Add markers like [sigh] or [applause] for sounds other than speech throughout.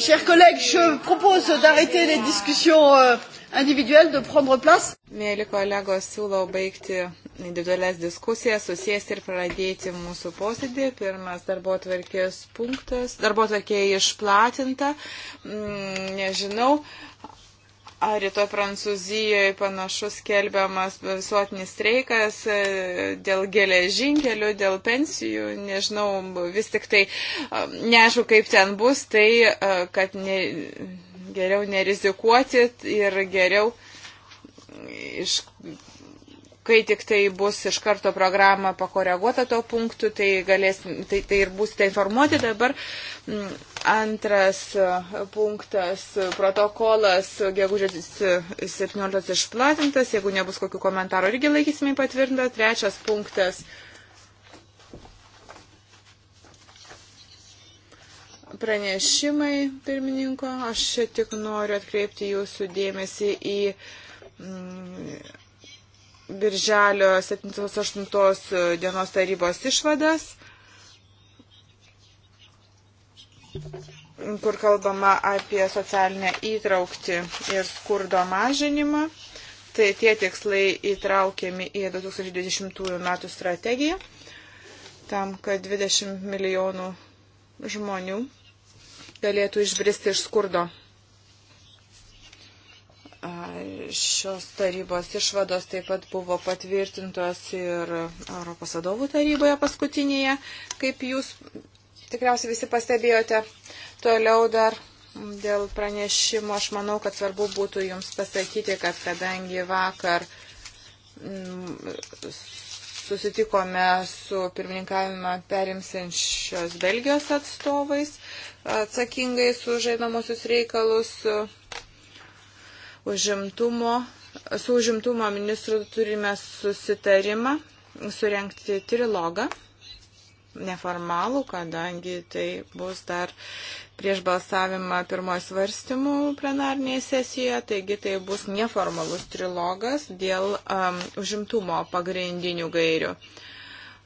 Chers collègues, je propose d'arrêter les discussions euh, individuelles, de prendre place. Mėly kolegos, siūlau baigti individualias diskusijas, susėsti ir pradėti mūsų posėdį. Pirmas darbo tvarkės punktas, darbo tvarkė išplatinta, mm, nežinau, Ar rytoj Prancūzijoje panašus kelbiamas visuotinis streikas e, dėl geležinkelių, dėl pensijų, nežinau, vis tik tai e, neaišku, kaip ten bus, tai e, kad ne, geriau nerizikuoti ir geriau iš kai tik tai bus iš karto programa pakoreguota to punktu, tai, galės, tai, tai ir būsite informuoti dabar. Mm, antras e, punktas - protokolas gegužės 17 e, išplatintas, jeigu nebus kokių komentarų, irgi laikysime patvirtintą. Trečias punktas pranešimai pirmininko. Aš čia tik noriu atkreipti jūsų dėmesį į. Mm, Birželio 7-8 dienos tarybos išvadas, kur kalbama apie socialinę įtraukti ir skurdo mažinimą. Tai tie tikslai įtraukiami į 2020 metų strategiją, tam, kad 20 milijonų žmonių galėtų išbristi iš skurdo. Šios tarybos išvados taip pat buvo patvirtintos ir Europos vadovų taryboje paskutinėje, kaip jūs tikriausiai visi pastebėjote. Toliau dar dėl pranešimo aš manau, kad svarbu būtų jums pasakyti, kad kadangi vakar mm, susitikome su pirmininkavimą perimsinčios Belgijos atstovais, atsakingais už einamosius reikalus užimtumo, su užimtumo ministru turime susitarimą surenkti trilogą neformalų, kadangi tai bus dar prieš balsavimą pirmojo svarstymų plenarnėje sesijoje, taigi tai bus neformalus trilogas dėl um, užimtumo pagrindinių gairių.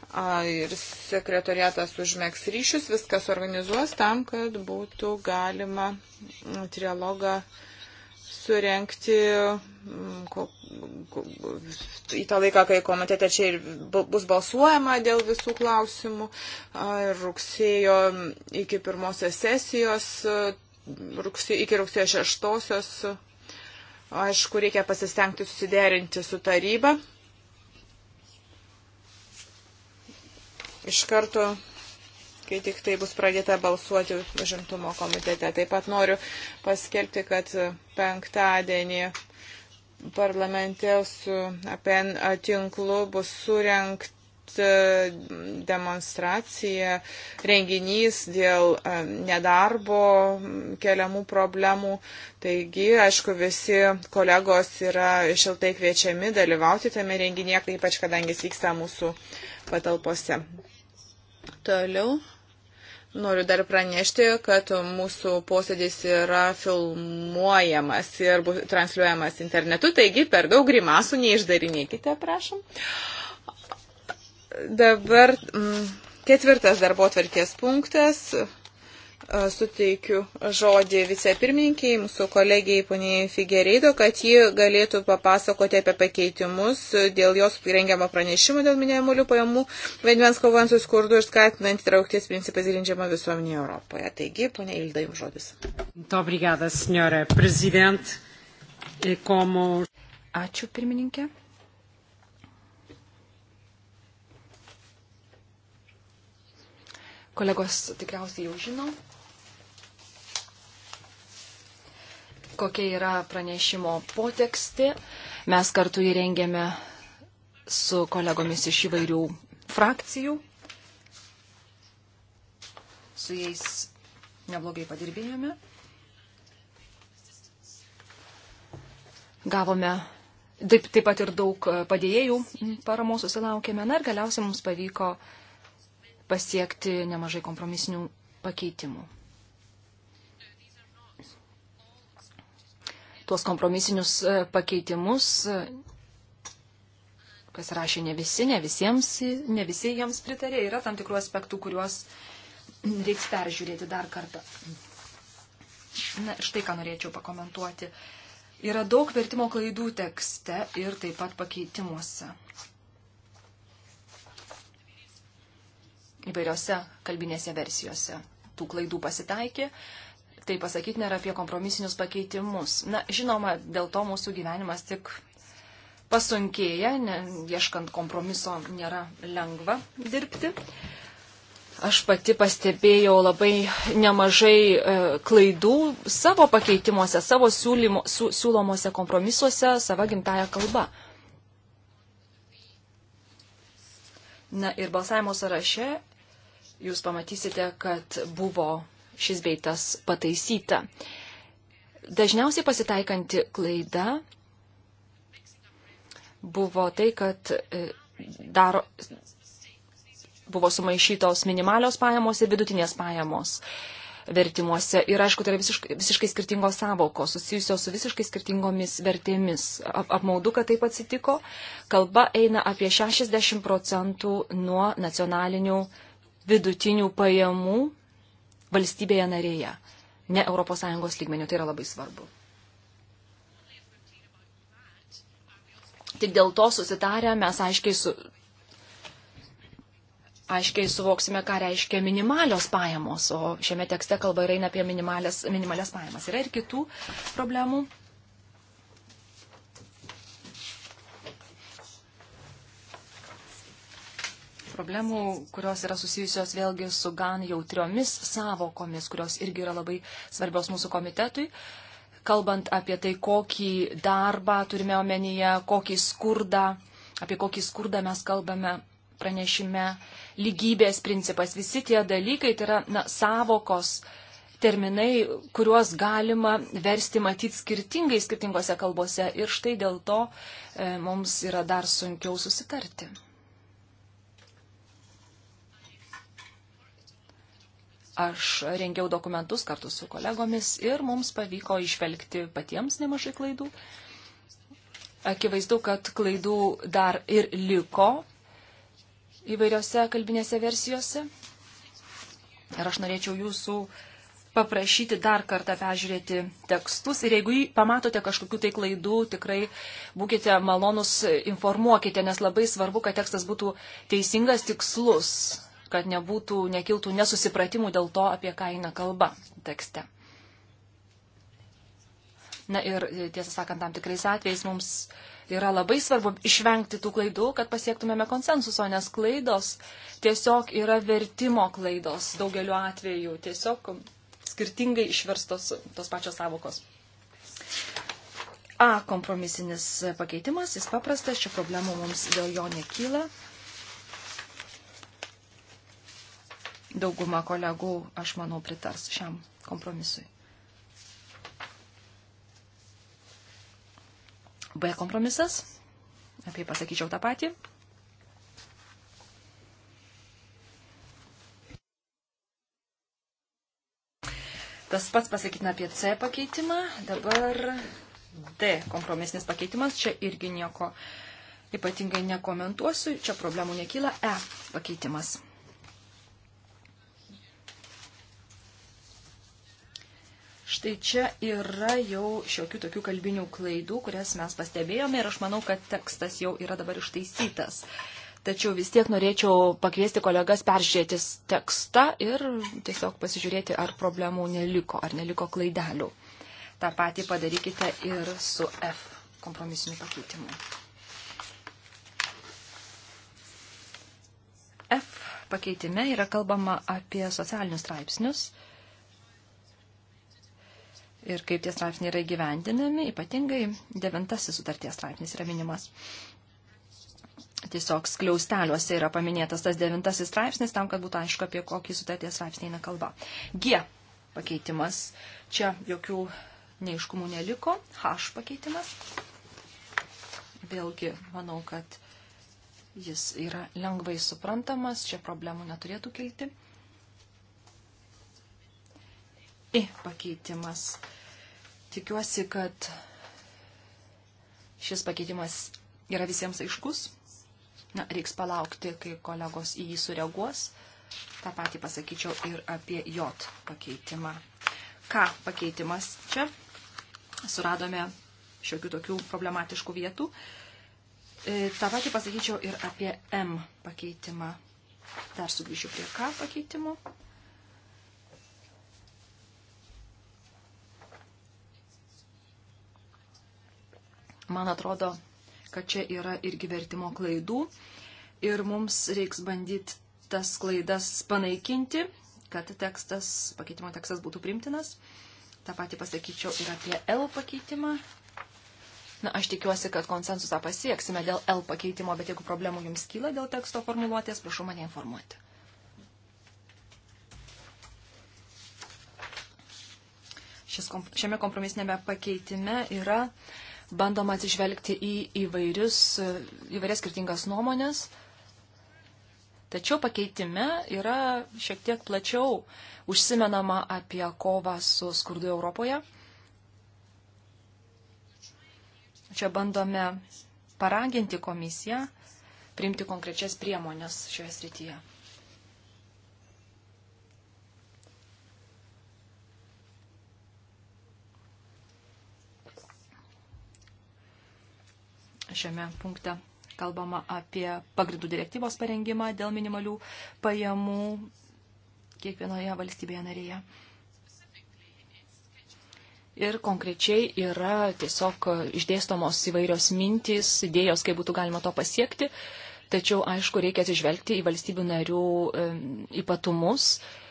A, ir sekretoriatas užmėgs ryšius, viskas organizuos tam, kad būtų galima trilogą surenkti mm, į tą laiką, kai komitete čia ir bus balsuojama dėl visų klausimų. Ir rugsėjo iki pirmosios sesijos, rugsė, iki rugsėjo šeštosios, aišku, reikia pasistengti susiderinti su taryba. Iš karto kai tik tai bus pradėta balsuoti užimtumo komitete. Taip pat noriu paskelbti, kad penktadienį parlamente su APN tinklu bus surenkt demonstracija, renginys dėl e, nedarbo keliamų problemų. Taigi, aišku, visi kolegos yra šiltai kviečiami dalyvauti tame renginėje, ypač kadangi jis vyksta mūsų patalpose. Toliau Noriu dar pranešti, kad mūsų posėdis yra filmuojamas ir transliuojamas internetu, taigi per daug grimasų neišdarinėkite, prašom. Dabar mm, ketvirtas darbo tvarkės punktas suteikiu žodį vicepirmininkiai, mūsų kolegijai poniai Figereido, kad ji galėtų papasakoti apie pakeitimus dėl jos rengiamo pranešimo dėl minėjimų pajamų, vaidmens kovojant su skurdu ir skatinant įtraukties principais grindžiamą visuomenį Europoje. Taigi, ponia Ilda, jums žodis. Obrigada, senjore prezident. Komo... E Ačiū, pirmininkė. Kolegos tikriausiai jau žino, kokia yra pranešimo potekstė. Mes kartu įrengėme su kolegomis iš įvairių frakcijų. Su jais neblogai padirbėjome. Gavome taip, taip pat ir daug padėjėjų paramos susilaukėme. Na ir galiausiai mums pavyko pasiekti nemažai kompromisinių pakeitimų. tuos kompromisinius e, pakeitimus. E, pasirašė ne visi, ne, visiems, ne visi jiems pritarė. Yra tam tikrų aspektų, kuriuos reiks peržiūrėti dar kartą. Na, štai ką norėčiau pakomentuoti. Yra daug vertimo klaidų tekste ir taip pat pakeitimuose. Įvairiose kalbinėse versijose tų klaidų pasitaikė. Uh, tai pasakyti nėra apie kompromisinius pakeitimus. Na, žinoma, dėl to mūsų gyvenimas tik pasunkėja, ne, ieškant kompromiso nėra lengva dirbti. Aš pati pastebėjau labai nemažai e, klaidų savo pakeitimuose, savo siūlymo, su, siūlomose kompromisuose, savo gimtają kalbą. Na ir balsavimo sąraše jūs pamatysite, kad buvo šis beitas pataisyta. Dažniausiai pasitaikanti klaida buvo tai, kad e, daro, buvo sumaišytos minimalios pajamos ir vidutinės pajamos vertimuose. Ir aišku, tai yra visiškai, visiškai skirtingos savokos, susijusios su visiškai skirtingomis vertėmis. Ap, apmaudu, kad taip atsitiko. Kalba eina apie 60 procentų nuo nacionalinių vidutinių pajamų valstybėje narėje, ne ES lygmenių. Tai yra labai svarbu. Tik dėl to susitarę mes aiškiai, su, aiškiai suvoksime, ką reiškia minimalios pajamos, o šiame tekste kalba eina apie minimalias, minimalias pajamas. Yra ir kitų problemų problemų, kurios yra susijusios vėlgi su gan jautriomis savokomis, kurios irgi yra labai svarbios mūsų komitetui. Kalbant apie tai, kokį darbą turime omenyje, kokį skurdą, apie kokį skurdą mes kalbame pranešime, lygybės principas, visi tie dalykai, tai yra na, savokos, terminai, kuriuos galima versti matyti skirtingai skirtingose kalbose ir štai dėl to e, mums yra dar sunkiau susitarti. Aš rengiau dokumentus kartu su kolegomis ir mums pavyko išvelgti patiems nemažai klaidų. Akivaizdu, kad klaidų dar ir liko įvairiose kalbinėse versijose. Ir aš norėčiau jūsų paprašyti dar kartą peržiūrėti tekstus ir jeigu pamatote kažkokių tai klaidų, tikrai būkite malonus, informuokite, nes labai svarbu, kad tekstas būtų teisingas, tikslus kad nebūtų, nekiltų nesusipratimų dėl to, apie ką eina kalba tekste. Na ir e, tiesą sakant, tam tikrais atvejais mums yra labai svarbu išvengti tų klaidų, kad pasiektumėme konsensuso, nes klaidos tiesiog yra vertimo klaidos daugeliu atveju, tiesiog skirtingai išverstos tos pačios savokos. A kompromisinis pakeitimas, jis paprastas, čia problemų mums dėl jo nekyla. dauguma kolegų, aš manau, pritars šiam kompromisui. B kompromisas, apie pasakyčiau tą patį. Tas pats pasakytina apie C pakeitimą, dabar D kompromisinis pakeitimas, čia irgi nieko ypatingai nekomentuosiu, čia problemų nekyla E pakeitimas. Štai čia yra jau šiokių tokių kalbinių klaidų, kurias mes pastebėjome ir aš manau, kad tekstas jau yra dabar ištaisytas. Tačiau vis tiek norėčiau pakviesti kolegas peržiūrėti tekstą ir tiesiog pasižiūrėti, ar problemų neliko, ar neliko klaidelių. Ta pati padarykite ir su F kompromisiniu pakeitimu. F pakeitime yra kalbama apie socialinius straipsnius ir kaip tie straipsniai yra gyvendinami, ypatingai devintasis sutarties straipsnis yra minimas. Tiesiog skliausteliuose yra paminėtas tas devintasis straipsnis, tam, kad būtų aišku, apie kokį sutarties straipsnį eina kalba. G pakeitimas. Čia jokių neiškumų neliko. H pakeitimas. Vėlgi, manau, kad jis yra lengvai suprantamas, čia problemų neturėtų kilti. I e pakeitimas. Tikiuosi, kad šis pakeitimas yra visiems aiškus. Na, reiks palaukti, kai kolegos į jį sureaguos. Ta pati pasakyčiau ir apie J pakeitimą. K pakeitimas čia. Suradome šiokių tokių problematiškų vietų. E, Ta pati pasakyčiau ir apie M pakeitimą. Dar sugrįšiu prie K pakeitimo. Man atrodo, kad čia yra irgi vertimo klaidų ir mums reiks bandyti tas klaidas panaikinti, kad tekstas, pakeitimo tekstas būtų primtinas. Ta pati pasakyčiau ir apie L pakeitimą. Na, aš tikiuosi, kad konsensusą pasieksime dėl L pakeitimo, bet jeigu problemų jums kyla dėl teksto formuluotės, prašau mane informuoti. Šis, šiame kompromisinėme pakeitime yra bandoma atsižvelgti į įvairius, įvairias skirtingas nuomonės. Tačiau pakeitime yra šiek tiek plačiau užsimenama apie kovą su skurdu Europoje. Čia bandome paraginti komisiją priimti konkrečias priemonės šioje srityje. Šiame punkte kalbama apie pagrindų direktyvos parengimą dėl minimalių pajamų kiekvienoje valstybėje narėje. Ir konkrečiai yra tiesiog išdėstomos įvairios mintys, idėjos, kaip būtų galima to pasiekti. Tačiau, aišku, reikia atsižvelgti į valstybių narių ypatumus. E,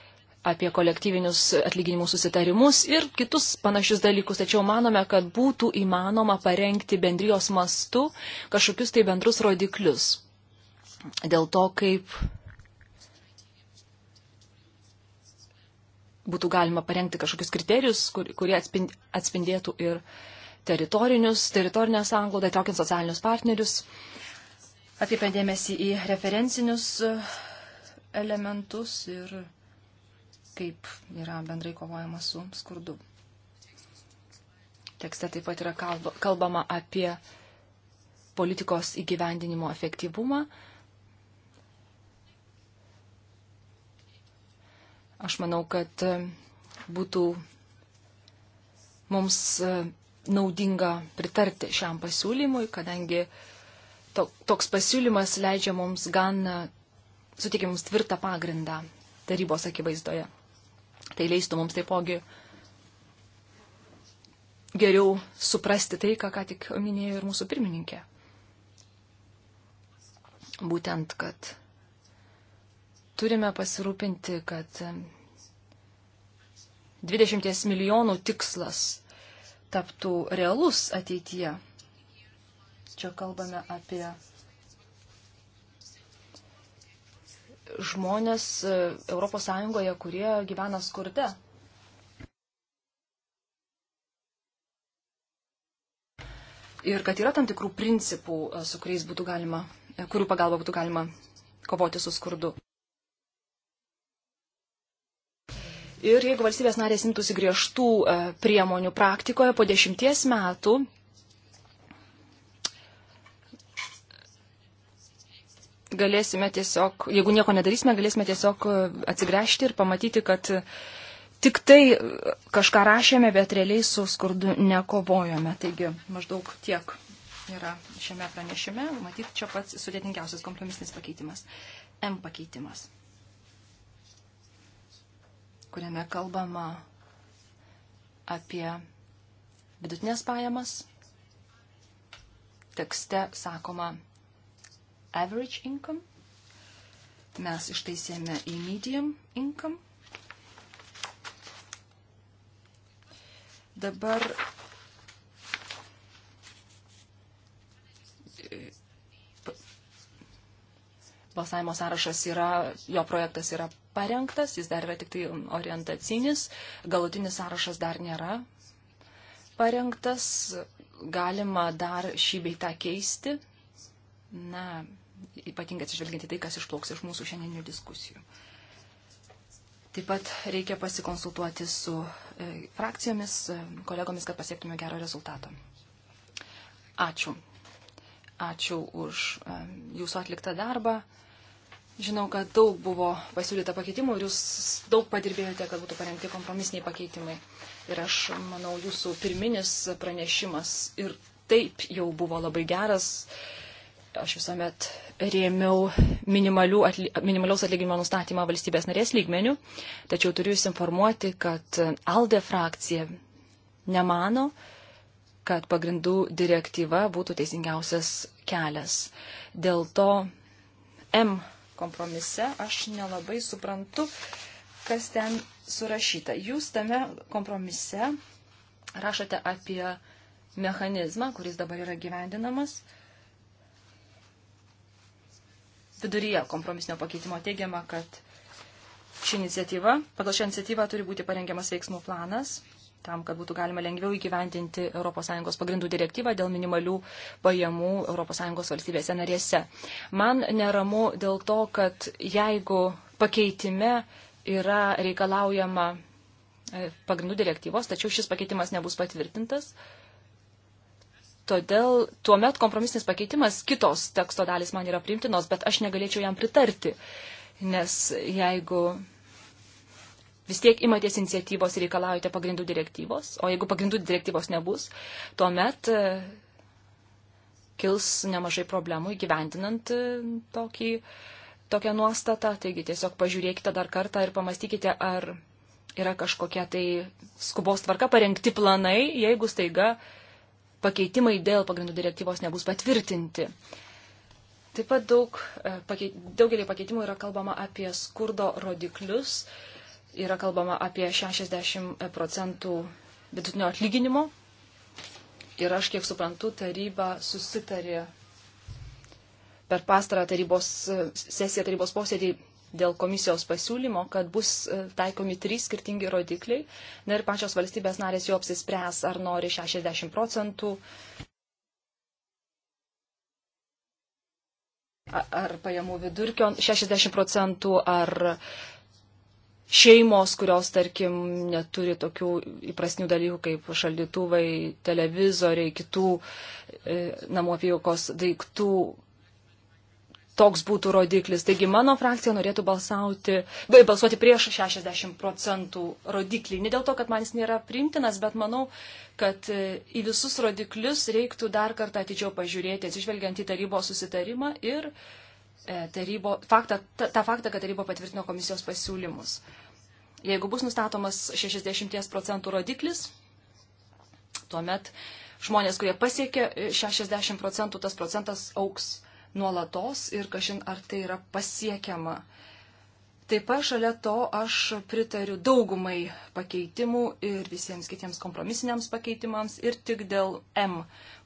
apie kolektyvinius atlyginimų susitarimus ir kitus panašius dalykus, tačiau manome, kad būtų įmanoma parengti bendrijos mastu kažkokius tai bendrus rodiklius. Dėl to, kaip būtų galima parengti kažkokius kriterijus, kur, kurie atspindėtų ir teritorinius, teritorinę sąnglaudą, įtraukiant socialinius partnerius. Atkreipiant dėmesį į referencinius elementus ir kaip yra bendrai kovojama su skurdu. Tekste taip pat yra kalbama apie politikos įgyvendinimo efektyvumą. Aš manau, kad e, būtų mums e, naudinga pritarti šiam pasiūlymui, kadangi toks pasiūlymas leidžia mums gan, e, suteikia mums tvirtą pagrindą tarybos akivaizdoje. Tai leistų mums taipogi geriau suprasti tai, ką ką tik minėjo ir mūsų pirmininkė. Būtent, kad turime pasirūpinti, kad 20 milijonų tikslas taptų realus ateityje. Čia kalbame apie žmonės ES, kurie gyvena skurde. Ir kad yra tam tikrų principų, e, su kuriais būtų galima, e, kurių pagalba būtų galima kovoti su skurdu. Ir jeigu valstybės narės imtųsi griežtų e, priemonių praktikoje, po dešimties metų galėsime tiesiog, jeigu nieko nedarysime, galėsime tiesiog e, atsigręžti ir pamatyti, kad e, tik tai e, kažką rašėme, bet realiai su skurdu nekovojome. Taigi maždaug tiek yra šiame pranešime. Matyt, čia pats sudėtingiausias kompromisinis pakeitimas. M pakeitimas, kuriame kalbama apie vidutinės pajamas. Tekste sakoma average income, mes ištaisėme į medium income. Dabar e, balsavimo sąrašas yra, jo projektas yra parengtas, jis dar yra tik tai orientacinis, galutinis sąrašas dar nėra parengtas, galima dar šį beitą keisti, na, ypatingai atsižvelginti tai, kas išplauks iš mūsų šiandieninių diskusijų. Taip pat reikia pasikonsultuoti su e, frakcijomis, e, kolegomis, kad pasiektume gero rezultato. Ačiū. Ačiū už e, jūsų atliktą darbą. Žinau, kad daug buvo pasiūlyta pakeitimų ir jūs daug padirbėjote, kad būtų parengti kompromisiniai pakeitimai. Ir aš manau, jūsų pirminis pranešimas ir taip jau buvo labai geras. Uh, Aš visuomet rėmiau atly, minimaliaus atlyginimo nustatymą valstybės narės lygmenių, tačiau turiu Jūs informuoti, kad ALDE frakcija nemano, kad pagrindų direktyva būtų teisingiausias kelias. Dėl to M kompromise aš nelabai suprantu, kas ten surašyta. Jūs tame kompromise rašote apie mechanizmą, kuris dabar yra gyvendinamas viduryje kompromisinio pakeitimo teigiama, kad ši iniciatyva, pagal šią iniciatyvą turi būti parengiamas veiksmų planas tam, kad būtų galima lengviau įgyventinti ES pagrindų direktyvą dėl minimalių pajamų ES valstybėse narėse. Man neramu dėl to, kad jeigu pakeitime yra reikalaujama e, pagrindų direktyvos, tačiau šis pakeitimas nebus patvirtintas, Todėl tuomet kompromisinis pakeitimas kitos teksto dalis man yra primtinos, bet aš negalėčiau jam pritarti, nes jeigu vis tiek imatės iniciatyvos ir reikalaujate pagrindų direktyvos, o jeigu pagrindų direktyvos nebus, tuomet e, kils nemažai problemų įgyvendinant e, tokį, tokią nuostatą. Taigi tiesiog pažiūrėkite dar kartą ir pamastykite, ar yra kažkokia tai skubos tvarka parengti planai, jeigu staiga pakeitimai dėl pagrindų direktyvos nebus patvirtinti. Taip pat daug, e, pakeit, daugelį pakeitimų yra kalbama apie skurdo rodiklius, yra kalbama apie 60 e, procentų vidutinio atlyginimo. Ir aš, kiek suprantu, taryba susitarė per pastarą tarybos e, sesiją, tarybos posėdį dėl komisijos pasiūlymo, kad bus e, taikomi trys skirtingi rodikliai. Na ir pačios valstybės narės jau apsispręs, ar nori 60 procentų. Ar pajamų vidurkio 60 procentų, ar šeimos, kurios, tarkim, neturi tokių įprasnių dalykų kaip šaldytuvai, televizoriai, kitų e, namų apyjaukos daiktų, toks būtų rodiklis. Taigi mano frakcija norėtų balsauti, balsuoti prieš 60 procentų rodiklį. Ne dėl to, kad man jis nėra priimtinas, bet manau, kad e, į visus rodiklius reiktų dar kartą atidžiau pažiūrėti, atsižvelgiant į tarybos susitarimą ir e, tarybo, faktą, tą, tą faktą, kad taryba patvirtino komisijos pasiūlymus. Jeigu bus nustatomas 60 procentų rodiklis, tuomet žmonės, kurie pasiekė 60 e, procentų, tas procentas auks nuolatos ir kažin ar tai yra pasiekiama. Taip pat šalia to aš pritariu daugumai pakeitimų ir visiems kitiems kompromisiniams pakeitimams ir tik dėl M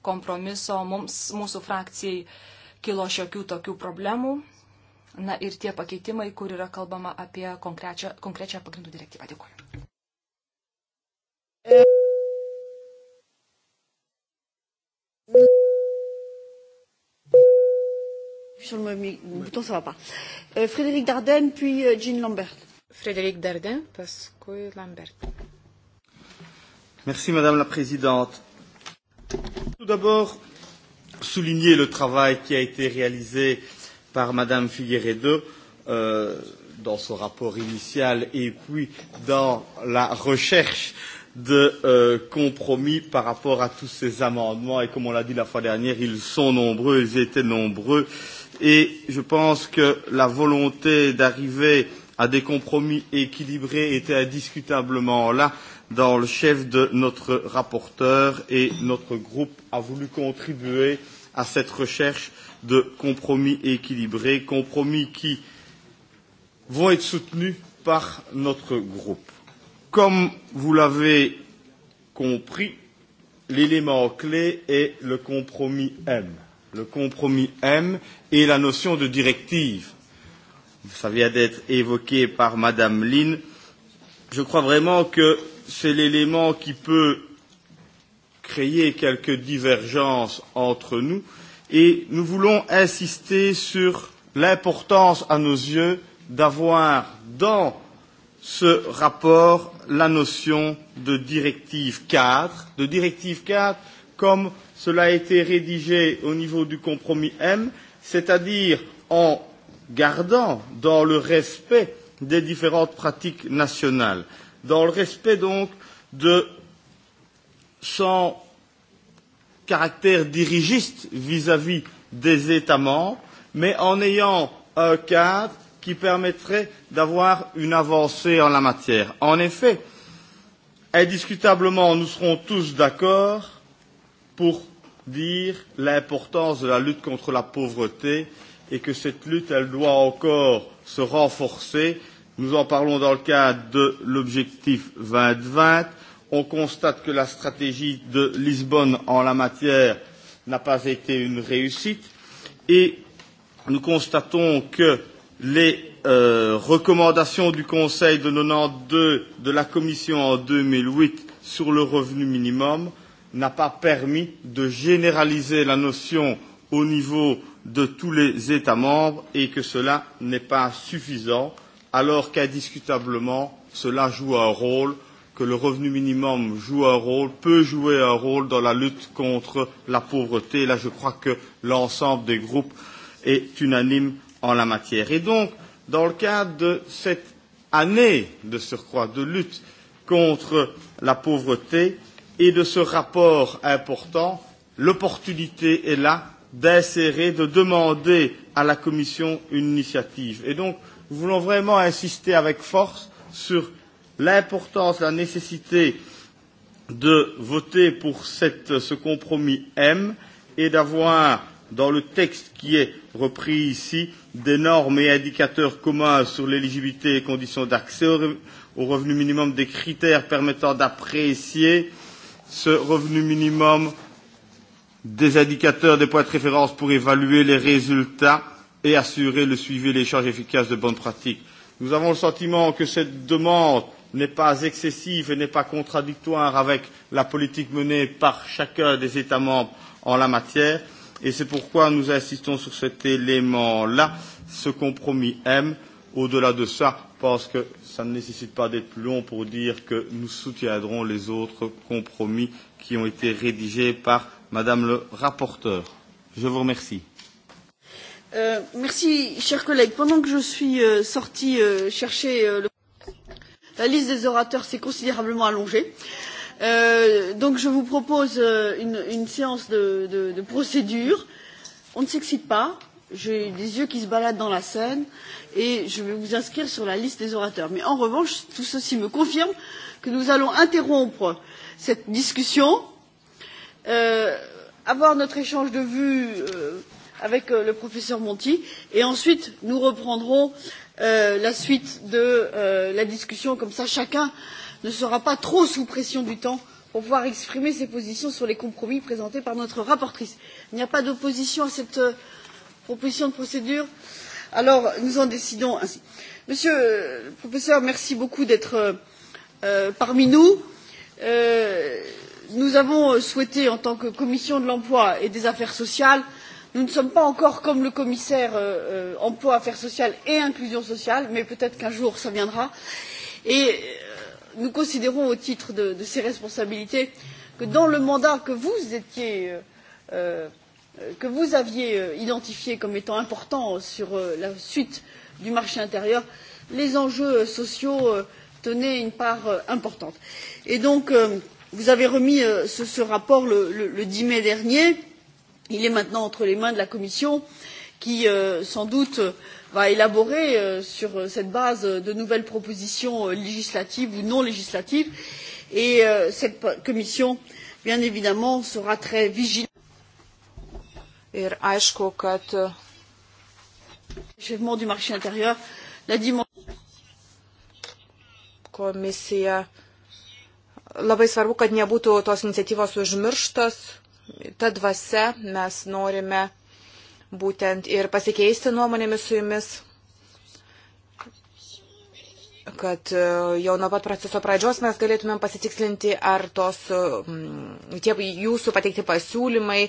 kompromiso mums, mūsų frakcijai kilo šiokių tokių problemų. Na ir tie pakeitimai, kur yra kalbama apie konkrečią, konkrečią pagrindų direktyvą. Dėkuoju. E sur le bouton, ça va pas. Euh, Frédéric Dardenne, puis euh, Jean Lambert. Frédéric Dardenne, paskui Lambert. Merci, Madame la Présidente. Tout d'abord, souligner le travail qui a été réalisé par Madame Figueredo euh, dans son rapport initial et puis dans la recherche de euh, compromis par rapport à tous ces amendements. Et comme on l'a dit la fois dernière, ils sont nombreux, ils étaient nombreux. Euh, et je pense que la volonté d'arriver à des compromis équilibrés était indiscutablement là dans le chef de notre rapporteur et notre groupe a voulu contribuer à cette recherche de compromis équilibrés, compromis qui vont être soutenus par notre groupe. Comme vous l'avez compris, l'élément clé est le compromis M le compromis M et la notion de directive. Ça vient d'être évoqué par Madame Lynn. Je crois vraiment que c'est l'élément qui peut créer quelques divergences entre nous et nous voulons insister sur l'importance à nos yeux d'avoir dans ce rapport la notion de directive cadre, de directive cadre comme Cela a été rédigé au niveau du compromis M, c'est-à-dire en gardant dans le respect des différentes pratiques nationales, dans le respect donc de son caractère dirigiste vis-à-vis -vis des États membres, mais en ayant un cadre qui permettrait d'avoir une avancée en la matière. En effet, indiscutablement, nous serons tous d'accord pour dire l'importance de la lutte contre la pauvreté et que cette lutte, elle doit encore se renforcer. Nous en parlons dans le cadre de l'objectif 2020. On constate que la stratégie de Lisbonne en la matière n'a pas été une réussite et nous constatons que les euh, recommandations du Conseil de 92 de la Commission en 2008 sur le revenu minimum n'a pas permis de généraliser la notion au niveau de tous les États membres et que cela n'est pas suffisant, alors qu'indiscutablement cela joue un rôle, que le revenu minimum joue un rôle, peut jouer un rôle dans la lutte contre la pauvreté. Là, je crois que l'ensemble des groupes est unanime en la matière. Et donc, dans le cadre de cette année de surcroît de lutte contre la pauvreté, euh, et de ce rapport important, l'opportunité est là d'insérer, de demander à la Commission une initiative. Et donc, nous voulons vraiment insister avec force sur l'importance, la nécessité de voter pour cette, ce compromis M et d'avoir dans le texte qui est repris ici des normes et indicateurs communs sur l'éligibilité et conditions d'accès au, revenu minimum, des critères permettant d'apprécier ce revenu minimum, des indicateurs, des points de référence pour évaluer les résultats et assurer le suivi et l'échange efficace de bonnes pratiques. Nous avons le sentiment que cette demande n'est pas excessive et n'est pas contradictoire avec la politique menée par chacun des États membres en la matière. Et c'est pourquoi nous insistons sur cet élément-là. Ce compromis M, au-delà de ça, pense que ça ne nécessite pas d'être plus long pour dire que nous soutiendrons les autres compromis qui ont été rédigés par Madame le rapporteur. Je vous remercie. Euh, merci, chers collègues. Pendant que je suis euh, sortie euh, chercher euh, le... la liste des orateurs s'est considérablement allongée. Euh, donc je vous propose euh, une, une séance de, de, de procédure. On ne s'excite pas. J'ai des yeux qui se baladent dans la scène. Euh, et je vais vous inscrire sur la liste des orateurs. mais en revanche tout ceci me confirme que nous allons interrompre cette discussion euh, avoir notre échange de vues euh, avec euh, le professeur monti et ensuite nous reprendrons euh, la suite de euh, la discussion comme ça chacun ne sera pas trop sous pression du temps pour pouvoir exprimer ses positions sur les compromis présentés par notre rapporteure. il n'y a pas d'opposition à cette euh, proposition de procédure? alors nous en décidons ainsi. monsieur le professeur merci beaucoup d'être euh, euh, parmi nous. Euh, nous avons souhaité en tant que commission de l'emploi et des affaires sociales nous ne sommes pas encore comme le commissaire euh, euh emploi affaires sociales et inclusion sociale mais peut être qu'un jour cela viendra et euh, nous considérons au titre de, de ces responsabilités que dans le mandat que vous étiez euh, Euh, que vous aviez euh, identifiés comme étant importants sur euh, la suite du marché intérieur les enjeux sociaux tenaient une part importante. Et donc, vous avez remis ce, ce rapport le, le, le 10 mai dernier. Il est maintenant entre les mains de la Commission qui, sans doute, va élaborer sur cette base de nouvelles propositions législatives ou non législatives. Et cette Commission, bien évidemment, sera très vigilante Ir aišku, kad komisija labai svarbu, kad nebūtų tos iniciatyvos užmirštos. Ta dvasia mes norime būtent ir pasikeisti nuomonėmis su jumis kad e, jau nuo pat proceso pradžios mes galėtumėm pasitikslinti, ar tos e, tie jūsų pateikti pasiūlymai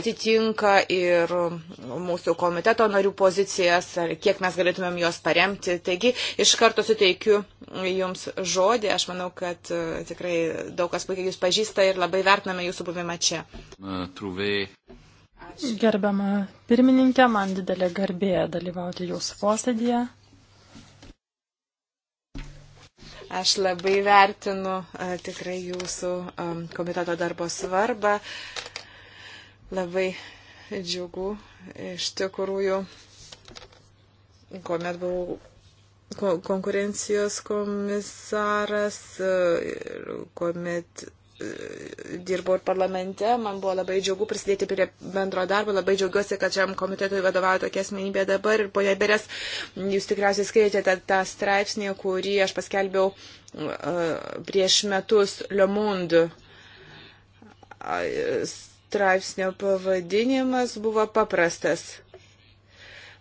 atitinka ir mūsų komiteto narių pozicijas, ar kiek mes galėtumėm juos paremti. Taigi iš karto suteikiu Jums žodį. Aš manau, kad e, tikrai daug kas puikiai Jūs pažįsta ir labai vertiname Jūsų buvimą čia. Truvei. Gerbiama pirmininkė, man didelė garbė dalyvauti Jūsų posėdėje. Aš labai vertinu tikrai jūsų komiteto darbo svarbą. Labai džiugu iš tikrųjų, kuomet buvau konkurencijos komisaras, kuomet dirbau ir parlamente, man buvo labai džiugu prisidėti prie bendro darbo, labai džiaugiuosi, kad šiam komitetui vadovauja tokia asmenybė dabar ir poje Berės, jūs tikriausiai skaitėte tą straipsnį, kurį aš paskelbiau uh, prieš metus Le Monde uh, straipsnio pavadinimas buvo paprastas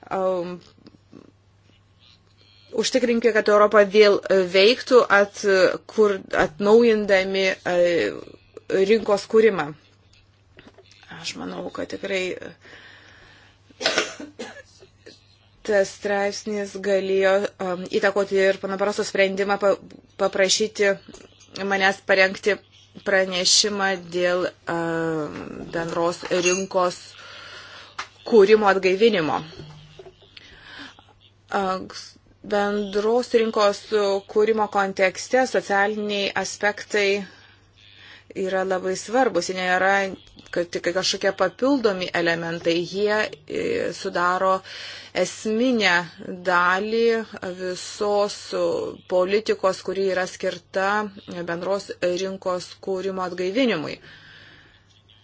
um, Užtikrinkime, kad Europa vėl e, veiktų at, e, kur, atnaujindami e, rinkos kūrimą. Aš manau, kad tikrai tas straipsnis galėjo um, įtakoti ir panaprasto sprendimą pa, paprašyti manęs parengti pranešimą dėl um, bendros rinkos kūrimo atgaivinimo. Anks, bendros rinkos kūrimo kontekste socialiniai aspektai yra labai svarbus, jie nėra tik kažkokie papildomi elementai, jie e, sudaro esminę dalį visos politikos, kuri yra skirta bendros rinkos kūrimo atgaivinimui.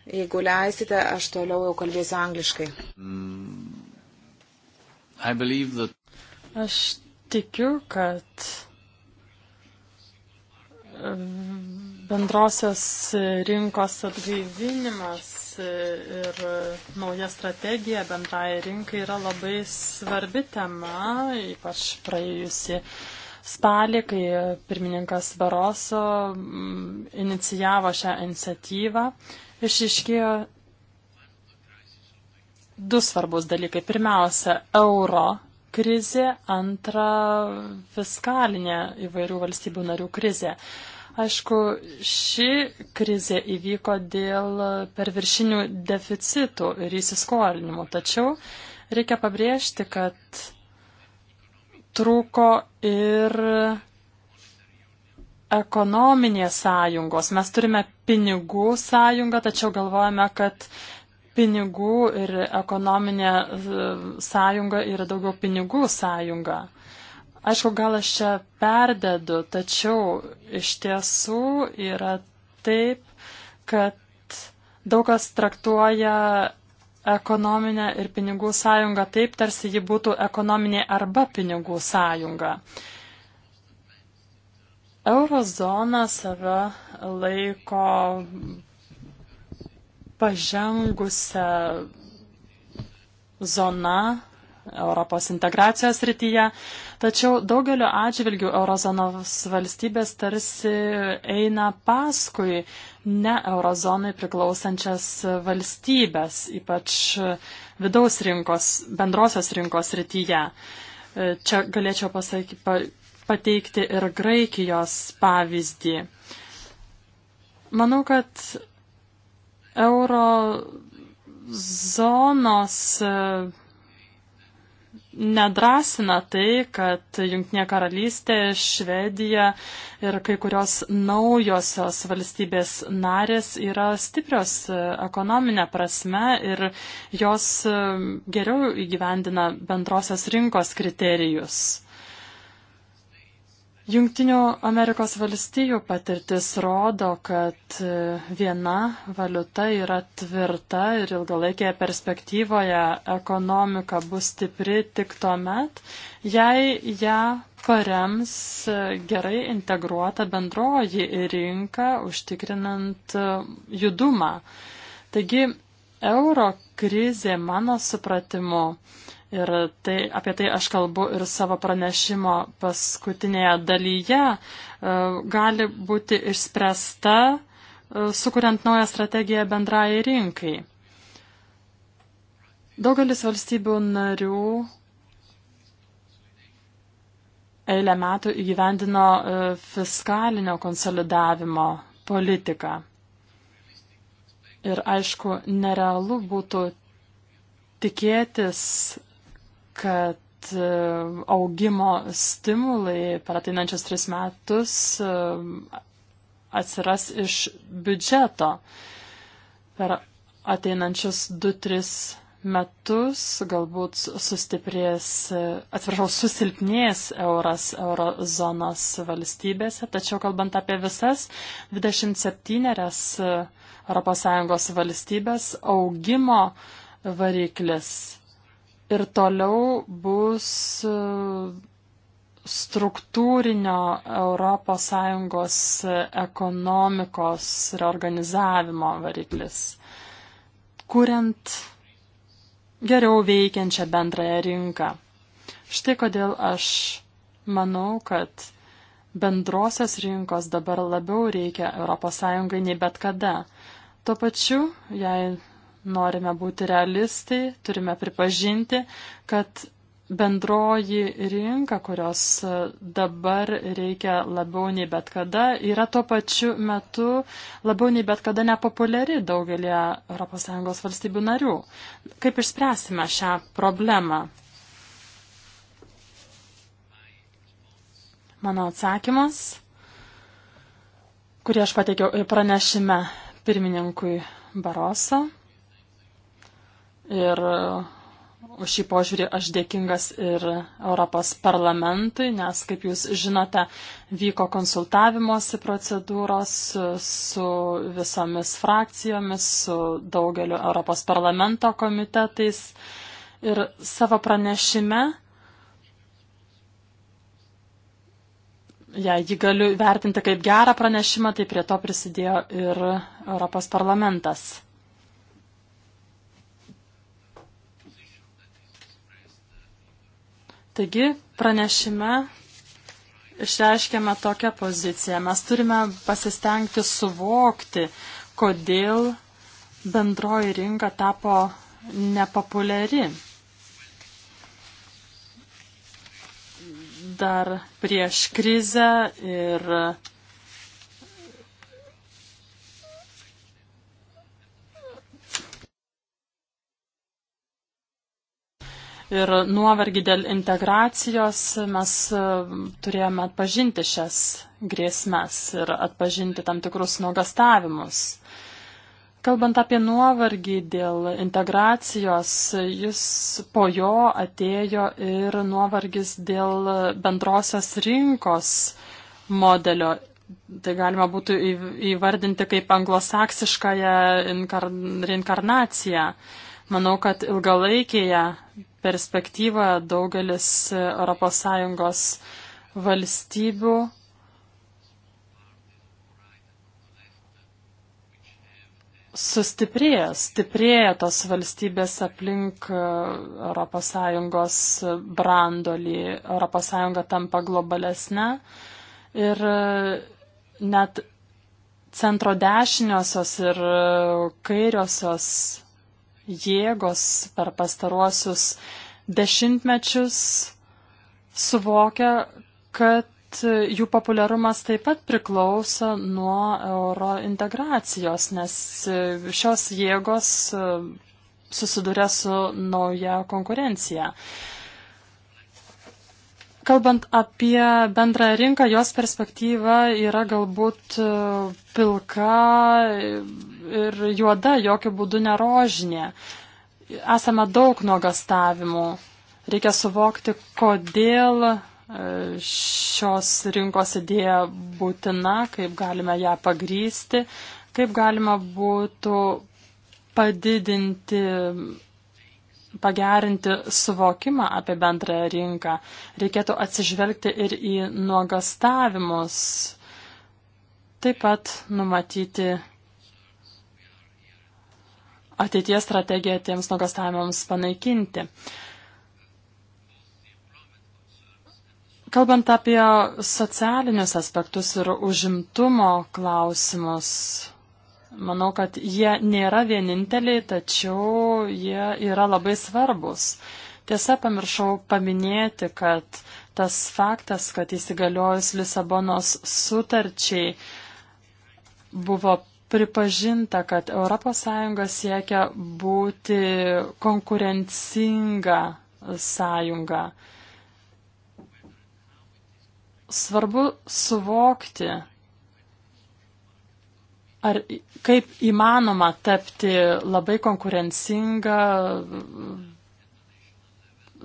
Jeigu leisite, aš toliau jau kalbėsiu angliškai. Mm. That... Aš tikiu, kad bendrosios rinkos atgaivinimas ir nauja strategija bendrai rinkai yra labai svarbi tema, ypač praėjusi spalį, kai pirmininkas Baroso mm, inicijavo šią iniciatyvą. Išiškėjo du svarbus dalykai. Pirmiausia, euro krizė, antra fiskalinė įvairių valstybių narių krizė. Aišku, ši krizė įvyko dėl perviršinių deficitų ir įsiskolinimų, tačiau reikia pabrėžti, kad trūko ir ekonominės sąjungos. Mes turime pinigų sąjungą, tačiau galvojame, kad pinigų ir ekonominė e, sąjunga yra daugiau pinigų sąjunga. Aišku, gal aš čia perdedu, tačiau iš tiesų yra taip, kad daug kas traktuoja ekonominę ir pinigų sąjungą taip, tarsi ji būtų ekonominė arba pinigų sąjunga. Eurozona save laiko pažengusią zoną Europos integracijos rytyje, tačiau daugeliu atžvilgių eurozonos valstybės tarsi eina paskui ne eurozonai priklausančias valstybės, ypač vidaus rinkos, bendrosios rinkos rytyje. Čia galėčiau pasaky, pa, pateikti ir Graikijos pavyzdį. Manau, kad Euro zonos e, nedrasina tai, kad Junktinė karalystė, Švedija ir kai kurios naujosios valstybės narės yra stiprios e, ekonominė prasme ir jos e, geriau įgyvendina bendrosios rinkos kriterijus. Jungtinių Amerikos valstijų patirtis rodo, kad e, viena valiuta yra tvirta ir ilgalaikėje perspektyvoje ekonomika bus stipri tik tuo met, jei ją parems e, gerai integruota bendroji rinka, užtikrinant e, judumą. Taigi, euro krizė, mano supratimu, Ir tai, apie tai aš kalbu ir savo pranešimo paskutinėje dalyje, e, gali būti išspręsta, e, sukuriant naują strategiją bendrai rinkai. Daugelis valstybių narių eilę metų įgyvendino e, fiskalinio konsolidavimo politiką. Ir aišku, nerealu būtų tikėtis kad e, augimo stimulai per ateinančius tris metus e, atsiras iš biudžeto. Per ateinančius 2-3 metus galbūt sustiprės, e, atsiprašau, susilpnės euras eurozonos valstybėse, tačiau kalbant apie visas 27 ES valstybės augimo variklis ir toliau bus e, struktūrinio ES e, ekonomikos reorganizavimo variklis, kuriant geriau veikiančią bendrąją rinką. Štai kodėl aš manau, kad bendrosios rinkos dabar labiau reikia ES nei bet kada. Tuo pačiu, jei Norime būti realistai, turime pripažinti, kad bendroji rinka, kurios e, dabar reikia labiau nei bet kada, yra tuo pačiu metu labiau nei bet kada nepopuliari daugelie ES valstybių narių. Kaip išspręsime šią problemą? Mano atsakymas kurį aš pateikiau pranešime pirmininkui Baroso. Ir uh, už šį požiūrį aš dėkingas ir Europos parlamentui, nes, kaip jūs žinote, vyko konsultavimosi procedūros uh, su visomis frakcijomis, su daugeliu Europos parlamento komitetais. Ir savo pranešime jei ja, jį galiu vertinti kaip gerą pranešimą, tai prie to prisidėjo ir Europos parlamentas. Taigi, pranešime išreiškėme tokią poziciją. Mes turime pasistengti suvokti, kodėl bendroji rinka tapo nepopuliari. Dar prieš krizę ir ir nuovargį dėl integracijos mes e, turėjome atpažinti šias grėsmes ir atpažinti tam tikrus nuogastavimus. Kalbant apie nuovargį dėl integracijos, jis po jo atėjo ir nuovargis dėl bendrosios rinkos modelio. Tai galima būtų įvardinti kaip anglosaksiškąją reinkarnaciją. Inkar Manau, kad ilgalaikėje perspektyvoje daugelis ES valstybių sustiprėja, stiprėja tos valstybės aplink ES brandolį, ES tampa globalesnė ir e, net centro dešiniosios ir e, kairiosios jėgos per pastaruosius dešimtmečius suvokia, kad jų populiarumas taip pat priklauso nuo euro integracijos, nes šios jėgos susiduria su nauja konkurencija. Kalbant apie bendrą rinką, jos perspektyva yra galbūt e, pilka ir juoda, jokių būdų nerožinė. Esame daug nuogastavimų. Reikia suvokti, kodėl e, šios rinkos idėja būtina, kaip galime ją pagrysti, kaip galima būtų padidinti pagerinti suvokimą apie bendrąją rinką, reikėtų atsižvelgti ir į nuogastavimus, taip pat numatyti ateities strategiją tiems nuogastavimams panaikinti. Kalbant apie socialinius aspektus ir užimtumo klausimus, Manau, kad jie nėra vieninteliai, tačiau jie yra labai svarbus. Tiesa, pamiršau paminėti, kad tas faktas, kad įsigaliojus Lisabonos sutarčiai buvo pripažinta, kad ES siekia būti konkurencinga sąjunga. Svarbu suvokti, Ar kaip įmanoma tapti labai konkurencinga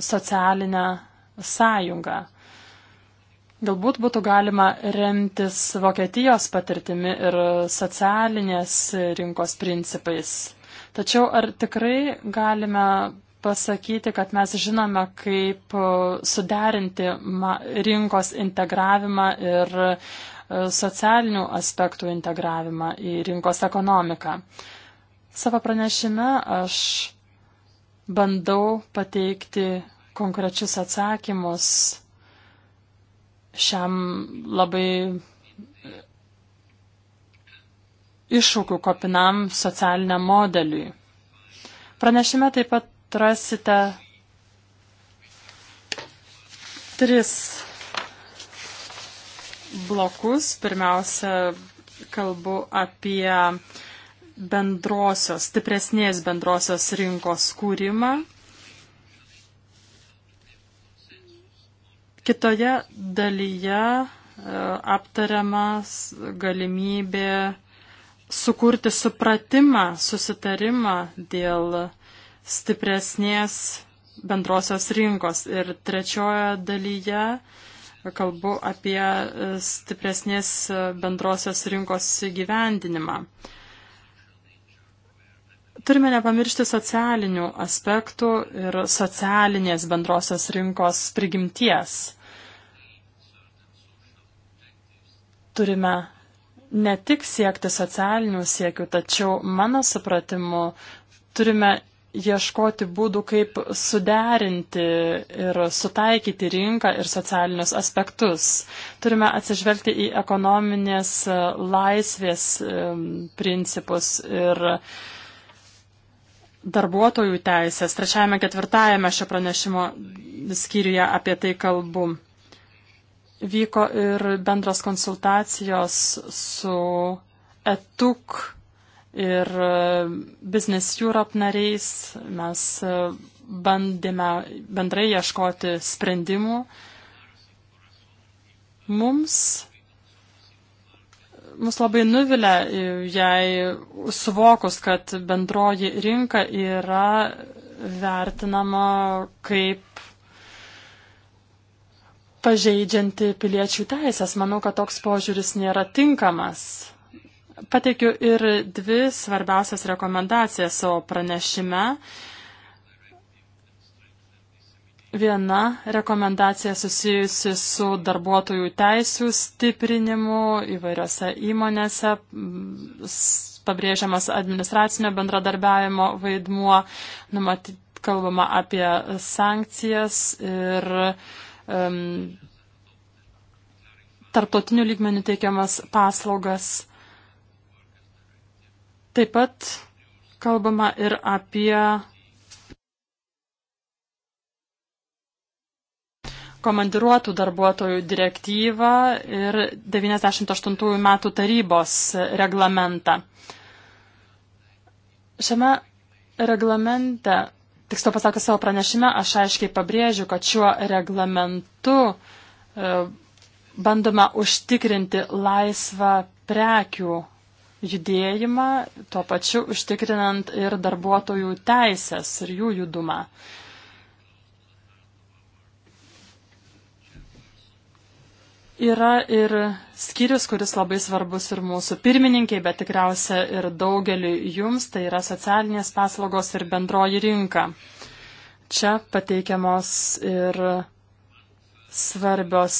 socialinę sąjungą? Galbūt būtų galima remtis Vokietijos patirtimi ir socialinės rinkos principais. Tačiau ar tikrai galime pasakyti, kad mes žinome, kaip suderinti rinkos integravimą ir socialinių aspektų integravimą į rinkos ekonomiką. Savo pranešime aš bandau pateikti konkrečius atsakymus šiam labai iššūkių kopinam socialiniam modeliui. Pranešime taip pat rasite tris blokus. Pirmiausia, kalbu apie bendrosios, stipresnės bendrosios rinkos kūrimą. Kitoje dalyje e, aptariamas galimybė sukurti supratimą, susitarimą dėl stipresnės bendrosios rinkos. Ir trečioje dalyje uh, kalbu apie e, stipresnės e, bendrosios rinkos gyvendinimą. Turime nepamiršti socialinių aspektų ir socialinės bendrosios rinkos prigimties. Turime ne tik siekti socialinių siekių, tačiau mano supratimu turime ieškoti būdų, kaip suderinti ir sutaikyti rinką ir socialinius aspektus. Turime atsižvelgti į ekonominės e, laisvės e, principus ir darbuotojų teisės. Trečiajame ketvirtajame šio pranešimo skyriuje apie tai kalbu. Vyko ir bendros konsultacijos su etuk ir e, Business Europe nariais mes e, bandėme bendrai ieškoti sprendimų. Mums mus labai nuvilia, e, jei suvokus, kad bendroji rinka yra vertinama kaip pažeidžianti piliečių teisės. Manau, kad toks požiūris nėra tinkamas. Pateikiu ir dvi svarbiausias rekomendacijas savo pranešime. Viena rekomendacija susijusi su darbuotojų teisų stiprinimu įvairiose įmonėse, pabrėžiamas administracinio bendradarbiavimo vaidmuo, numatyti, kalbama apie sankcijas ir um, tarptautinių lygmenių teikiamas paslaugas. Taip pat kalbama ir apie komandiruotų darbuotojų direktyvą ir 98 metų tarybos reglamentą. Šiame reglamente, tiksliau pasakęs savo pranešime, aš aiškiai pabrėžiu, kad šiuo reglamentu e, bandome užtikrinti laisvą prekių judėjimą, tuo pačiu užtikrinant ir darbuotojų teisės ir jų judumą. Yra ir skyrius, kuris labai svarbus ir mūsų pirmininkiai, bet tikriausia ir daugeliu jums, tai yra socialinės paslaugos ir bendroji rinka. Čia pateikiamos ir svarbios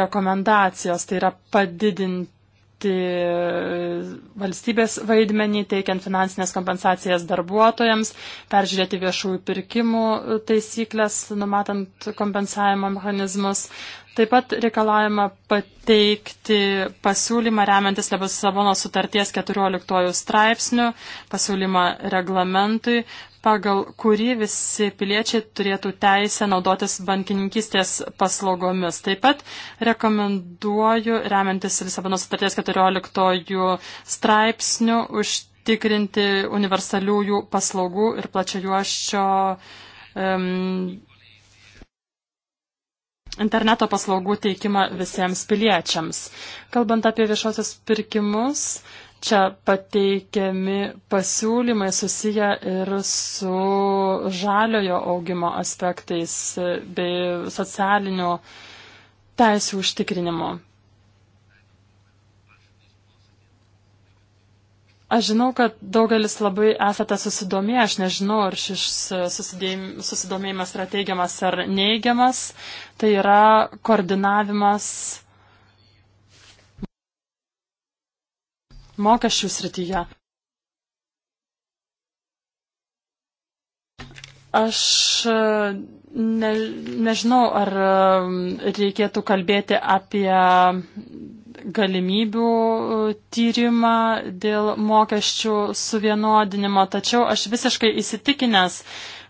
rekomendacijos, tai yra padidinti E, valstybės vaidmenį, teikiant finansinės kompensacijas darbuotojams, peržiūrėti viešųjų pirkimų taisyklės, numatant kompensavimo mechanizmus. Taip pat reikalavimą pateikti pasiūlymą remiantis Lebisabono sutarties 14 straipsnių, pasiūlymą reglamentui, pagal kurį visi piliečiai turėtų teisę naudotis bankininkystės paslaugomis. Taip pat rekomenduoju remiantis Lisabono sutarties 14 straipsnių užtikrinti universaliųjų paslaugų ir plačiajuoščio um, interneto paslaugų teikimą visiems piliečiams. Kalbant apie viešosios pirkimus, čia pateikiami pasiūlymai susiję ir su žaliojo augimo aspektais bei socialinių teisų užtikrinimu. Aš žinau, kad daugelis labai esate susidomėję, aš nežinau, ar šis e, susidomėjimas yra teigiamas ar neigiamas. Tai yra koordinavimas mokesčių srityje. Aš e, ne, nežinau, ar e, reikėtų kalbėti apie galimybių e, tyrimą dėl mokesčių suvienodinimo, tačiau aš visiškai įsitikinęs,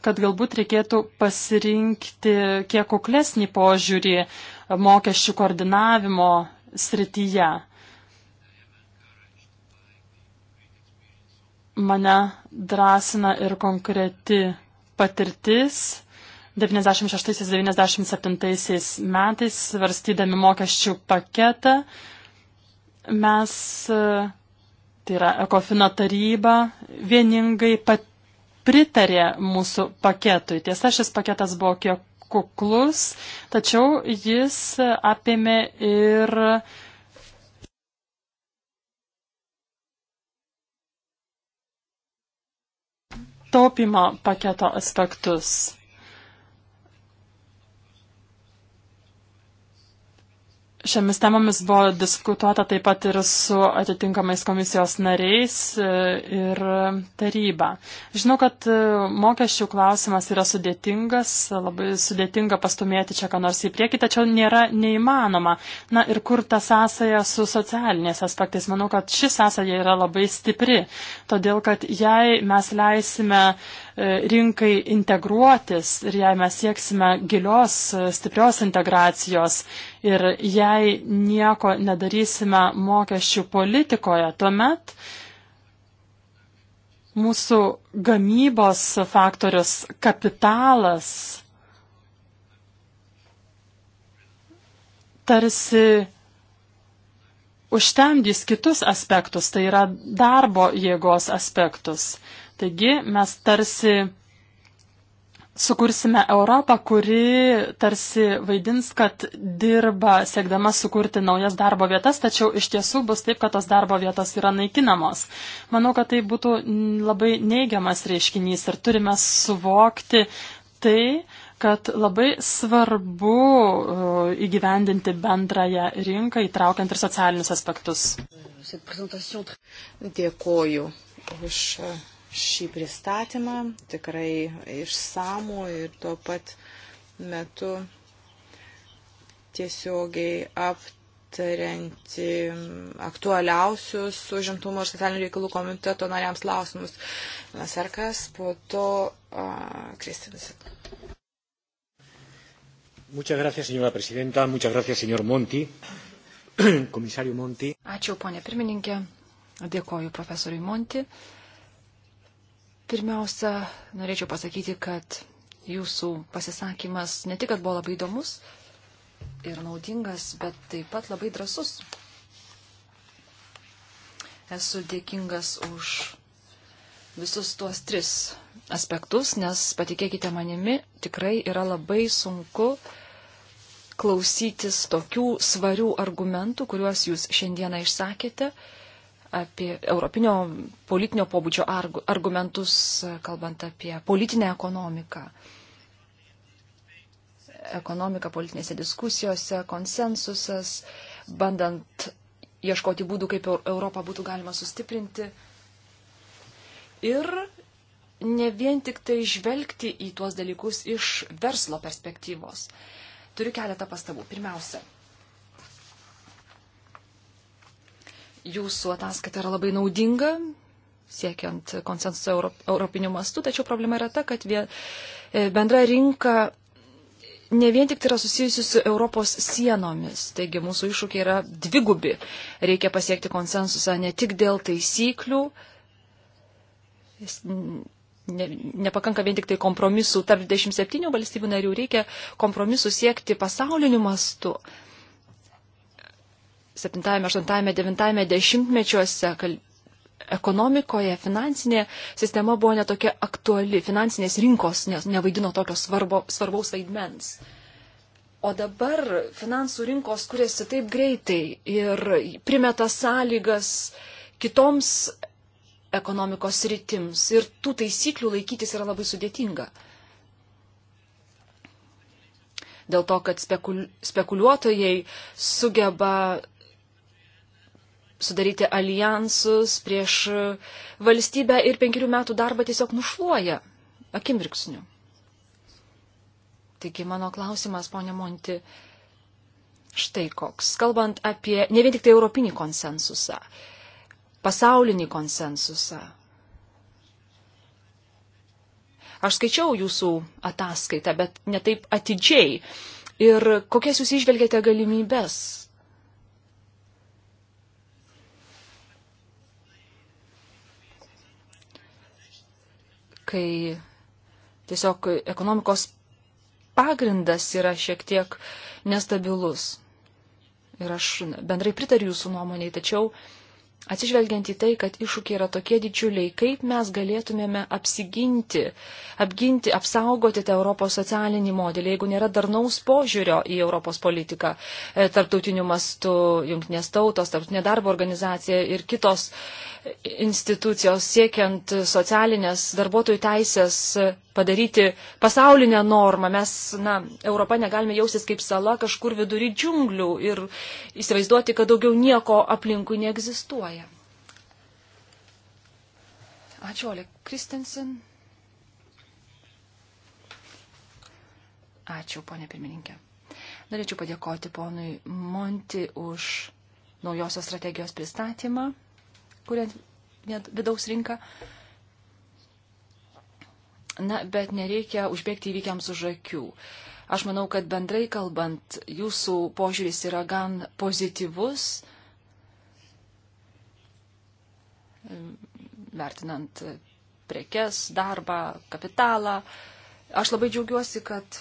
kad galbūt reikėtų pasirinkti kiek kuklesnį požiūrį mokesčių koordinavimo srityje. Mane drąsina ir konkreti patirtis. 96-97 metais svarstydami mokesčių paketą mes, tai yra Ekofino taryba, vieningai pat pritarė mūsų paketui. Tiesa, šis paketas buvo kiek kuklus, tačiau jis apėmė ir taupimo paketo aspektus. Šiomis temomis buvo diskutuota taip pat ir su atitinkamais komisijos nariais e, ir taryba. Žinau, kad e, mokesčių klausimas yra sudėtingas, labai sudėtinga pastumėti čia ką nors į priekį, tačiau nėra neįmanoma. Na ir kur ta sąsaja su socialiniais aspektais? Manau, kad ši sąsaja yra labai stipri, todėl kad jei mes leisime uh, E, rinkai integruotis ir jei mes sieksime gilios, e, stiprios integracijos ir jei nieko nedarysime mokesčių politikoje, tuomet mūsų gamybos faktorius kapitalas tarsi užtemdys kitus aspektus, tai yra darbo jėgos aspektus. Taigi mes tarsi sukursime Europą, kuri tarsi vaidins, kad dirba siekdama sukurti naujas darbo vietas, tačiau iš tiesų bus taip, kad tos darbo vietos yra naikinamos. Manau, kad tai būtų labai neigiamas reiškinys ir turime suvokti tai, kad labai svarbu uh, įgyvendinti bendrąją rinką, įtraukiant ir socialinius aspektus. Dėkoju už uh, šį pristatymą, tikrai išsamų ir tuo pat metu tiesiogiai aptarianti aktualiausius užimtumo ir socialinių reikalų komiteto nariams klausimus. Sarkas, po to uh, Kristinas. Muchas gracias, señora presidenta. Muchas gracias, señor Monti. Komisariu [clears throat] Monti. Ačiū, ponė pirmininkė. Dėkoju profesoriui Monti. Uh, Pirmiausia, norėčiau pasakyti, kad jūsų pasisakymas ne tik, kad buvo labai įdomus ir naudingas, bet taip pat labai drasus. Esu dėkingas už visus tuos tris aspektus, nes patikėkite manimi, tikrai yra labai sunku klausytis tokių svarių argumentų, kuriuos jūs šiandieną išsakėte. Uh, apie europinio politinio pobūdžio argumentus, kalbant apie politinę ekonomiką. Ekonomika politinėse diskusijose, konsensusas, bandant ieškoti būdų, kaip Europą būtų galima sustiprinti. Ir ne vien tik tai žvelgti į tuos dalykus iš verslo perspektyvos. Turiu keletą pastabų. Pirmiausia, jūsų ataskaita yra labai naudinga, siekiant konsensuso Europ, europiniu mastu, tačiau problema yra ta, kad vien, e, bendra rinka ne vien tik tai yra susijusi su Europos sienomis, taigi mūsų iššūkiai yra dvigubi. Reikia pasiekti konsensusą ne tik dėl taisyklių, ne, nepakanka vien tik tai kompromisų tarp 27 valstybių narių, reikia kompromisų siekti pasauliniu mastu. 7, 8, 9 dešimtmečiuose kalbėjome ekonomikoje finansinė sistema buvo netokia aktuali, finansinės rinkos nevaidino tokio svarbo, svarbaus vaidmens. O dabar finansų rinkos kuriasi taip greitai ir primeta sąlygas kitoms ekonomikos rytims ir tų taisyklių laikytis yra labai sudėtinga. Dėl to, kad spekul, spekuliuotojai sugeba sudaryti alijansus prieš valstybę ir penkerių metų darbą tiesiog nušluoja akimirksniu. Taigi mano klausimas, ponė Monti, štai koks. Kalbant apie ne vien tik tai europinį konsensusą, pasaulinį konsensusą. Aš skaičiau jūsų ataskaitą, bet netaip atidžiai. Ir kokias jūs išvelgėte galimybės kai tiesiog ekonomikos pagrindas yra šiek tiek nestabilus. Ir aš bendrai pritariu jūsų nuomonėj, tačiau uh, Atsižvelgiant į tai, kad iššūkiai yra tokie didžiuliai, kaip mes galėtumėme apsiginti, apginti, apsaugoti tą Europos socialinį modelį, jeigu nėra darnaus požiūrio į Europos politiką, e, tarptautiniu mastu, jungtinės tautos, tarptautinė darbo organizacija ir kitos institucijos siekiant socialinės darbuotojų teisės e, padaryti pasaulinę normą. Mes, na, Europą negalime jaustis kaip sala kažkur vidury džiunglių ir įsivaizduoti, kad daugiau nieko aplinkui neegzistuoja. Ačiū, Ole Kristensen. Ačiū, ponė pirmininkė. Norėčiau padėkoti ponui Monti už naujosios strategijos pristatymą, kuriant vidaus rinką. Na, bet nereikia užbėgti įvykiams už akių. Aš manau, kad bendrai kalbant, jūsų požiūris yra gan pozityvus vertinant prekes, darbą, kapitalą. Aš labai džiaugiuosi, kad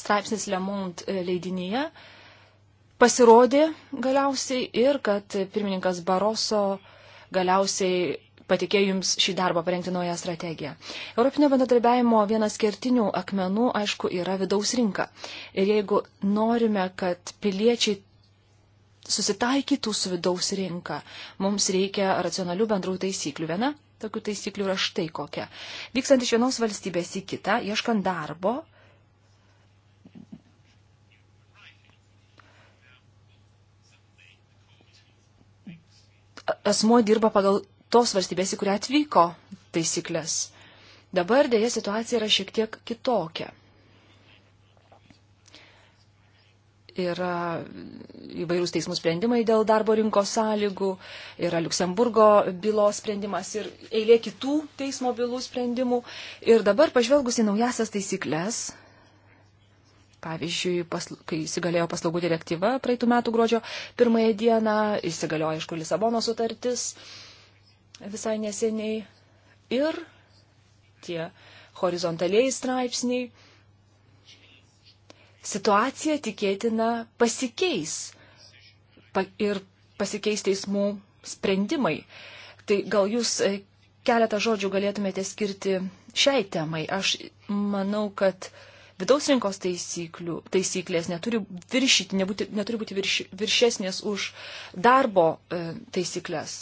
straipsnis Lemont e, leidinyje pasirodė galiausiai ir kad pirmininkas Baroso galiausiai patikėjo Jums šį darbą parengti naują strategiją. Europinio bendradarbiavimo vienas kertinių akmenų, aišku, yra vidaus rinka. Ir jeigu norime, kad piliečiai susitaikytų su vidaus rinka. Mums reikia racionalių bendrų taisyklių. Viena tokių taisyklių yra štai kokia. Vykstant iš vienos valstybės į kitą, ieškant darbo, asmo dirba pagal tos valstybės, į kurią atvyko taisyklės. Dabar dėja situacija yra šiek tiek kitokia. yra įvairūs teismų sprendimai dėl darbo rinkos sąlygų, yra Luksemburgo bylos sprendimas ir eilė kitų teismo bylų sprendimų. Ir dabar pažvelgus į naujasias taisyklės, pavyzdžiui, pasl kai įsigalėjo paslaugų direktyva praeitų metų gruodžio pirmąją dieną, įsigaliojo, aišku, Lisabono sutartis visai neseniai ir tie horizontaliai straipsniai situacija tikėtina pasikeis pa, ir pasikeis teismų sprendimai. Tai gal jūs e, keletą žodžių galėtumėte skirti šiai temai. Aš manau, kad vidaus rinkos taisyklių, taisyklės neturi, viršyti, nebūti, neturi būti virš, viršesnės už darbo e, taisyklės.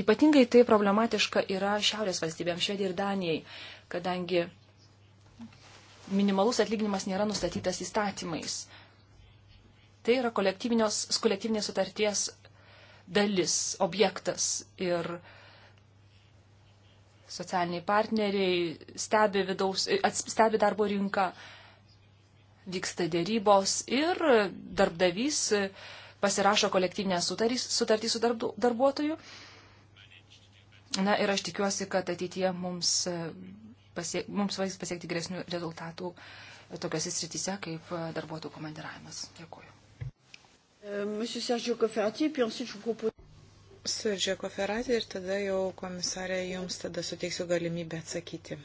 Ypatingai tai problematiška yra šiaurės valstybėms, Švedijai ir Danijai, kadangi minimalus atlyginimas nėra nustatytas įstatymais. Tai yra kolektyvinės sutarties dalis, objektas ir socialiniai partneriai stebi, vidaus, stebi darbo rinką, vyksta dėrybos ir darbdavys pasirašo kolektyvinę sutartį, sutartį su darbu, darbuotoju. Na ir aš tikiuosi, kad ateityje mums pasiek, mums pavyks pasiekti geresnių rezultatų tokiuose srityse kaip darbuotojų komandiravimas. Dėkuoju. E, monsieur Sergio Koferati, puis ensuite je vous propose. Sergio Koferati ir tada jau komisarė jums tada suteiksiu galimybę atsakyti.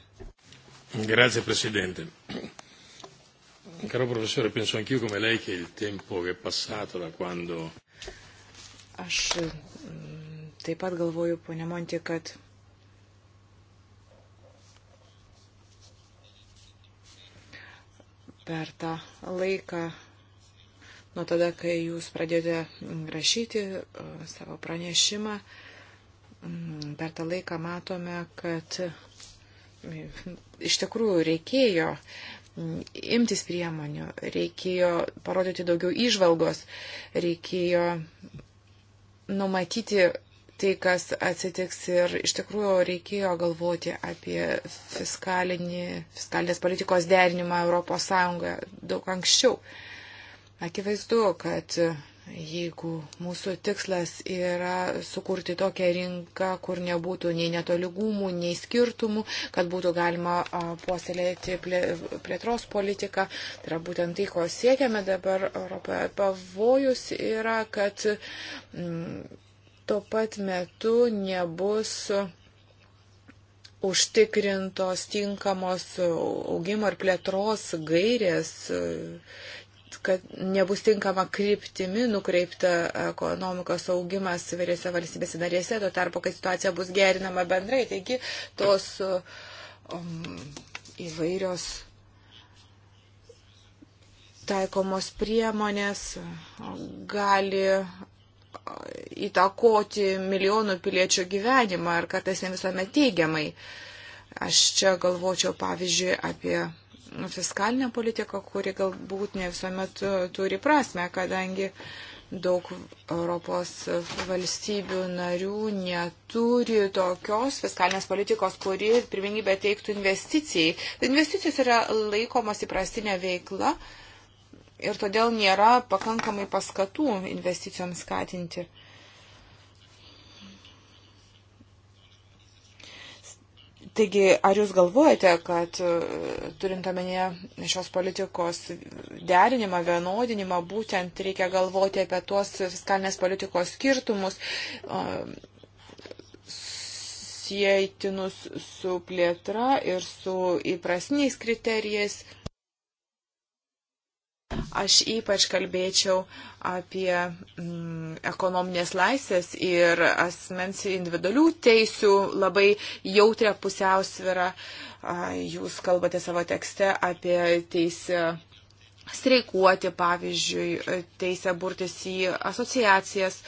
Grazie Presidente. Caro professore, penso anch'io come lei che il tempo che è passato da quando. Aš mm, taip pat galvoju, ponia Monti, kad per tą laiką nuo tada, kai jūs pradėjote rašyti uh, savo pranešimą, mm, per tą laiką matome, kad mm, iš tikrųjų reikėjo mm, imtis priemonių, reikėjo parodyti daugiau išvalgos, reikėjo numatyti tai, kas atsitiks ir iš tikrųjų reikėjo galvoti apie fiskalinės politikos derinimą ES daug anksčiau. Akivaizdu, kad jeigu mūsų tikslas yra sukurti tokią rinką, kur nebūtų nei netoligumų, nei skirtumų, kad būtų galima puoselėti plėtros politiką, tai yra būtent tai, ko siekiame dabar Europoje. Pavojus yra, kad. Mm, tuo pat metu nebus užtikrintos tinkamos augimo ir plėtros gairės, kad nebus tinkama kryptimi nukreipta ekonomikos augimas vėliose valstybėse narėse, tuo tarpu, kad situacija bus gerinama bendrai. Taigi tos um, įvairios taikomos priemonės gali įtakoti milijonų piliečių gyvenimą ir kartais ne visuomet teigiamai. Aš čia galvočiau, pavyzdžiui, apie fiskalinę politiką, kuri galbūt ne visuomet turi prasme, kadangi daug Europos valstybių narių neturi tokios fiskalinės politikos, kuri pirminybę teiktų investicijai. Investicijos yra laikomos įprastinė veikla. Uh, ir todėl nėra pakankamai paskatų investicijoms skatinti. Taigi, ar jūs galvojate, kad e, turint omenyje šios politikos derinimą, vienodinimą, būtent reikia galvoti apie tuos fiskalinės politikos skirtumus, e, sėtinus su plėtra ir su įprasniais kriterijais? Aš ypač kalbėčiau apie mm, ekonominės laisvės ir asmens individualių teisių labai jautrę pusiausvyrą. Jūs kalbate savo tekste apie teisę streikuoti, pavyzdžiui, teisę burtis į asociacijas.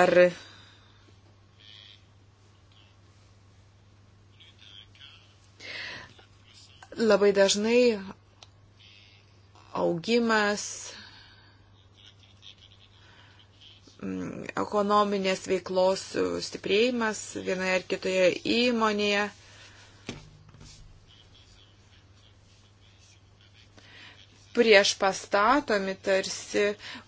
Ar Labai dažnai augimas, mm, ekonominės veiklos stiprėjimas vienoje ar kitoje įmonėje. prieš pastatomi tarsi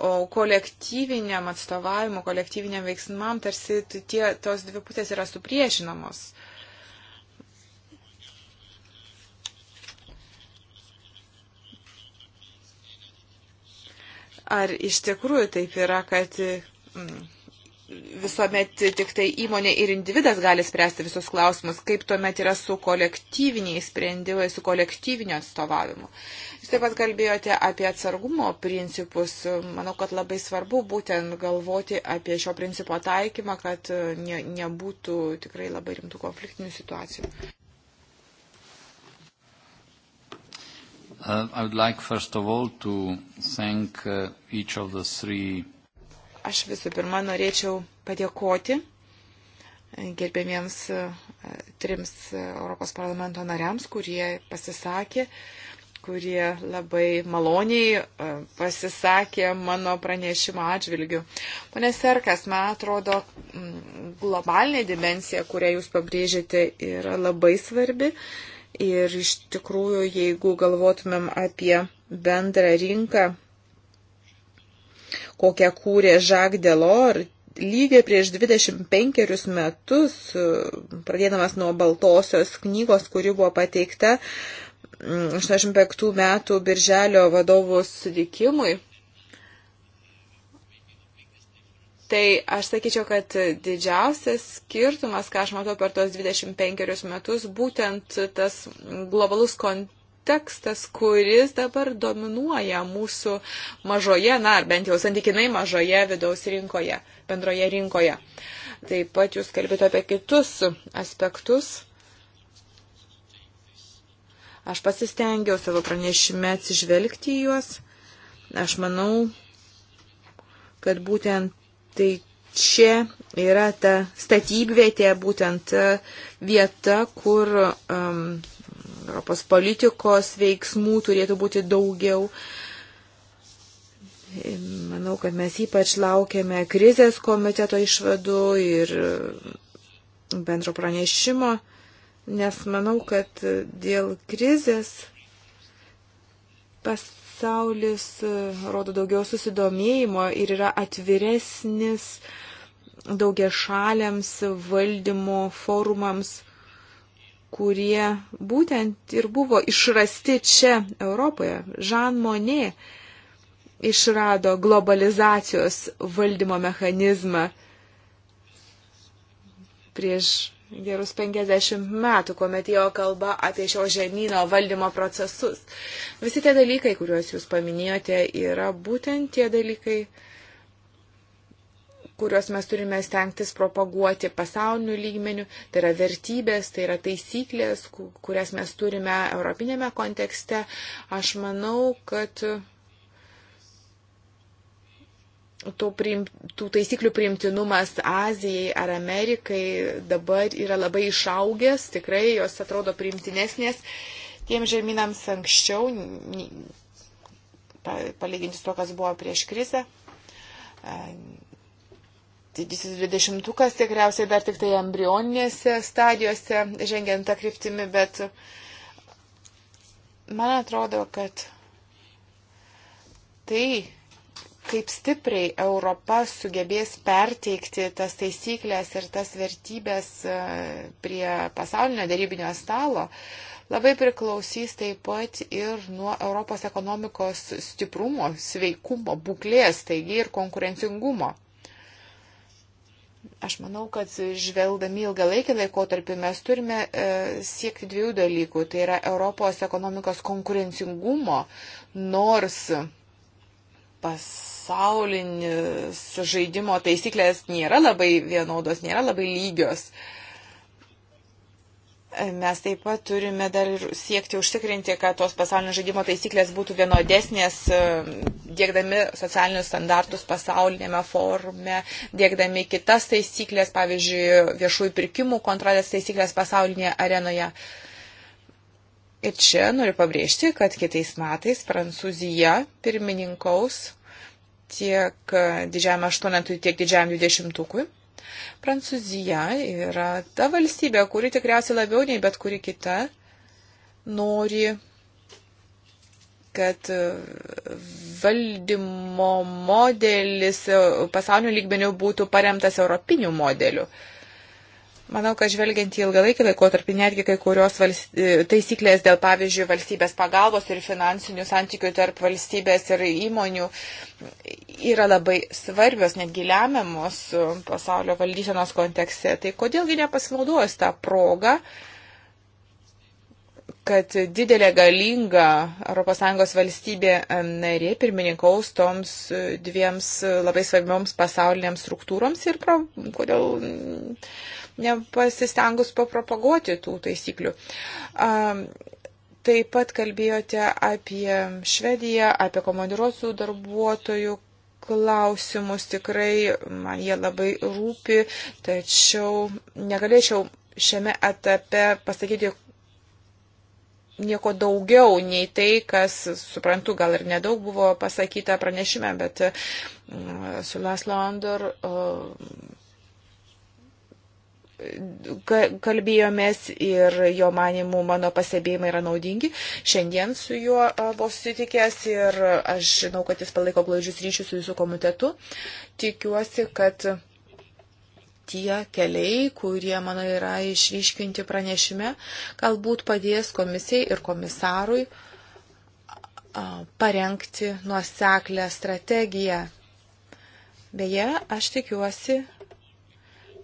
o, kolektyviniam atstovavimo, kolektyviniam veiksmam, tarsi tie, tos dvi pusės yra supriešinamos. Uh, Ar iš tikrųjų taip yra, kad mm, visuomet tik tai įmonė ir individas gali spręsti visus klausimus, kaip tuomet yra su kolektyviniai sprendimai, su kolektyviniu atstovavimu. Jūs taip pat kalbėjote apie atsargumo principus. Manau, kad labai svarbu būtent galvoti apie šio principo taikymą, kad ne, nebūtų tikrai labai rimtų konfliktinių situacijų. Uh, I would like first of all to thank uh, each of the three. Aš visų pirma norėčiau padėkoti uh, gerbėmiems uh, trims uh, Europos parlamento nariams, kurie pasisakė, kurie labai maloniai pasisakė mano pranešimo atžvilgiu. Pane Serkas, man atrodo, mm, globalinė dimensija, kurią jūs pabrėžėte, yra labai svarbi. Uh, Ir iš tikrųjų, jeigu galvotumėm apie bendrą rinką, kokią kūrė Jacques Delors, lygiai prieš 25 metus, pradėdamas nuo baltosios knygos, kuri buvo pateikta 85 mm, metų birželio vadovų sudikimui, Tai aš sakyčiau, kad didžiausias skirtumas, ką aš matau per tos 25 metus, būtent tas globalus kontekstas, kuris dabar dominuoja mūsų mažoje, na, bent jau santykinai mažoje vidaus rinkoje, bendroje rinkoje. Taip pat jūs kalbėjote apie kitus aspektus. Aš pasistengiau savo pranešime atsižvelgti į juos. Aš manau, kad būtent Tai čia yra ta statybvietė, būtent e, vieta, kur um, Europos politikos veiksmų turėtų būti daugiau. Manau, kad mes ypač laukiame krizės komiteto išvadų ir bendro pranešimo, nes manau, kad dėl krizės pas pasaulis e, rodo daugiau susidomėjimo ir yra atviresnis daugia šaliams valdymo forumams, kurie būtent ir buvo išrasti čia Europoje. Žan Monė išrado globalizacijos valdymo mechanizmą prieš gerus 50 metų, kuomet jo kalba apie šio žemyno valdymo procesus. Visi tie dalykai, kuriuos jūs paminėjote, yra būtent tie dalykai, kuriuos mes turime stengtis propaguoti pasauliniu lygmeniu, tai yra vertybės, tai yra taisyklės, kurias mes turime europinėme kontekste. Aš manau, kad tų, priim, tų taisyklių priimtinumas Azijai ar Amerikai dabar yra labai išaugęs, tikrai jos atrodo priimtinesnės tiem žemynams anksčiau, palyginti su to, kas buvo prieš krizę. Didysis dvidešimtukas tikriausiai dar tik tai embrioninėse stadijose žengiant tą kryptimį, bet man atrodo, kad tai kaip stipriai Europa sugebės perteikti tas taisyklės ir tas vertybės e, prie pasaulinio darybinio stalo, labai priklausys taip pat ir nuo Europos ekonomikos stiprumo, sveikumo, būklės, taigi ir konkurencingumo. Aš manau, kad žvelgdami ilgalaikį laikotarpį mes turime e, siekti dviejų dalykų. Tai yra Europos ekonomikos konkurencingumo, nors pas pasaulinis žaidimo taisyklės nėra labai vienodos, nėra labai lygios. Mes taip pat turime dar ir siekti užtikrinti, kad tos pasaulinio žaidimo taisyklės būtų vienodesnės, dėkdami socialinius standartus pasaulinėme forume, dėkdami kitas taisyklės, pavyzdžiui, viešųjų pirkimų kontrolės taisyklės pasaulinėje arenoje. Ir čia noriu pabrėžti, kad kitais metais Prancūzija pirmininkaus tiek didžiajam aštuonetui, tiek didžiajam dvidešimtukui. Prancūzija yra ta valstybė, kuri tikriausiai labiau nei bet kuri kita nori, kad valdymo modelis pasaulio lygmenių būtų paremtas europiniu modeliu. Uh, Manau, kad žvelgiant į ilgalaikį laikotarpį, netgi kai kurios valst... E, taisyklės dėl, pavyzdžiui, valstybės pagalbos ir finansinių santykių tarp valstybės ir įmonių yra labai svarbios, netgi lemiamos e, pasaulio valdysenos kontekste. Tai kodėlgi nepasinaudojus tą progą, kad didelė galinga ES valstybė e, narė pirmininkaus toms dviems labai svarbioms pasaulinėms struktūroms ir pra... kodėl nepasistengus papropaguoti tų taisyklių. Taip pat kalbėjote apie Švediją, apie komandiruotų darbuotojų klausimus, tikrai man jie labai rūpi, tačiau negalėčiau šiame etape pasakyti nieko daugiau nei tai, kas, suprantu, gal ir nedaug buvo pasakyta pranešime, bet mm, su Las Landor. Uh, kalbėjomės ir jo manimų mano pasibėjimai yra naudingi. Šiandien su juo buvau susitikęs ir aš žinau, kad jis palaiko glaudžius ryšius su jūsų komitetu. Tikiuosi, kad tie keliai, kurie mano yra išryškinti pranešime, galbūt padės komisijai ir komisarui parengti nuoseklę strategiją. Beje, aš tikiuosi,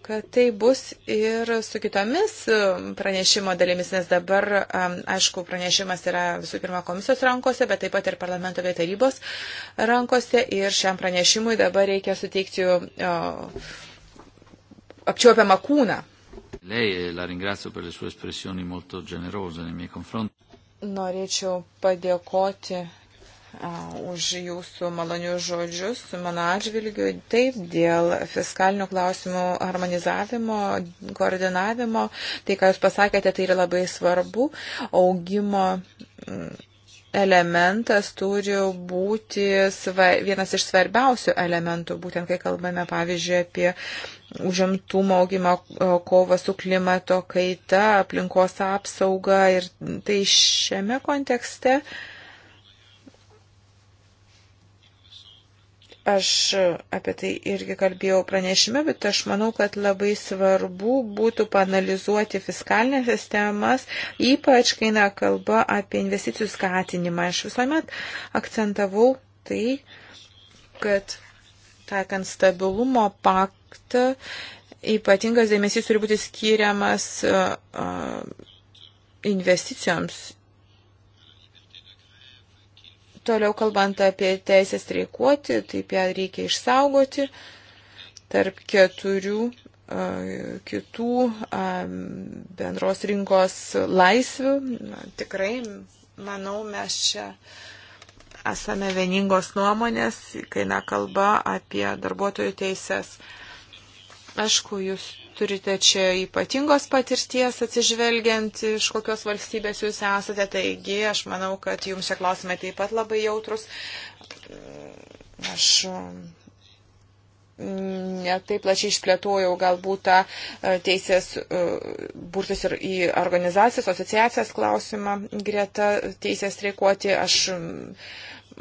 kad tai bus ir su kitomis e, pranešimo dalimis, nes dabar, e, aišku, pranešimas yra visų pirma komisijos rankose, bet taip pat ir parlamento bei tarybos rankose ir šiam pranešimui dabar reikia suteikti e, apčiuopiamą kūną. Lei la ringrazio per le sue espressioni molto generose nei miei confronti. Norėčiau padėkoti už jūsų malonius žodžius mano atžvilgiu. Taip, dėl fiskalinių klausimų harmonizavimo, koordinavimo, tai, ką jūs pasakėte, tai yra labai svarbu. Augimo mm, elementas turi būti vienas iš svarbiausių elementų, būtent kai kalbame, pavyzdžiui, apie užimtumo augimą, kovą su klimato kaita, aplinkos apsaugą ir tai šiame kontekste uh, Aš apie tai irgi kalbėjau pranešime, bet aš manau, kad labai svarbu būtų panalizuoti fiskalinės sistemas, ypač kai na kalba apie investicijų skatinimą. Aš visuomet akcentavau tai, kad taikant stabilumo paktą, ypatingas dėmesys turi būti skiriamas investicijoms Toliau kalbant apie teisę streikuoti, taip ją reikia išsaugoti tarp keturių kitų bendros rinkos laisvių. Tikrai, manau, mes čia esame vieningos nuomonės, kai nekalba apie darbuotojų teises. Aišku, jūs turite čia ypatingos patirties atsižvelgiant, iš kokios valstybės jūs esate, taigi aš manau, kad jums šie klausimai taip pat labai jautrus. Aš mm, netaip plačiai išplėtojau galbūt tą e, teisės e, burtis ir į organizacijas, asociacijas klausimą greta teisės streikuoti. Aš mm,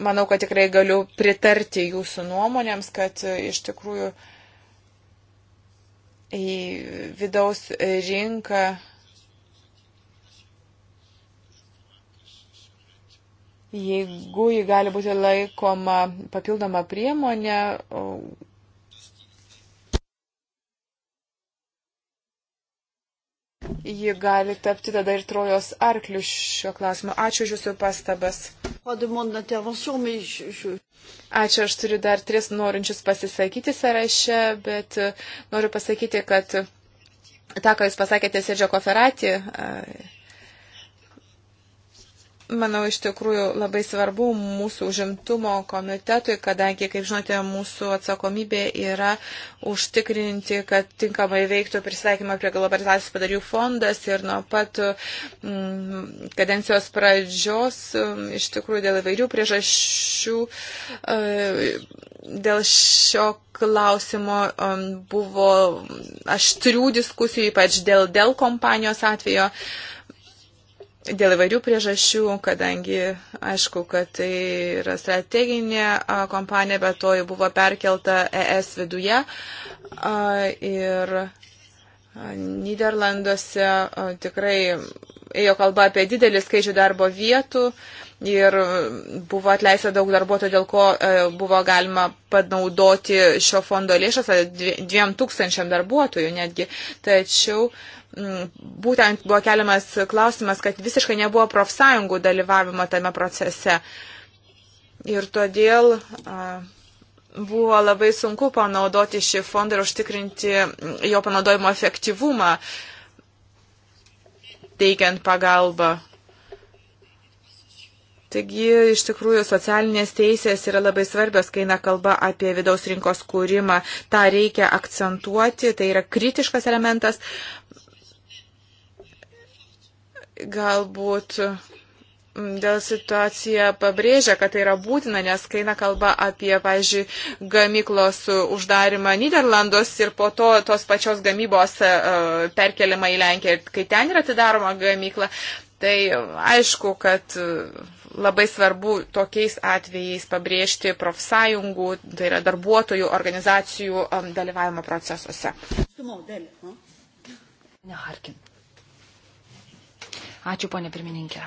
manau, kad tikrai galiu pritarti jūsų nuomonėms, kad e, iš tikrųjų į vidaus rinką. Jeigu jį gali būti laikoma papildoma priemonė, ji gali tapti tada ir trojos arklių šio klausimo. Ačiū už Jūsų pastabas. Ačiū, aš turiu dar tris norinčius pasisakyti sąraše, bet e, noriu pasakyti, kad tą, ką Jūs pasakėte Sergio Koferati, e, Manau, iš tikrųjų labai svarbu mūsų užimtumo komitetui, kadangi, kaip žinote, mūsų atsakomybė yra užtikrinti, kad tinkamai veiktų prisitaikymą prie globalizacijos padarių fondas ir nuo pat mm, kadencijos pradžios, mm, iš tikrųjų, dėl įvairių priežasčių, e, dėl šio klausimo mm, buvo aštrių diskusijų, ypač dėl dėl kompanijos atvejo dėl įvairių priežasčių, kadangi aišku, kad tai yra strateginė kompanija, bet to jau buvo perkelta ES viduje. Ir Niderlanduose tikrai ėjo kalba apie didelį skaičių darbo vietų ir buvo atleista daug darbuotojų, dėl ko buvo galima panaudoti šio fondo lėšas dviem tūkstančiam darbuotojų netgi. Tačiau būtent buvo keliamas klausimas, kad visiškai nebuvo profsąjungų dalyvavimo tame procese. Ir todėl buvo labai sunku panaudoti šį fondą ir užtikrinti jo panaudojimo efektyvumą, teikiant pagalbą. Taigi, iš tikrųjų, socialinės teisės yra labai svarbios, kai eina kalba apie vidaus rinkos kūrimą. Ta reikia akcentuoti, tai yra kritiškas elementas galbūt mm, dėl situaciją pabrėžia, kad tai yra būtina, nes kai eina kalba apie, pavyzdžiui, gamyklos uždarimą Niderlandos ir po to tos pačios gamybos e, perkeliamą į Lenkiją, kai ten yra atidaroma gamykla, tai aišku, kad e, labai svarbu tokiais atvejais pabrėžti profsąjungų, tai yra darbuotojų organizacijų dalyvavimo procesuose. Ne, Harkin. Ačiū, ponė pirmininkė.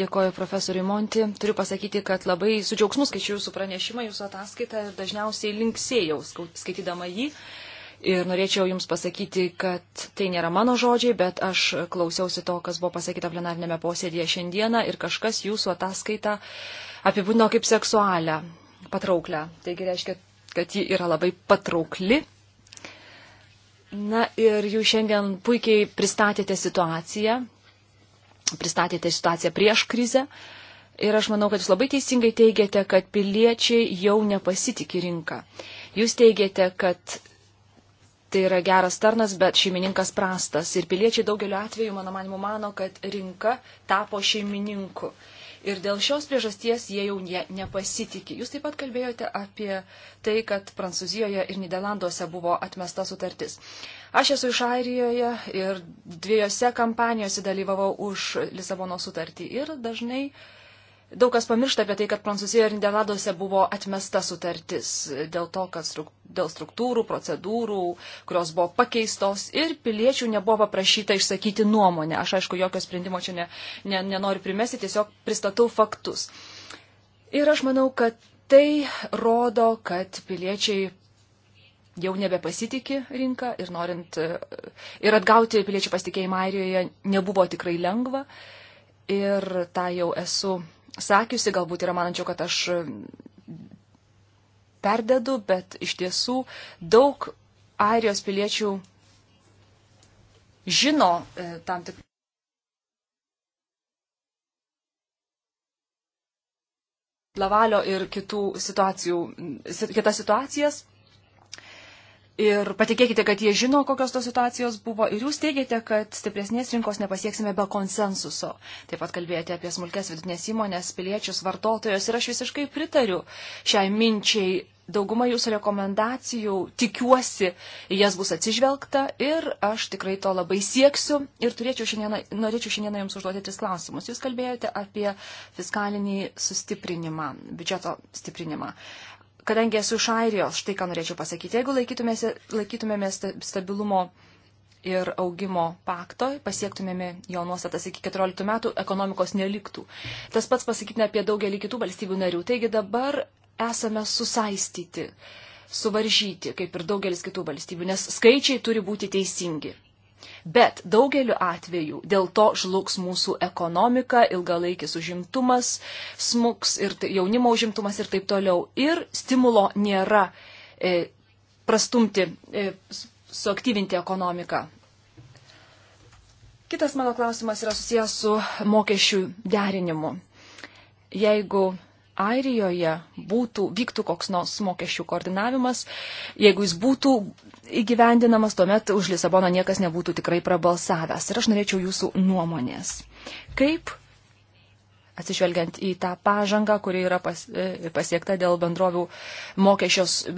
Dėkoju profesoriui Monti. Turiu pasakyti, kad labai su džiaugsmu skaičiu jūsų pranešimą, jūsų ataskaitą ir dažniausiai linksėjau skaitydama jį. Ir norėčiau Jums pasakyti, kad tai nėra mano žodžiai, bet aš klausiausi to, kas buvo pasakyta plenarnėme posėdėje šiandieną ir kažkas Jūsų ataskaitą apibūdino kaip seksualią, patrauklę. Taigi reiškia, kad ji yra labai patraukli Na ir jūs šiandien puikiai pristatėte situaciją, pristatėte situaciją prieš krizę. Ir aš manau, kad jūs labai teisingai teigiate, kad piliečiai jau nepasitikė rinką. Jūs teigiate, kad tai yra geras tarnas, bet šeimininkas prastas. Ir piliečiai daugeliu atveju, mano manimu, mano, kad rinka tapo šeimininku. Uh, Ir dėl šios priežasties jie jau ne, nepasitikė. Jūs taip pat kalbėjote apie tai, kad Prancūzijoje ir Niderlanduose buvo atmesta sutartis. Aš esu iš Airijoje ir dviejose kampanijose dalyvavau už Lisabono sutartį ir dažnai uh, Daug kas pamiršta apie tai, kad Prancūzijoje ir Niderlanduose buvo atmesta sutartis dėl to, kad struk, dėl struktūrų, procedūrų, kurios buvo pakeistos ir piliečių nebuvo paprašyta išsakyti nuomonę. Aš aišku, jokio sprendimo čia ne, ne, nenoriu primesti, tiesiog pristatau faktus. Ir aš manau, kad tai rodo, kad piliečiai jau nebepasitikė rinką ir norint ir atgauti piliečių pasitikėjimą Airijoje nebuvo tikrai lengva. Ir tą jau esu sakiusi, galbūt yra manančių, kad aš perdedu, bet iš tiesų daug airijos piliečių žino e, tam tikrų. Lavalio ir kitų situacijų, kitas situacijas. Ir patikėkite, kad jie žino, kokios tos situacijos buvo. Ir jūs teigiate, kad stipresnės rinkos nepasieksime be konsensuso. Taip pat kalbėjote apie smulkės vidutinės įmonės, piliečius, vartotojus. Ir aš visiškai pritariu šiai minčiai. Dauguma jūsų rekomendacijų, tikiuosi, jas bus atsižvelgta ir aš tikrai to labai sieksiu. Ir šiandieną, norėčiau šiandieną jums užduoti tris klausimus. Jūs kalbėjote apie fiskalinį sustiprinimą, biudžeto stiprinimą kadangi esu iš Airijos, štai ką norėčiau pasakyti. Jeigu laikytumėmės stabilumo ir augimo pakto, pasiektumėme jo nuostatas iki 14 metų, ekonomikos neliktų. Tas pats pasakytume apie daugelį kitų valstybių narių. Taigi dabar esame susaistyti, suvaržyti, kaip ir daugelis kitų valstybių, nes skaičiai turi būti teisingi. Bet daugeliu atveju dėl to žlugs mūsų ekonomika, ilgalaikis užimtumas, smuks ir jaunimo užimtumas ir taip toliau. Ir stimulo nėra e, prastumti, e, suaktyvinti ekonomiką. Kitas mano klausimas yra susijęs su mokesčių derinimu. Jeigu Airijoje būtų, vyktų koks nors mokesčių koordinavimas, jeigu jis būtų įgyvendinamas, tuomet už Lisaboną niekas nebūtų tikrai prabalsavęs. Ir aš norėčiau jūsų nuomonės. Kaip, atsižvelgiant į tą pažangą, kuri yra pas, e, pasiekta dėl bendrovių,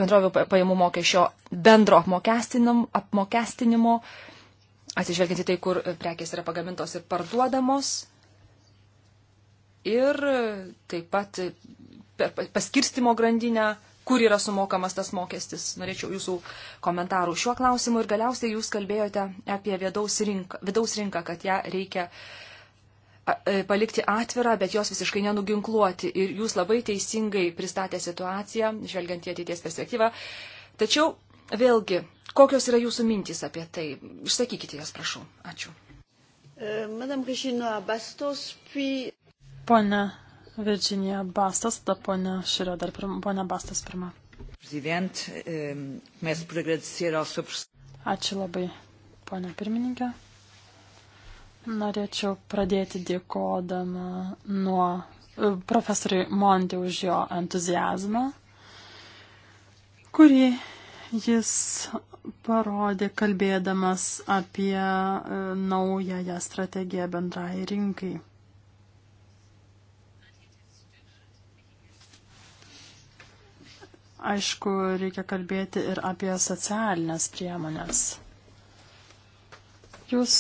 bendrovių pajamų mokesčio bendro apmokestinimo, atsižvelgiant į tai, kur prekės yra pagamintos ir parduodamos, ir taip pat paskirstimo grandinę, kur yra sumokamas tas mokestis. Norėčiau jūsų komentarų šiuo klausimu ir galiausiai jūs kalbėjote apie vidaus rinką, vidaus rinką kad ją reikia e, palikti atvirą, bet jos visiškai nenuginkluoti. Ir jūs labai teisingai pristatė situaciją, žvelgiant į ateities perspektyvą. Tačiau vėlgi, kokios yra jūsų mintys apie tai? Išsakykite jas, prašau. Ačiū. E, Madame Regina Bastos, puis. Pone Virginija Bastas, tada pone Širio, dar pirma, pone Bastas pirma. Ačiū labai, pone pirmininkė. Norėčiau pradėti dėkodama nuo e, profesoriui Monti už jo entuzijazmą, kurį jis parodė kalbėdamas apie e, naująją strategiją bendrai rinkai. Aišku, reikia kalbėti ir apie socialinės priemonės. Jūs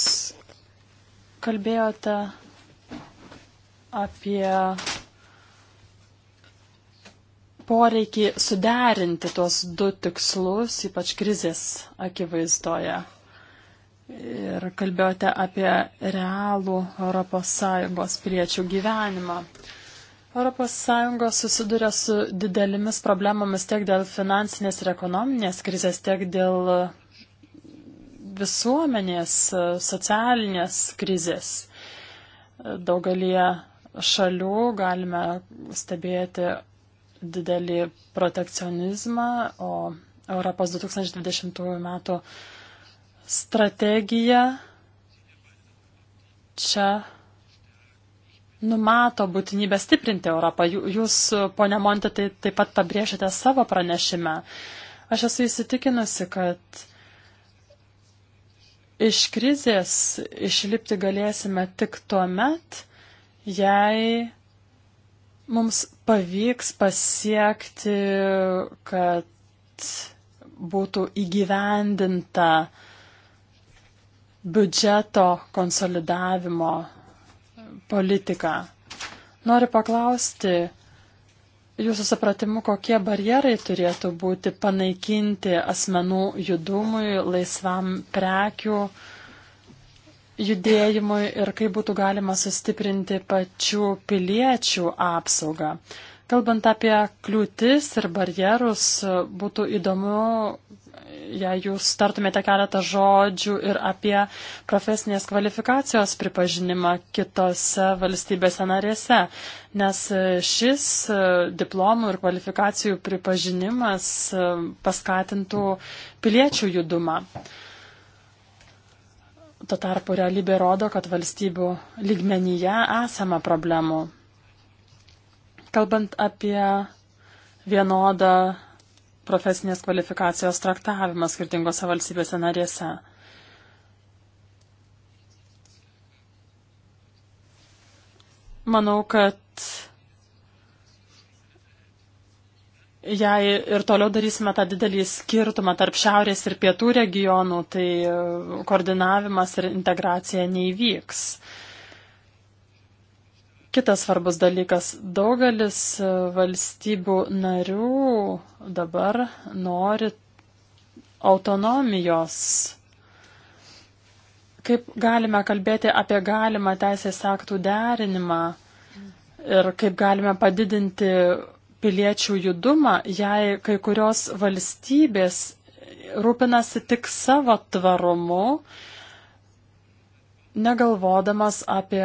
kalbėjote apie poreikį suderinti tuos du tikslus, ypač krizės akivaizdoje. Ir kalbėjote apie realų ES piliečių gyvenimą. ES susiduria su didelėmis problemomis tiek dėl finansinės ir ekonominės krizės, tiek dėl visuomenės, socialinės krizės. Daugelie šalių galime stebėti didelį protekcionizmą, o Europos 2020 metų strategija čia numato būtinybę stiprinti Europą. Jūs, ponia Monti, tai taip pat pabrėžėte savo pranešime. Aš esu įsitikinusi, kad iš krizės išlipti galėsime tik tuo met, jei mums pavyks pasiekti, kad būtų įgyvendinta biudžeto konsolidavimo politiką. Noriu paklausti, jūsų supratimu, kokie barjerai turėtų būti panaikinti asmenų judumui, laisvam prekių judėjimui ir kaip būtų galima sustiprinti pačių piliečių apsaugą. Kalbant apie kliūtis ir barjerus, būtų įdomu jei jūs tartumėte keletą žodžių ir apie profesinės kvalifikacijos pripažinimą kitose valstybėse narėse, nes šis e, diplomų ir kvalifikacijų pripažinimas e, paskatintų piliečių judumą. Tuo tarpu realybė rodo, kad valstybių lygmenyje esama problemų. Kalbant apie vienodą profesinės kvalifikacijos traktavimas skirtingose valstybėse narėse. Manau, kad jei ir toliau darysime tą didelį skirtumą tarp šiaurės ir pietų regionų, tai koordinavimas ir integracija neįvyks. Uh, Kitas svarbus dalykas - daugelis e, valstybių narių dabar nori autonomijos. Kaip galime kalbėti apie galimą teisės aktų derinimą ir kaip galime padidinti piliečių judumą, jei kai kurios valstybės rūpinasi tik savo tvarumu, negalvodamas apie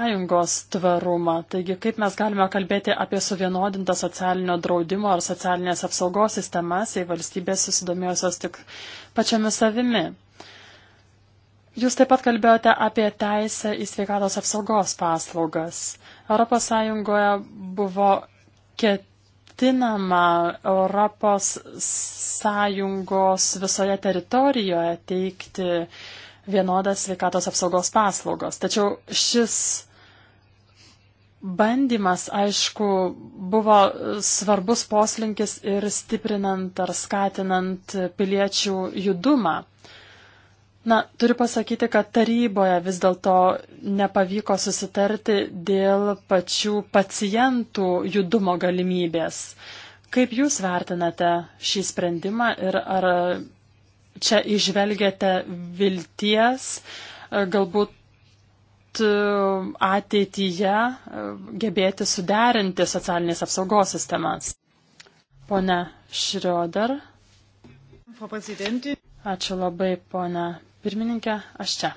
ES tvarumą. Taigi, kaip mes galime kalbėti apie suvienodintą socialinio draudimo ar socialinės apsaugos sistemas, jei valstybės susidomėjusios tik pačiamis savimi. Jūs taip pat kalbėjote apie teisę į sveikatos apsaugos paslaugas. ES buvo ketinama ES visoje teritorijoje teikti uh, vienodas sveikatos apsaugos paslaugos. Tačiau šis bandymas, aišku, buvo svarbus poslinkis ir stiprinant ar skatinant piliečių judumą. Na, turiu pasakyti, kad taryboje vis dėlto nepavyko susitarti dėl pačių pacientų judumo galimybės. Kaip Jūs vertinate šį sprendimą ir ar čia išvelgiate vilties, e, galbūt e, ateityje e, gebėti suderinti socialinės apsaugos sistemas. Pone Šrioder. Ačiū labai, pone pirmininkė. Aš čia.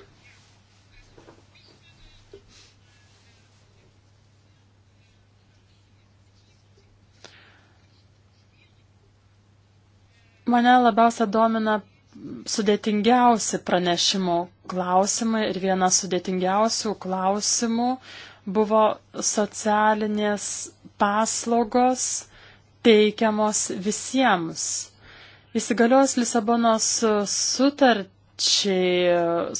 Mane labiausia domina sudėtingiausi pranešimo klausimai ir vienas sudėtingiausių klausimų buvo socialinės paslaugos teikiamos visiems. Įsigalios Lisabonos sutarčiai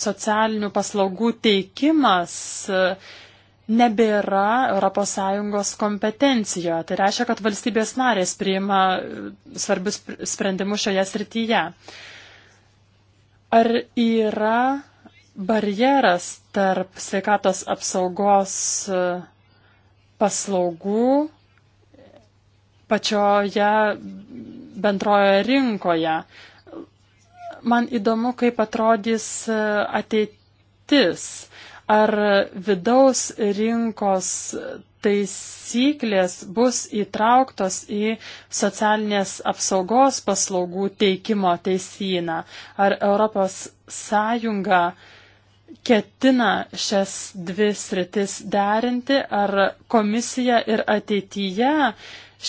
socialinių paslaugų teikimas nebėra ES kompetencijoje. Tai reiškia, kad valstybės narės priima svarbius sprendimus šioje srityje. Ar yra barjeras tarp sveikatos apsaugos e, paslaugų pačioje bendrojoje rinkoje? Man įdomu, kaip atrodys e, ateitis. Ar vidaus rinkos taisyklės bus įtrauktos į socialinės apsaugos paslaugų teikimo teisyną? Ar Europos Sąjunga ketina šias dvi sritis derinti, ar komisija ir ateityje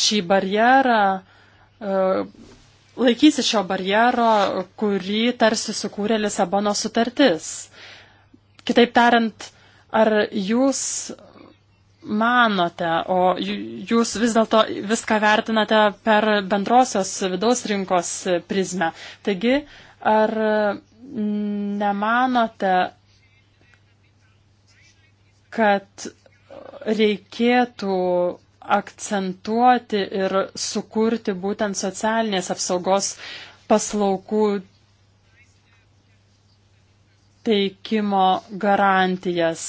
šį barjerą uh, e, laikysi šio barjero, kurį tarsi sukūrė Lisabono sutartis? Kitaip tariant, ar jūs manote, o jūs vis dėlto viską vertinate per bendrosios vidaus rinkos prizmę. Taigi, ar nemanote, kad reikėtų akcentuoti ir sukurti būtent socialinės apsaugos paslaugų teikimo garantijas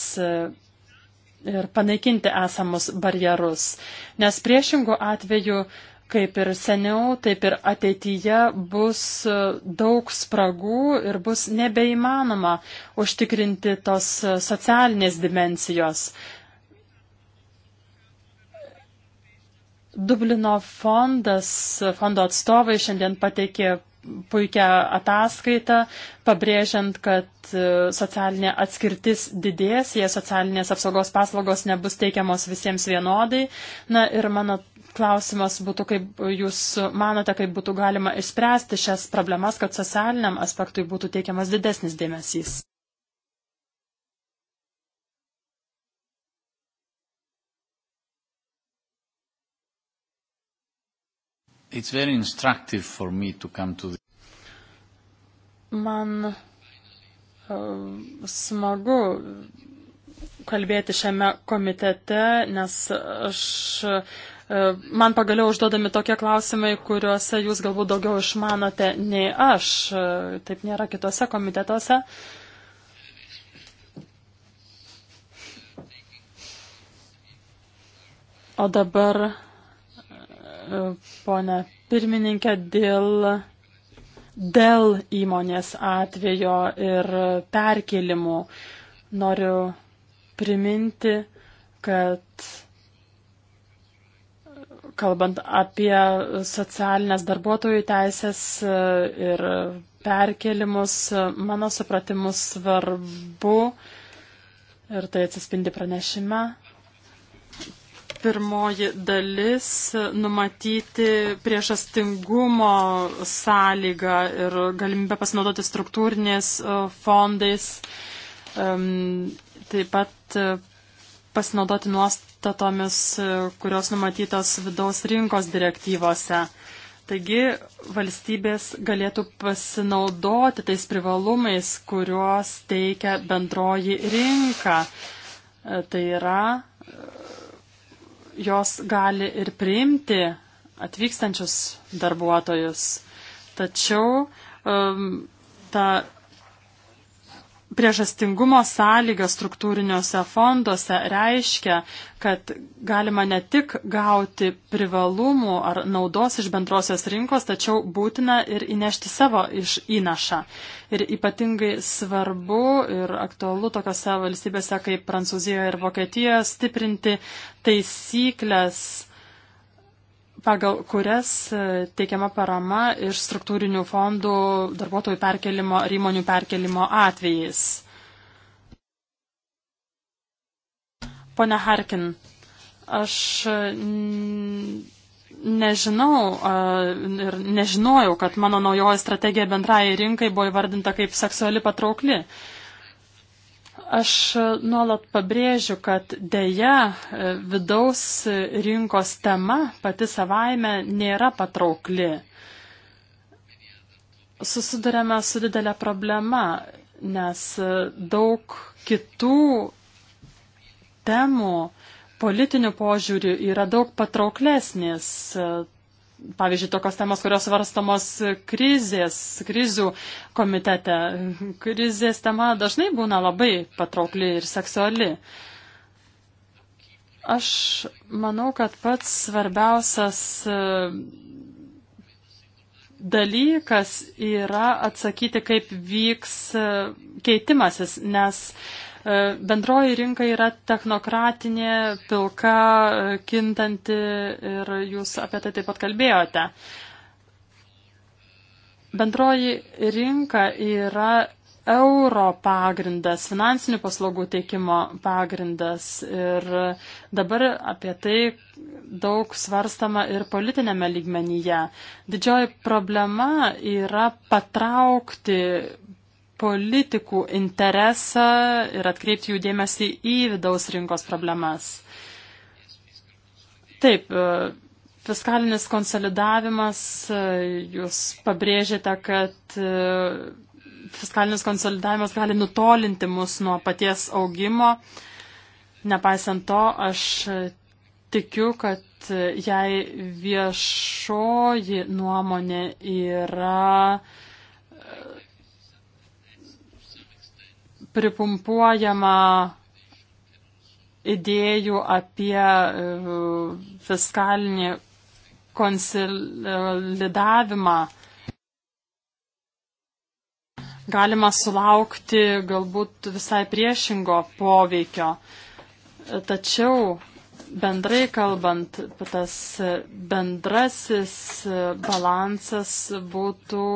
ir panaikinti esamus barjerus. Nes priešingų atveju, kaip ir seniau, taip ir ateityje bus e, daug spragų ir bus nebeįmanoma užtikrinti tos e, socialinės dimensijos. Dublino fondas, fondo atstovai šiandien pateikė puikią ataskaitą, pabrėžiant, kad e, socialinė atskirtis didės, jei socialinės apsaugos paslaugos nebus teikiamos visiems vienodai. Na ir mano klausimas būtų, kaip jūs manote, kaip būtų galima išspręsti šias problemas, kad socialiniam aspektui būtų teikiamas didesnis dėmesys. It's very instructive for me to come to the... Man uh, smagu kalbėti šiame komitete, nes aš, uh, man pagaliau užduodami tokie klausimai, kuriuose jūs galbūt daugiau išmanote nei aš. Uh, taip nėra kitose komitetuose. O dabar E, ponė pirmininkė, dėl, dėl įmonės atvejo ir perkelimų. Noriu priminti, kad kalbant apie socialinės darbuotojų teisės ir perkelimus, mano supratimu svarbu, ir tai atsispindi pranešime, pirmoji dalis numatyti priežastingumo sąlygą ir galimybę pasinaudoti struktūrinės e, fondais, taip pat e, pasinaudoti nuostatomis, e, kurios numatytos vidaus rinkos direktyvose. Taigi valstybės galėtų pasinaudoti tais privalumais, kuriuos teikia bendroji rinka. Tai yra jos gali ir priimti atvykstančius darbuotojus. Tačiau um, ta priežastingumo sąlyga struktūriniuose fonduose reiškia, kad galima ne tik gauti privalumų ar naudos iš bendrosios rinkos, tačiau būtina ir įnešti savo iš įnašą. Ir ypatingai svarbu ir aktualu tokiose valstybėse kaip Prancūzijoje ir Vokietijoje stiprinti taisyklės pagal kurias e, teikiama parama iš struktūrinių fondų darbuotojų perkelimo ir įmonių perkelimo atvejais. Pone Harkin, aš nežinau ir nežinojau, kad mano naujoji strategija bendrai rinkai buvo įvardinta kaip seksuali patraukli. Aš nuolat pabrėžiu, kad dėja e, vidaus rinkos tema pati savaime nėra patraukli. Susidurėme su didelė problema, nes e, daug kitų temų politinių požiūrių yra daug patrauklesnės e, pavyzdžiui, tokios temos, kurios svarstamos krizės, krizių komitete. Krizės tema dažnai būna labai patraukli ir seksuali. Aš manau, kad pats svarbiausias e, dalykas yra atsakyti, kaip vyks e, keitimasis, nes uh, E, bendroji rinka yra technokratinė, pilka, e, kintanti ir jūs apie tai taip pat kalbėjote. Bendroji rinka yra euro pagrindas, finansinių paslaugų teikimo pagrindas. Ir dabar apie tai daug svarstama ir politinėme lygmenyje. Didžioji problema yra patraukti politikų interesą ir atkreipti jų dėmesį į vidaus rinkos problemas. Taip, e, fiskalinis konsolidavimas, e, jūs pabrėžėte, kad e, fiskalinis konsolidavimas gali nutolinti mus nuo paties augimo. Nepaisant to, aš tikiu, kad jei viešoji nuomonė yra uh, pripumpuojama idėjų apie e, fiskalinį konsolidavimą. Galima sulaukti galbūt visai priešingo poveikio. Tačiau bendrai kalbant, tas bendrasis balansas būtų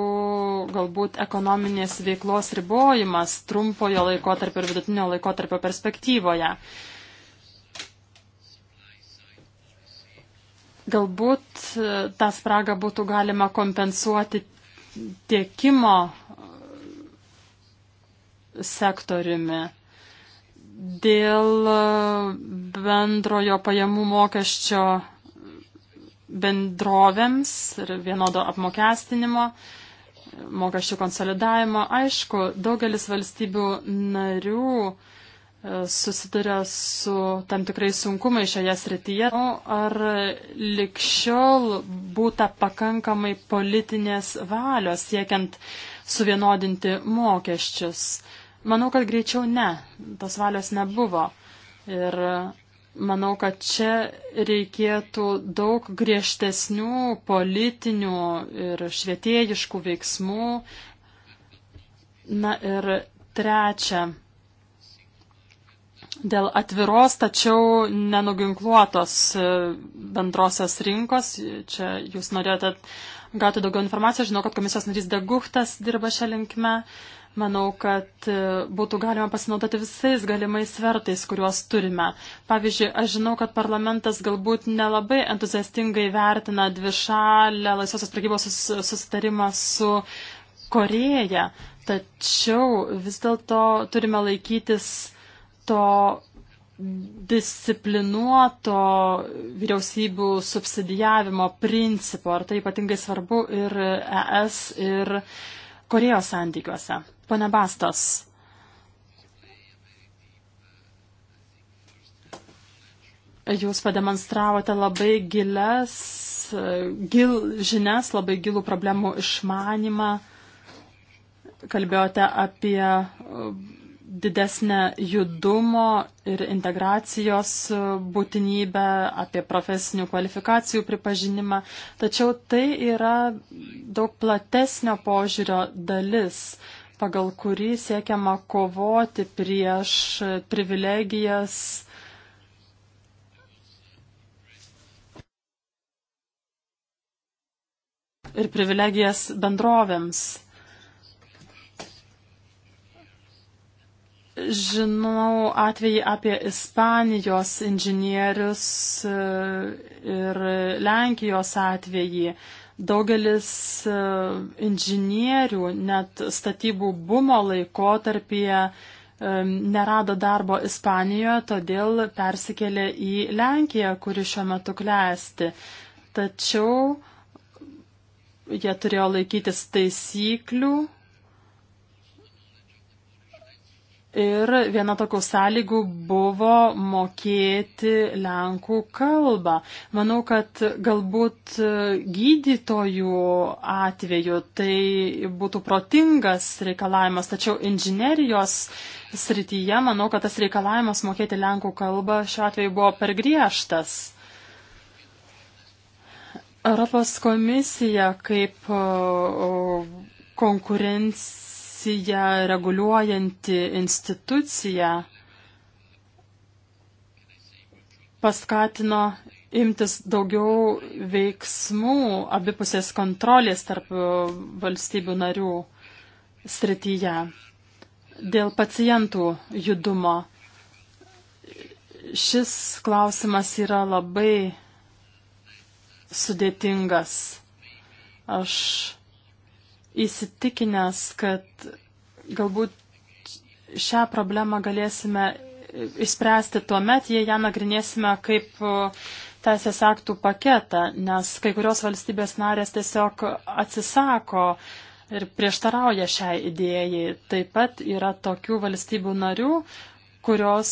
galbūt ekonominės veiklos ribojimas trumpojo laiko tarp ir vidutinio laiko tarp perspektyvoje. Galbūt e, tą spragą būtų galima kompensuoti tiekimo e, sektoriumi. Dėl e, bendrojo pajamų mokesčio bendrovėms ir vienodo apmokestinimo mokesčių konsolidavimo. Aišku, daugelis valstybių narių e, susiduria su tam tikrai sunkumai šioje srityje. Ar likščiol būta pakankamai politinės valios siekiant suvienodinti mokesčius? Manau, kad greičiau ne, tos valios nebuvo. Ir Manau, kad čia reikėtų daug griežtesnių politinių ir švietėjiškų veiksmų. Na ir trečia, dėl atviros, tačiau nenuginkluotos e, bendrosios rinkos, čia jūs norėjote gauti daugiau informacijos, žinau, kad komisijos narys Deguchtas dirba šią linkmę. Uh, Manau, kad e, būtų galima pasinaudoti visais galimais svertais, kuriuos turime. Pavyzdžiui, aš žinau, kad parlamentas galbūt nelabai entuziastingai vertina dvišalę laisvosios prekybos susitarimą su Koreja, tačiau vis dėlto turime laikytis to disciplinuoto vyriausybių subsidijavimo principo, ar tai ypatingai svarbu ir ES, ir Korejos santykiuose. Pone Bastos. Jūs pademonstravote labai giles, gil, žinias, labai gilų problemų išmanimą. Kalbėjote apie uh, didesnę judumo ir integracijos uh, būtinybę, apie profesinių kvalifikacijų pripažinimą. Tačiau tai yra daug platesnio požiūrio dalis pagal kurį siekiama kovoti prieš privilegijas ir privilegijas bendrovėms. Žinau atvejį apie Ispanijos inžinierius e, ir Lenkijos atvejį. Daugelis e, inžinierių net statybų bumo laikotarpyje e, nerado darbo Ispanijoje, todėl persikėlė į Lenkiją, kuri šiuo metu klesti. Tačiau jie turėjo laikytis taisyklių, Ir viena tokių sąlygų buvo mokėti lenkų kalbą. Manau, kad galbūt gydytojų atveju tai būtų protingas reikalavimas, tačiau inžinerijos srityje manau, kad tas reikalavimas mokėti lenkų kalbą šiuo atveju buvo per griežtas. Europos komisija kaip konkurencija komisija, reguliuojanti institucija paskatino imtis daugiau veiksmų abipusės kontrolės tarp valstybių narių srityje dėl pacientų judumo. Šis klausimas yra labai sudėtingas. Aš įsitikinęs, kad galbūt šią problemą galėsime išspręsti tuo met, jei ją nagrinėsime kaip teisės aktų paketą, nes kai kurios valstybės narės tiesiog atsisako ir prieštarauja šiai idėjai. Taip pat yra tokių valstybių narių, kurios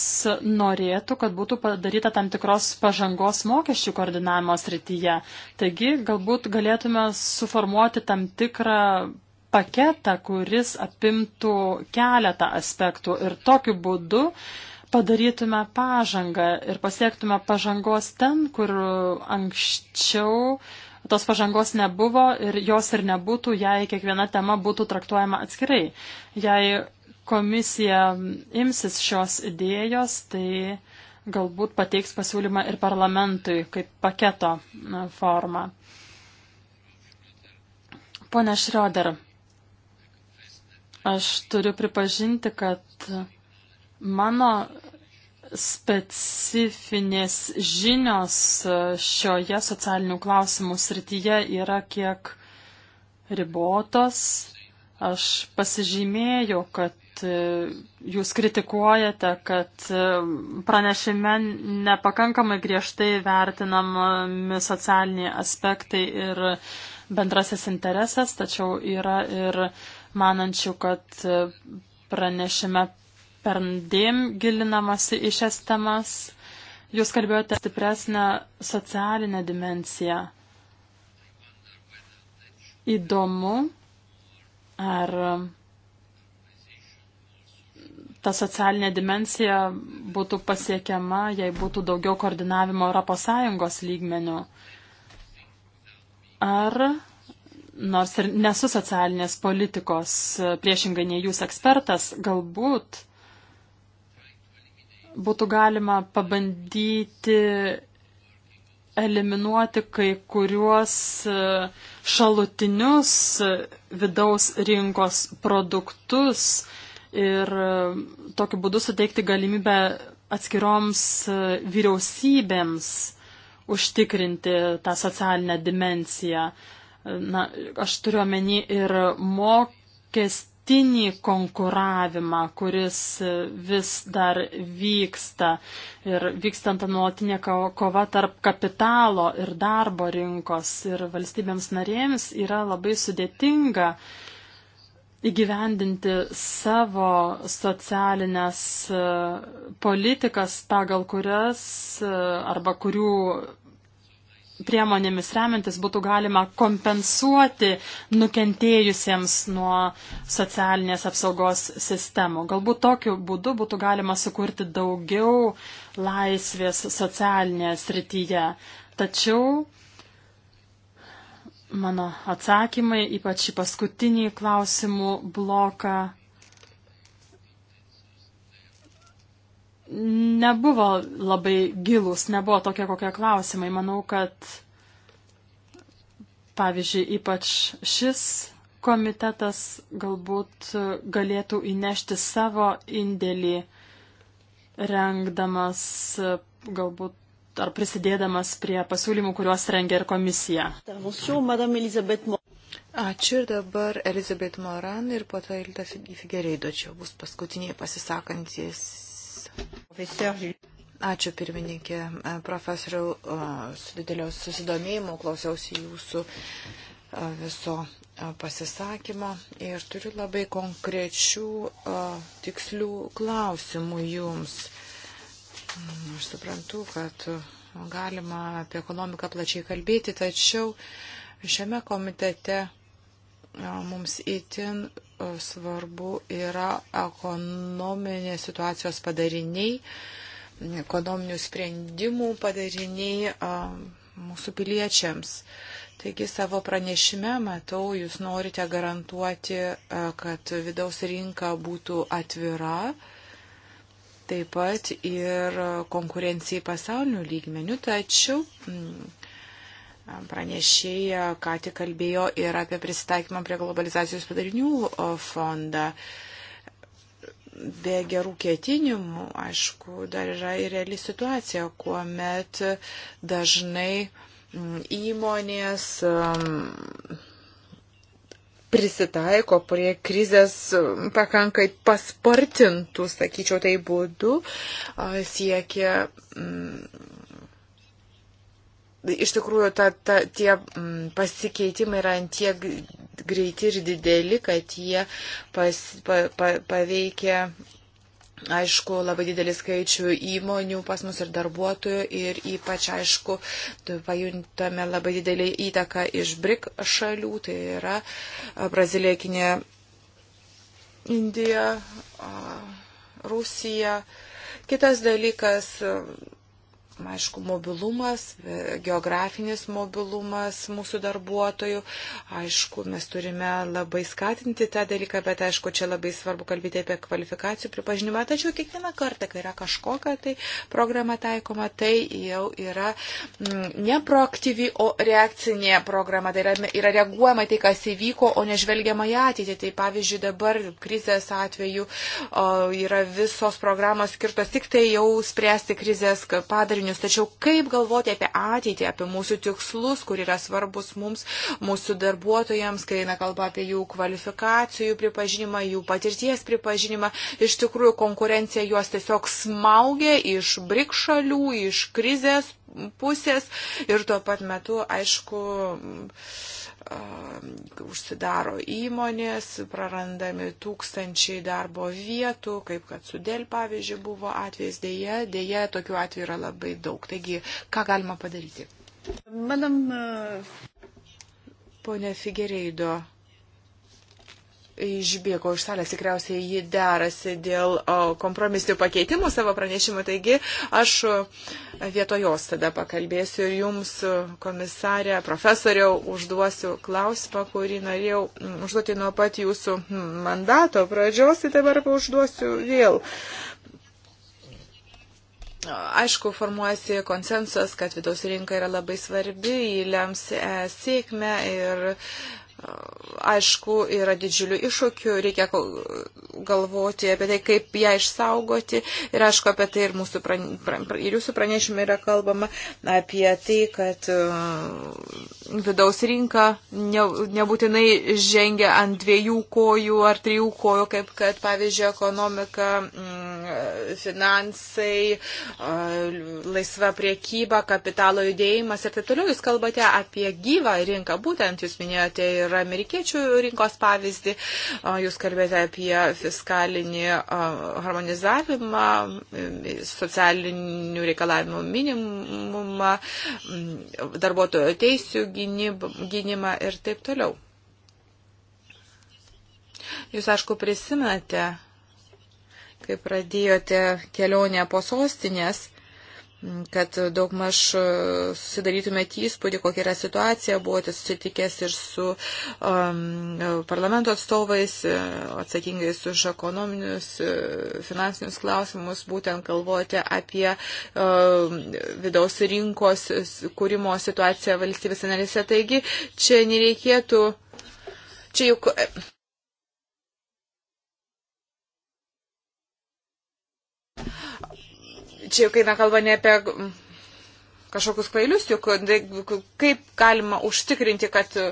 norėtų, kad būtų padaryta tam tikros pažangos mokesčių koordinavimo srityje. Taigi, galbūt galėtume suformuoti tam tikrą paketą, kuris apimtų keletą aspektų ir tokiu būdu padarytume pažangą ir pasiektume pažangos ten, kur anksčiau tos pažangos nebuvo ir jos ir nebūtų, jei kiekviena tema būtų traktuojama atskirai. Jei komisija imsis šios idėjos, tai galbūt pateiks pasiūlymą ir parlamentui kaip paketo formą. Pone Šrioder, aš turiu pripažinti, kad mano specifinės žinios šioje socialinių klausimų srityje yra kiek ribotos. Aš pasižymėjau, kad kad e, jūs kritikuojate, kad e, pranešime nepakankamai griežtai vertinami socialiniai aspektai ir bendrasis interesas, tačiau yra ir manančių, kad e, pranešime perndėm gilinamasi į šias temas. Jūs kalbėjote stipresnę socialinę dimenciją. Įdomu, ar ta socialinė dimensija būtų pasiekiama, jei būtų daugiau koordinavimo ES lygmenių. Ar, nors ir nesu socialinės politikos, priešingai nei jūs ekspertas, galbūt būtų galima pabandyti eliminuoti kai kuriuos šalutinius vidaus rinkos produktus, ir e, tokiu būdu suteikti galimybę atskiroms e, vyriausybėms užtikrinti tą socialinę dimenciją. E, na, aš turiu omeny ir mokestinį konkuravimą, kuris vis dar vyksta ir vykstant nuolatinė kova tarp kapitalo ir darbo rinkos ir valstybėms narėms yra labai sudėtinga uh, įgyvendinti savo socialinės e, politikas, pagal kurias e, arba kurių priemonėmis remiantis būtų galima kompensuoti nukentėjusiems nuo socialinės apsaugos sistemų. Galbūt tokiu būdu būtų galima sukurti daugiau laisvės socialinėje srityje. Tačiau mano atsakymai, ypač į paskutinį klausimų bloką. Nebuvo labai gilus, nebuvo tokie kokie klausimai. Manau, kad pavyzdžiui, ypač šis komitetas galbūt galėtų įnešti savo indėlį, rengdamas galbūt ar prisidėdamas prie pasiūlymų, kuriuos rengia ir komisija. Ačiū ir dabar Elizabet Moran ir po to Ilta Figereido čia bus paskutiniai pasisakantis. Ačiū pirmininkė, profesoriau, su didelio susidomėjimu klausiausi jūsų viso pasisakymą ir turiu labai konkrečių tikslių klausimų jums. Aš suprantu, kad galima apie ekonomiką plačiai kalbėti, tačiau šiame komitete mums įtin svarbu yra ekonominės situacijos padariniai, ekonominių sprendimų padariniai mūsų piliečiams. Taigi savo pranešime, matau, jūs norite garantuoti, kad vidaus rinka būtų atvira taip pat ir konkurencijai pasaulinių lygmenių, tačiau mm, pranešėja ką tik kalbėjo ir apie prisitaikymą prie globalizacijos padarinių fondą. Be gerų ketinimų, aišku, dar yra ir reali situacija, kuomet dažnai mm, įmonės mm, prisitaiko prie krizės pakankai paspartintų, sakyčiau, tai būdu siekia. Iš tikrųjų, ta, ta, tie pasikeitimai yra antiek greiti ir dideli, kad jie pas, pa, pa, paveikia aišku, labai didelį skaičių įmonių pas mus ir darbuotojų ir ypač, aišku, pajuntame labai didelį įtaką iš BRIC šalių, tai yra Brazilija, Kinė, Indija, Rusija. Kitas dalykas, aišku, mobilumas, e, geografinis mobilumas mūsų darbuotojų. Aišku, mes turime labai skatinti tą dalyką, bet aišku, čia labai svarbu kalbėti apie kvalifikacijų pripažinimą. Tačiau kiekvieną kartą, kai yra kažkokia tai programa taikoma, tai jau yra mm, ne proaktyvi, o reakcinė programa. Tai yra, yra reaguojama tai, kas įvyko, o nežvelgiama į ateitį. Tai pavyzdžiui, dabar krizės atveju o, yra visos programos skirtos tik tai jau spręsti krizės padarinius pagrindinius, tačiau kaip galvoti apie ateitį, apie mūsų tikslus, kur yra svarbus mums, mūsų darbuotojams, kai eina kalba apie jų kvalifikacijų pripažinimą, jų patirties pripažinimą. Iš tikrųjų, konkurencija juos tiesiog smaugia iš brikšalių, iš krizės pusės ir tuo pat metu, aišku, Um, užsidaro įmonės, prarandami tūkstančiai darbo vietų, kaip kad su dėl pavyzdžiui buvo atvejs dėje, dėje tokių atvejų yra labai daug. Taigi, ką galima padaryti? Madam. Uh, Pone Figereido, išbėgo iš salės, tikriausiai ji derasi dėl kompromisinių pakeitimų savo pranešimų, taigi aš vietoj jos tada pakalbėsiu ir jums, komisarė, profesoriau, užduosiu klausimą, kurį norėjau užduoti nuo pat jūsų mandato pradžios, tai dabar užduosiu vėl aišku, formuojasi konsensus, kad vidaus rinka yra labai svarbi, įlems e, sėkmę ir aišku, yra didžiulių iššūkių, reikia galvoti apie tai, kaip ją išsaugoti ir, aišku, apie tai ir, mūsų, ir jūsų pranešime yra kalbama apie tai, kad uh, vidaus rinka ne, nebūtinai žengia ant dviejų kojų ar trijų kojų, kaip kad, pavyzdžiui, ekonomika, mm, finansai, uh, laisva priekyba, kapitalo judėjimas ir taip toliau. Jūs kalbate apie gyvą rinką, būtent jūs minėjote ir ir amerikiečių rinkos pavyzdį. Jūs kalbėjote apie fiskalinį harmonizavimą, socialinių reikalavimų minimumą, darbuotojo teisų gynimą ir taip toliau. Jūs, aišku, prisimenate, kai pradėjote kelionę po sostinės, kad daug maž susidarytumėt įspūdį, kokia yra situacija, buvote susitikęs ir su um, parlamento atstovais, atsakingais už ekonominius, finansinius klausimus, būtent kalbuote apie um, vidaus rinkos kūrimo situaciją valstybės analise. Taigi, čia nereikėtų. Čia juk čia jau eina kalba ne apie kažkokius kvailius, juk kaip galima užtikrinti, kad e,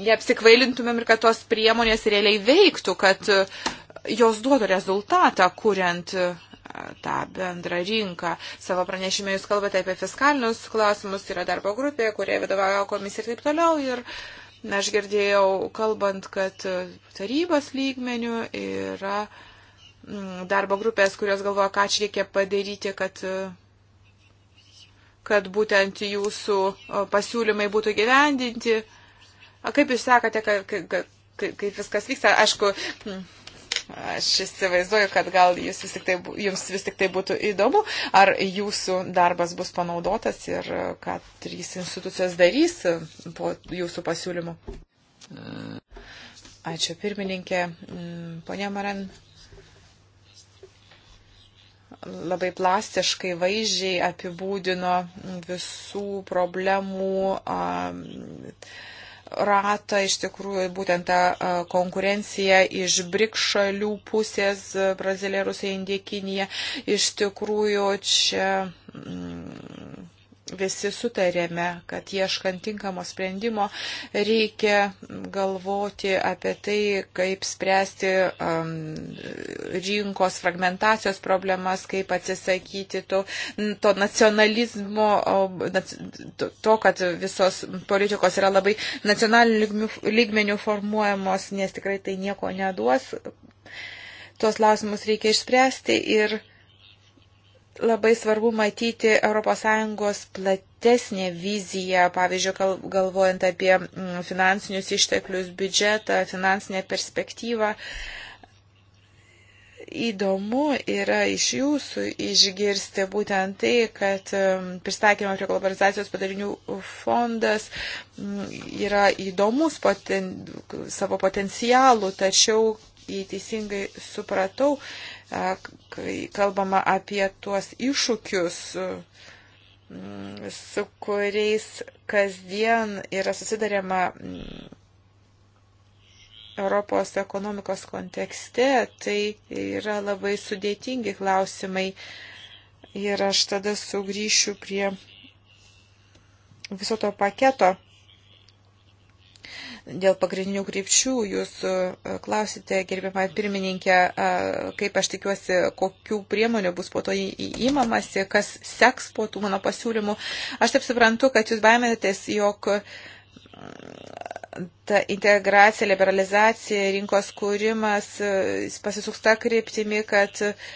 neapsikvailintumėm ir kad tos priemonės realiai veiktų, kad e, jos duotų rezultatą, kuriant e, tą bendrą rinką. Savo pranešime jūs kalbate apie fiskalinius klausimus, yra darbo grupė, kurie vadovauja komisija ir taip toliau. Ir aš girdėjau, kalbant, kad tarybos lygmenių yra. Uh, Mm, darbo grupės, kurios galvoja, ką čia reikia padaryti, kad, e, kad būtent jūsų e, pasiūlymai būtų gyvendinti. Kaip jūs sekate, kaip viskas vyksta? Aišku, mm, aš įsivaizduoju, kad gal jūs vis tik tai, jums vis tik tai būtų įdomu, ar jūsų darbas bus panaudotas ir e, ką trys institucijos darys po jūsų pasiūlymų. Ačiū pirmininkė. Mm, Pone Maran, labai plastiškai, vaizdžiai apibūdino visų problemų ratą, iš tikrųjų būtent tą konkurenciją iš brik šalių pusės, Brazilė, Rusija, Indija, Kinija, iš tikrųjų čia. Mm, visi sutarėme, kad ieškant tinkamo sprendimo reikia galvoti apie tai, kaip spręsti um, rinkos fragmentacijos problemas, kaip atsisakyti to, to nacionalizmo, to, kad visos politikos yra labai nacionalinių lygmenių formuojamos, nes tikrai tai nieko neduos. Tuos klausimus reikia išspręsti ir labai svarbu matyti ES platesnė vizija, pavyzdžiui, galvojant apie mm, finansinius išteklius, biudžetą, finansinę perspektyvą. Įdomu yra iš jūsų išgirsti būtent tai, kad mm, pristatymo prie globalizacijos padarinių fondas mm, yra įdomus poten, savo potencialų, tačiau jei teisingai supratau, kai kalbama apie tuos iššūkius, mm, su kuriais kasdien yra susidariama mm, Europos ekonomikos kontekste, tai yra labai sudėtingi klausimai. Ir aš tada sugrįšiu prie viso to paketo Dėl pagrindinių krypčių jūs e, klausite, gerbiamą pirmininkę, e, kaip aš tikiuosi, kokių priemonių bus po to įmamasi, kas seks po tų mano pasiūlymų. Aš taip suprantu, kad jūs baiminatės, jog mm, ta integracija, liberalizacija, rinkos kūrimas e, pasisuks tą kryptimį, kad uh,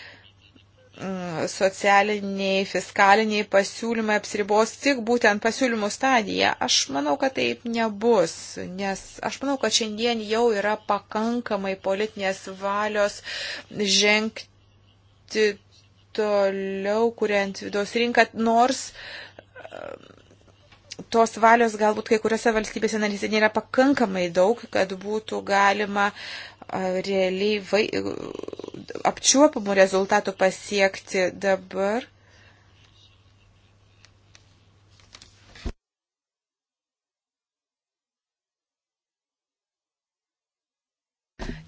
socialiniai, fiskaliniai pasiūlymai apsiribos tik būtent pasiūlymų stadiją. Aš manau, kad taip nebus, nes aš manau, kad šiandien jau yra pakankamai politinės valios žengti toliau, kuriant vidaus rinką, nors e, tos valios galbūt kai kuriuose valstybėse narėse nėra pakankamai daug, kad būtų galima uh, realiai vai, apčiuopamų rezultatų pasiekti dabar.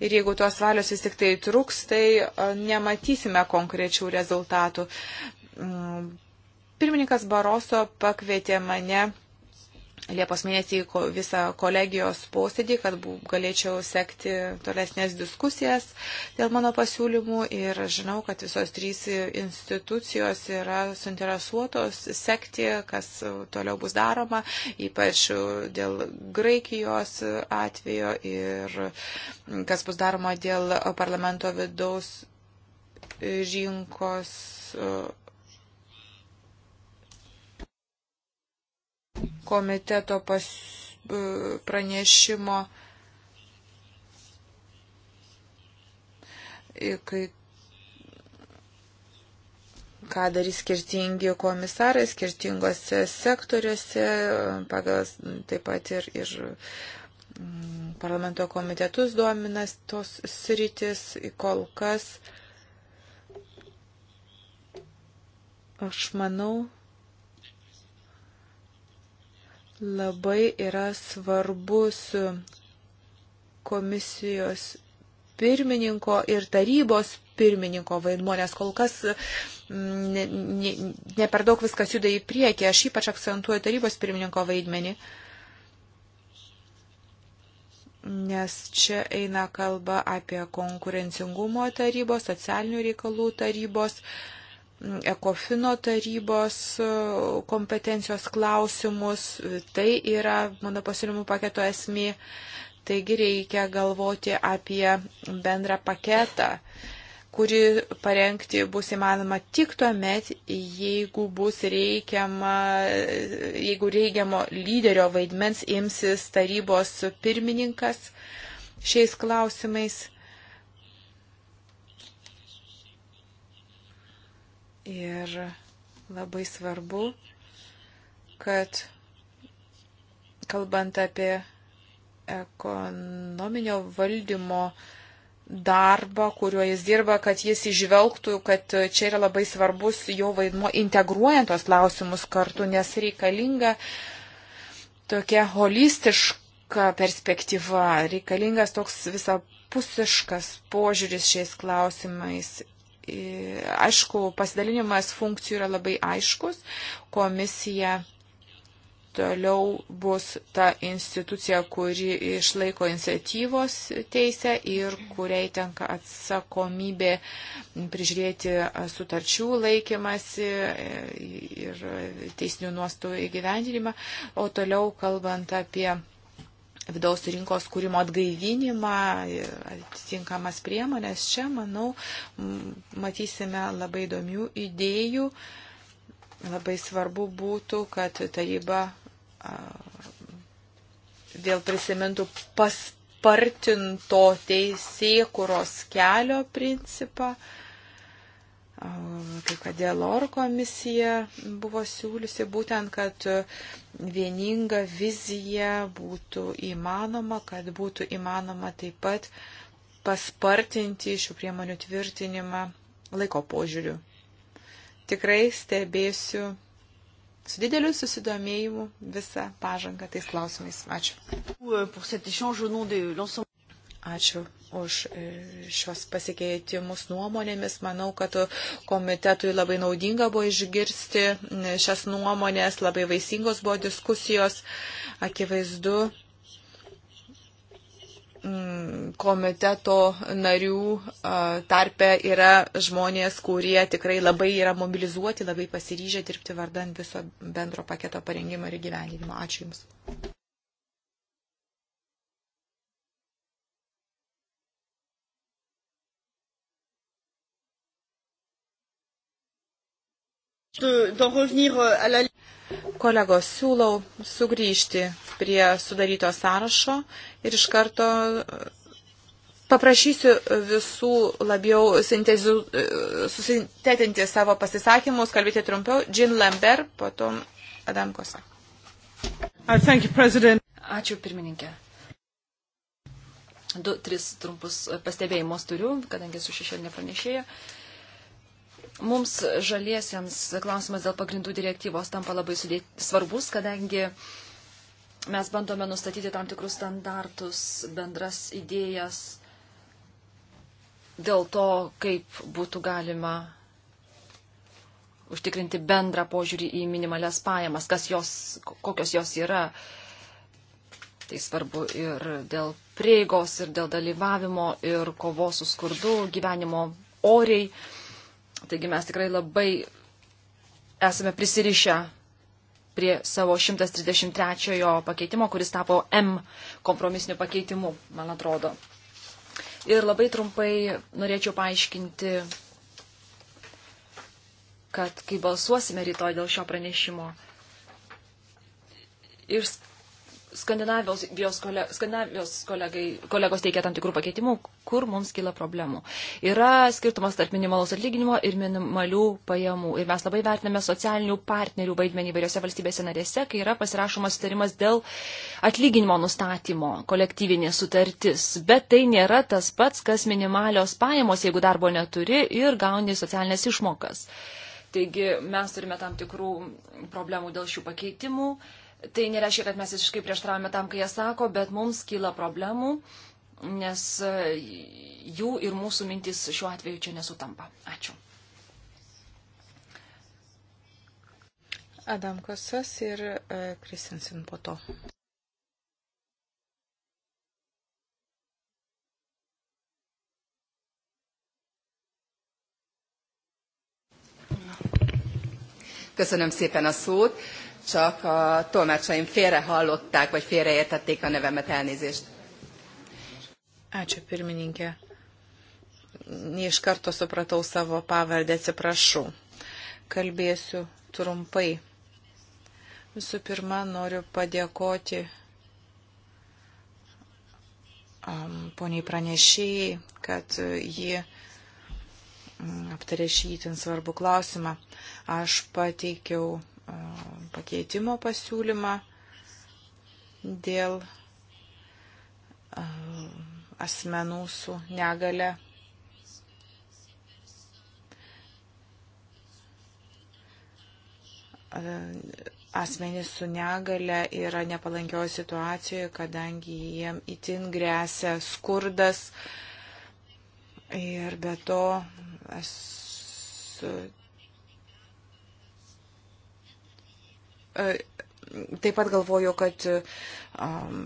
Ir jeigu tos valios vis tik tai truks, tai nematysime konkrečių rezultatų. Mm, pirmininkas Baroso pakvietė mane Liepos mėnesį visą kolegijos posėdį, kad galėčiau sekti tolesnės diskusijas dėl mano pasiūlymų ir žinau, kad visos trys institucijos yra suinteresuotos sekti, kas toliau bus daroma, ypač dėl Graikijos atvejo ir kas bus daroma dėl parlamento vidaus rinkos komiteto pas, e, pranešimo. Kai, ką darys skirtingi komisarai skirtingose sektoriuose, pagal taip pat ir, ir mm, parlamento komitetus duominas tos sritis kol kas. Aš manau, labai yra svarbus komisijos pirmininko ir tarybos pirmininko vaidmuo, nes kol kas mm, ne, ne, ne per daug viskas juda į priekį. Aš ypač akcentuoju tarybos pirmininko vaidmenį, nes čia eina kalba apie konkurencingumo tarybos, socialinių reikalų tarybos. Uh, ekofino tarybos e, kompetencijos klausimus. Tai yra mano pasiūlymų paketo esmė. Taigi reikia galvoti apie bendrą paketą, kuri parengti bus įmanoma tik tuo met, jeigu bus reikiama, jeigu reikiamo lyderio vaidmens imsis tarybos pirmininkas šiais klausimais. Ir labai svarbu, kad kalbant apie ekonominio valdymo darbą, kuriuo jis dirba, kad jis išvelgtų, kad čia yra labai svarbus jo vaidmo integruojant tos klausimus kartu, nes reikalinga tokia holistiška perspektyva, reikalingas toks visapusiškas požiūris šiais klausimais. E, aišku, pasidalinimas funkcijų yra labai aiškus. Komisija toliau bus ta institucija, kuri išlaiko iniciatyvos teisę ir kuriai tenka atsakomybė prižiūrėti sutarčių laikymasi ir teisinių nuostų įgyvendinimą. O toliau kalbant apie vidaus rinkos kūrimo atgaivinimą, atitinkamas priemonės. Čia, manau, matysime labai įdomių idėjų. Labai svarbu būtų, kad taryba vėl prisimintų paspartinto teisėkuros kelio principą. A, kaip kad Delor komisija buvo siūliusi būtent, kad vieninga vizija būtų įmanoma, kad būtų įmanoma taip pat paspartinti šių priemonių tvirtinimą laiko požiūriu. Tikrai stebėsiu su dideliu susidomėjimu visą pažangą tais klausimais. Ačiū. Ačiū už e, šios pasikeitimus nuomonėmis. Manau, kad komitetui labai naudinga buvo išgirsti e, šias nuomonės, labai vaisingos buvo diskusijos. Akivaizdu, mm, komiteto narių tarpe yra žmonės, kurie tikrai labai yra mobilizuoti, labai pasiryžę dirbti vardant viso bendro paketo parengimo ir gyvenimo. Ačiū Jums. Euh, Kolegos, siūlau sugrįžti prie sudaryto sąrašo ir iš karto e, paprašysiu visų labiau sinteziu, e, susintetinti savo pasisakymus, kalbėti trumpiau. Jean Lambert, po to Adam Kosa. Uh, Ačiū, pirmininkė. Du, tris trumpus e, pastebėjimus turiu, kadangi su šešėlinė pranešėja. Uh, Mums žaliesiems klausimas dėl pagrindų direktyvos tampa labai sudėt, svarbus, kadangi mes bandome nustatyti tam tikrus standartus, bendras idėjas dėl to, kaip būtų galima užtikrinti bendrą požiūrį į minimalias pajamas, kas jos, kokios jos yra. Tai svarbu ir dėl prieigos, ir dėl dalyvavimo, ir kovos su skurdu, gyvenimo oriai. Taigi mes tikrai labai esame prisirišę prie savo 133 pakeitimo, kuris tapo M kompromisiniu pakeitimu, man atrodo. Ir labai trumpai norėčiau paaiškinti, kad kai balsuosime rytoj dėl šio pranešimo, ir Skandinavijos, kole, Skandinavijos kolegai, kolegos teikia tam tikrų pakeitimų, kur mums kyla problemų. Yra skirtumas tarp minimalaus atlyginimo ir minimalių pajamų. Ir mes labai vertiname socialinių partnerių vaidmenį įvairiose valstybėse narėse, kai yra pasirašomas sutarimas dėl atlyginimo nustatymo, kolektyvinė sutartis. Bet tai nėra tas pats, kas minimalios pajamos, jeigu darbo neturi ir gauni socialinės išmokas. Taigi mes turime tam tikrų problemų dėl šių pakeitimų. Tai nereiškia, kad mes visiškai prieštaravome tam, kai jie sako, bet mums kyla problemų, nes e, jų ir mūsų mintis šiuo atveju čia nesutampa. Ačiū. Adamkosas ir e, Kristinsin po to. Köszönöm szépen a szót csak a tolmácsaim félre hallották, vagy félreértették a nevemet elnézést. Ačiū pirmininkė. Iš karto supratau savo pavardę, atsiprašau. Kalbėsiu trumpai. Visų pirma, noriu padėkoti um, poniai pranešėjai, kad ji aptarė šį įtin svarbų klausimą. Aš pateikiau pakeitimo pasiūlymą dėl asmenų su negale. Asmenys su negale yra nepalankioje situacijoje, kadangi jiem itin grėsia skurdas ir be to esu E, taip pat galvoju, kad um,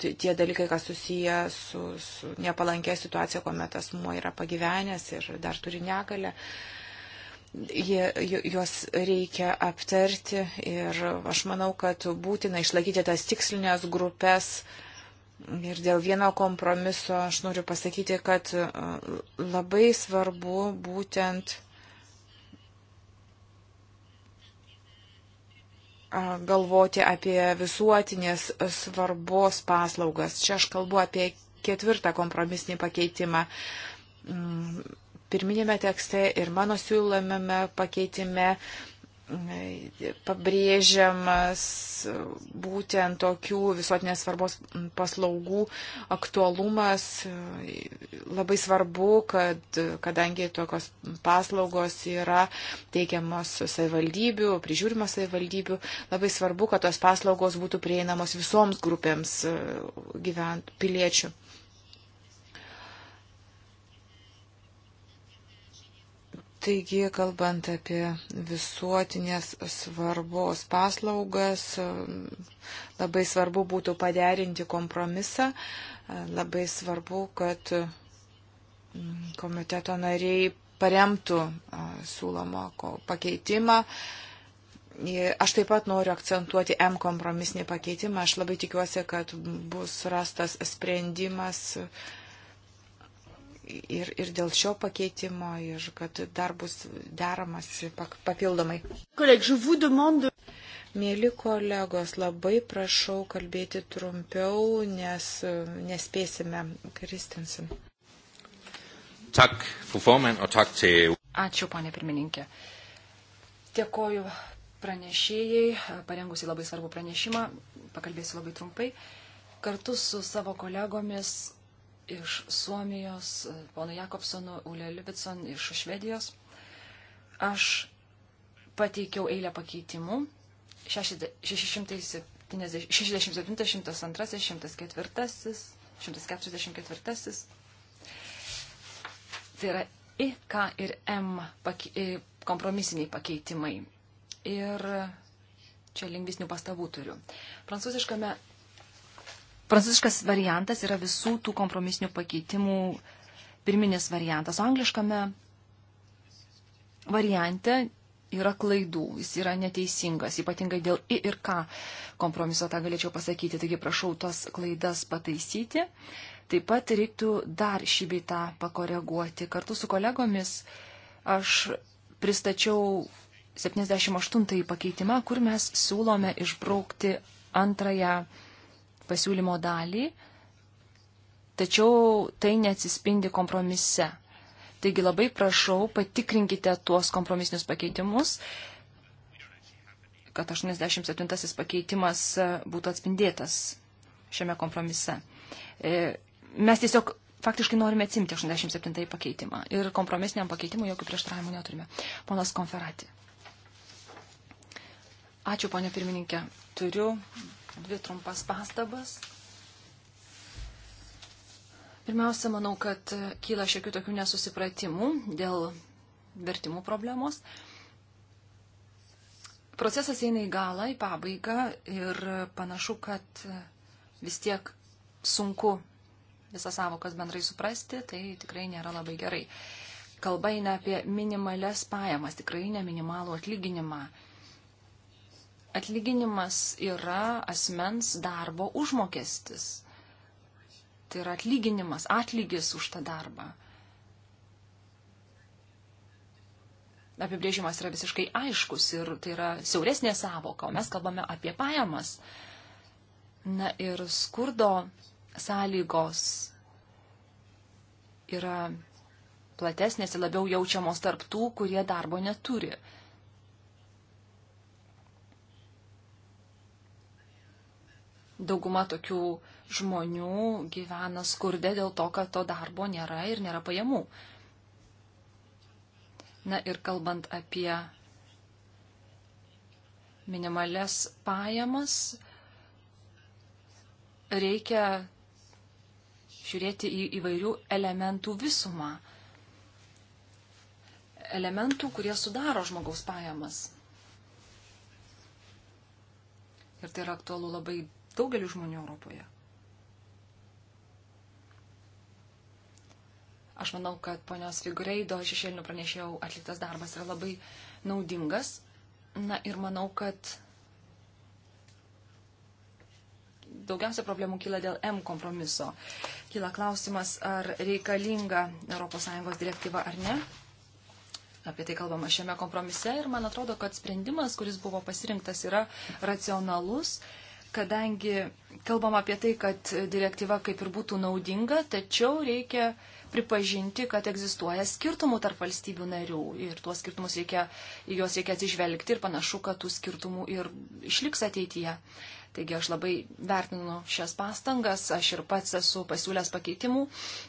tie dalykai, kas susiję su, su nepalankė situacija, kuomet asmuo yra pagyvenęs ir dar turi negalę, jie, juos reikia aptarti ir aš manau, kad būtina išlaikyti tas tikslinės grupės. Ir dėl vieno kompromiso aš noriu pasakyti, kad labai svarbu būtent galvoti apie visuotinės svarbos paslaugas. Čia aš kalbu apie ketvirtą kompromisinį pakeitimą. Mm, Pirminėme tekste ir mano siūlomame pakeitime pabrėžiamas būtent tokių visuotinės svarbos paslaugų aktualumas. Labai svarbu, kad kadangi tokios paslaugos yra teikiamos savivaldybių, prižiūrimos savivaldybių, labai svarbu, kad tos paslaugos būtų prieinamos visoms grupėms gyvent, piliečių. Taigi, kalbant apie visuotinės svarbos paslaugas, labai svarbu būtų paderinti kompromisą, labai svarbu, kad mm, komiteto nariai paremtų siūlomą pakeitimą. Aš taip pat noriu akcentuoti M kompromisinį pakeitimą. Aš labai tikiuosi, kad bus rastas sprendimas ir, ir dėl šio pakeitimo, ir kad dar bus deramas papildomai. Koleg, demande... Mėly kolegos, labai prašau kalbėti trumpiau, nes nespėsime. Kristinsen. Tak, formen, o tak te... Ačiū, ponė pirmininkė. Dėkoju pranešėjai, parengusi labai svarbų pranešimą, pakalbėsiu labai trumpai. Kartu su savo kolegomis iš Suomijos, e, pono Jakobsonu, Ule Livicon iš Švedijos. Aš pateikiau eilę pakeitimų 667, 102, 104, 144. Tai yra I, K ir M pake, kompromisiniai pakeitimai. Ir čia lingvisnių pastabų turiu. Prancūziškame prancūziškas variantas yra visų tų kompromisinių pakeitimų pirminis variantas. O angliškame variante yra klaidų, jis yra neteisingas, ypatingai dėl i ir k kompromiso tą galėčiau pasakyti, taigi prašau tas klaidas pataisyti. Taip pat reiktų dar šį beitą pakoreguoti. Kartu su kolegomis aš pristačiau 78 pakeitimą, kur mes siūlome išbraukti antrąją pasiūlymo dalį, tačiau tai neatsispindi kompromise. Taigi labai prašau, patikrinkite tuos kompromisinius pakeitimus, kad 87 pakeitimas e, būtų atspindėtas šiame kompromise. E, mes tiesiog faktiškai norime atsimti 87 pakeitimą ir kompromisiniam pakeitimui jokių prieštaravimų neturime. Ponas Konferati. Ačiū, ponė pirmininkė. Turiu dvi trumpas pastabas. Pirmiausia, manau, kad kyla šiokių tokių nesusipratimų dėl vertimų problemos. Procesas eina į galą, į pabaigą ir panašu, kad vis tiek sunku visas savokas bendrai suprasti, tai tikrai nėra labai gerai. Kalba eina apie minimales pajamas, tikrai ne minimalų atlyginimą atlyginimas yra asmens darbo užmokestis. Tai yra atlyginimas, atlygis už tą darbą. apibrėžimas yra visiškai aiškus ir tai yra siauresnė savoka, o mes kalbame apie pajamas. Na ir skurdo sąlygos yra platesnės ir labiau jaučiamos tarp tų, kurie darbo neturi. dauguma tokių žmonių gyvena skurde dėl to, kad to darbo nėra ir nėra pajamų. Na ir kalbant apie minimales pajamas, reikia žiūrėti į įvairių elementų visumą. Elementų, kurie sudaro žmogaus pajamas. Ir tai yra aktualu labai daugeliu žmonių Europoje. Aš manau, kad ponios Figureido šešėlinių pranešėjų atliktas darbas yra labai naudingas. Na ir manau, kad daugiausia problemų kyla dėl M kompromiso. Kyla klausimas, ar reikalinga ES direktyva ar ne. Apie tai kalbama šiame kompromise ir man atrodo, kad sprendimas, kuris buvo pasirinktas, yra racionalus kadangi kalbam apie tai, kad direktyva kaip ir būtų naudinga, tačiau reikia pripažinti, kad egzistuoja skirtumų tarp valstybių narių ir tuos skirtumus reikia, į juos reikia atsižvelgti ir panašu, kad tų skirtumų ir išliks ateityje. Taigi aš labai vertinu šias pastangas, aš ir pats esu pasiūlęs pakeitimų,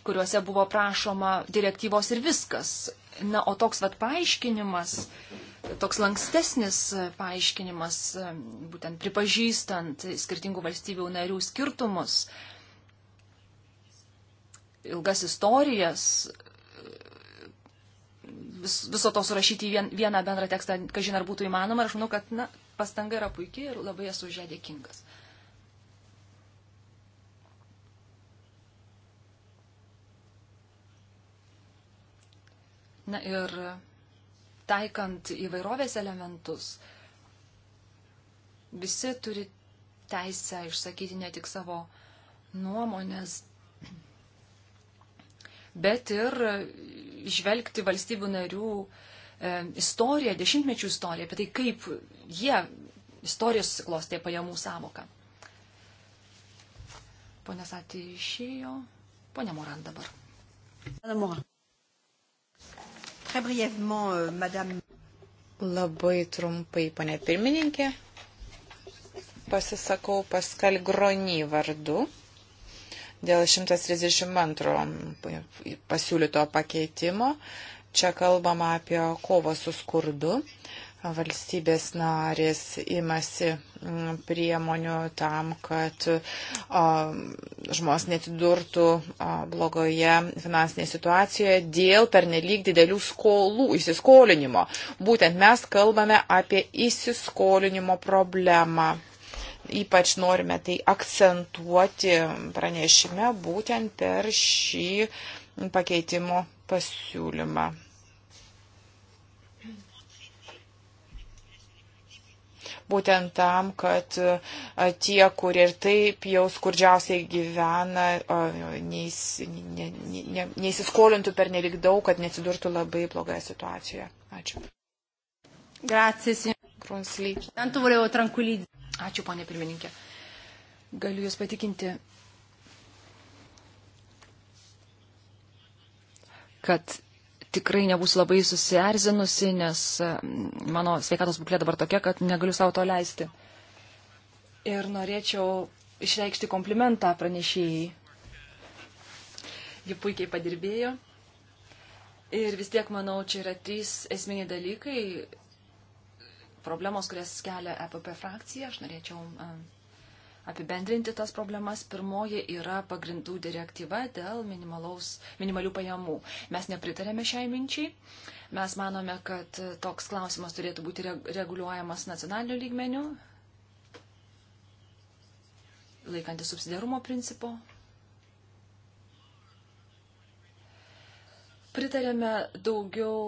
kuriuose buvo prašoma direktyvos ir viskas. Na, o toks vat paaiškinimas toks lankstesnis paaiškinimas, būtent pripažįstant skirtingų valstybių narių skirtumus, ilgas istorijas, vis, viso to surašyti į vien, vieną bendrą tekstą, kažin ar būtų įmanoma, aš manau, kad na, pastanga yra puikiai ir labai esu už ją dėkingas. Na ir taikant įvairovės elementus, visi turi teisę išsakyti ne tik savo nuomonės, bet ir žvelgti valstybių narių e, istoriją, dešimtmečių istoriją, apie tai, kaip jie istorijos susiklostė pajamų savoką. Pone Satė išėjo, pone Moran dabar. Pone Moran. Très brièvement, euh, Madame. Labai trumpai, ponė pirmininkė, pasisakau Paskal Grony vardu dėl 132 pasiūlyto pakeitimo. Čia kalbama apie kovą su skurdu. Uh, valstybės narės imasi mm, priemonių tam, kad žmonės netidurtų blogoje finansinėje situacijoje dėl pernelyg didelių skolų įsiskolinimo. Būtent mes kalbame apie įsiskolinimo problemą. Ypač norime tai akcentuoti pranešime būtent per šį pakeitimo pasiūlymą. būtent tam, kad e, tie, kurie ir taip jau skurdžiausiai gyvena, neįs, ne, ne, neįsiskolintų per nelik daug, kad nesidurtų labai blogoje situacijoje. Ačiū. Grazie, signor. Ačiū, ponė pirmininkė. Galiu Jūs patikinti, kad tikrai nebūsiu labai susierzinusi, nes mm, mano sveikatos būklė dabar tokia, kad negaliu savo to leisti. Ir norėčiau išreikšti komplimentą pranešėjai. Ji puikiai padirbėjo. Ir vis tiek, manau, čia yra trys esminiai dalykai, problemos, kurias kelia EPP frakcija. Aš norėčiau uh, apibendrinti tas problemas. Pirmoji yra pagrindų direktyva dėl minimalių pajamų. Mes nepritarėme šiai minčiai. Mes manome, kad toks klausimas turėtų būti reguliuojamas nacionaliniu lygmeniu, laikantis subsidiarumo principo. Pritarėme daugiau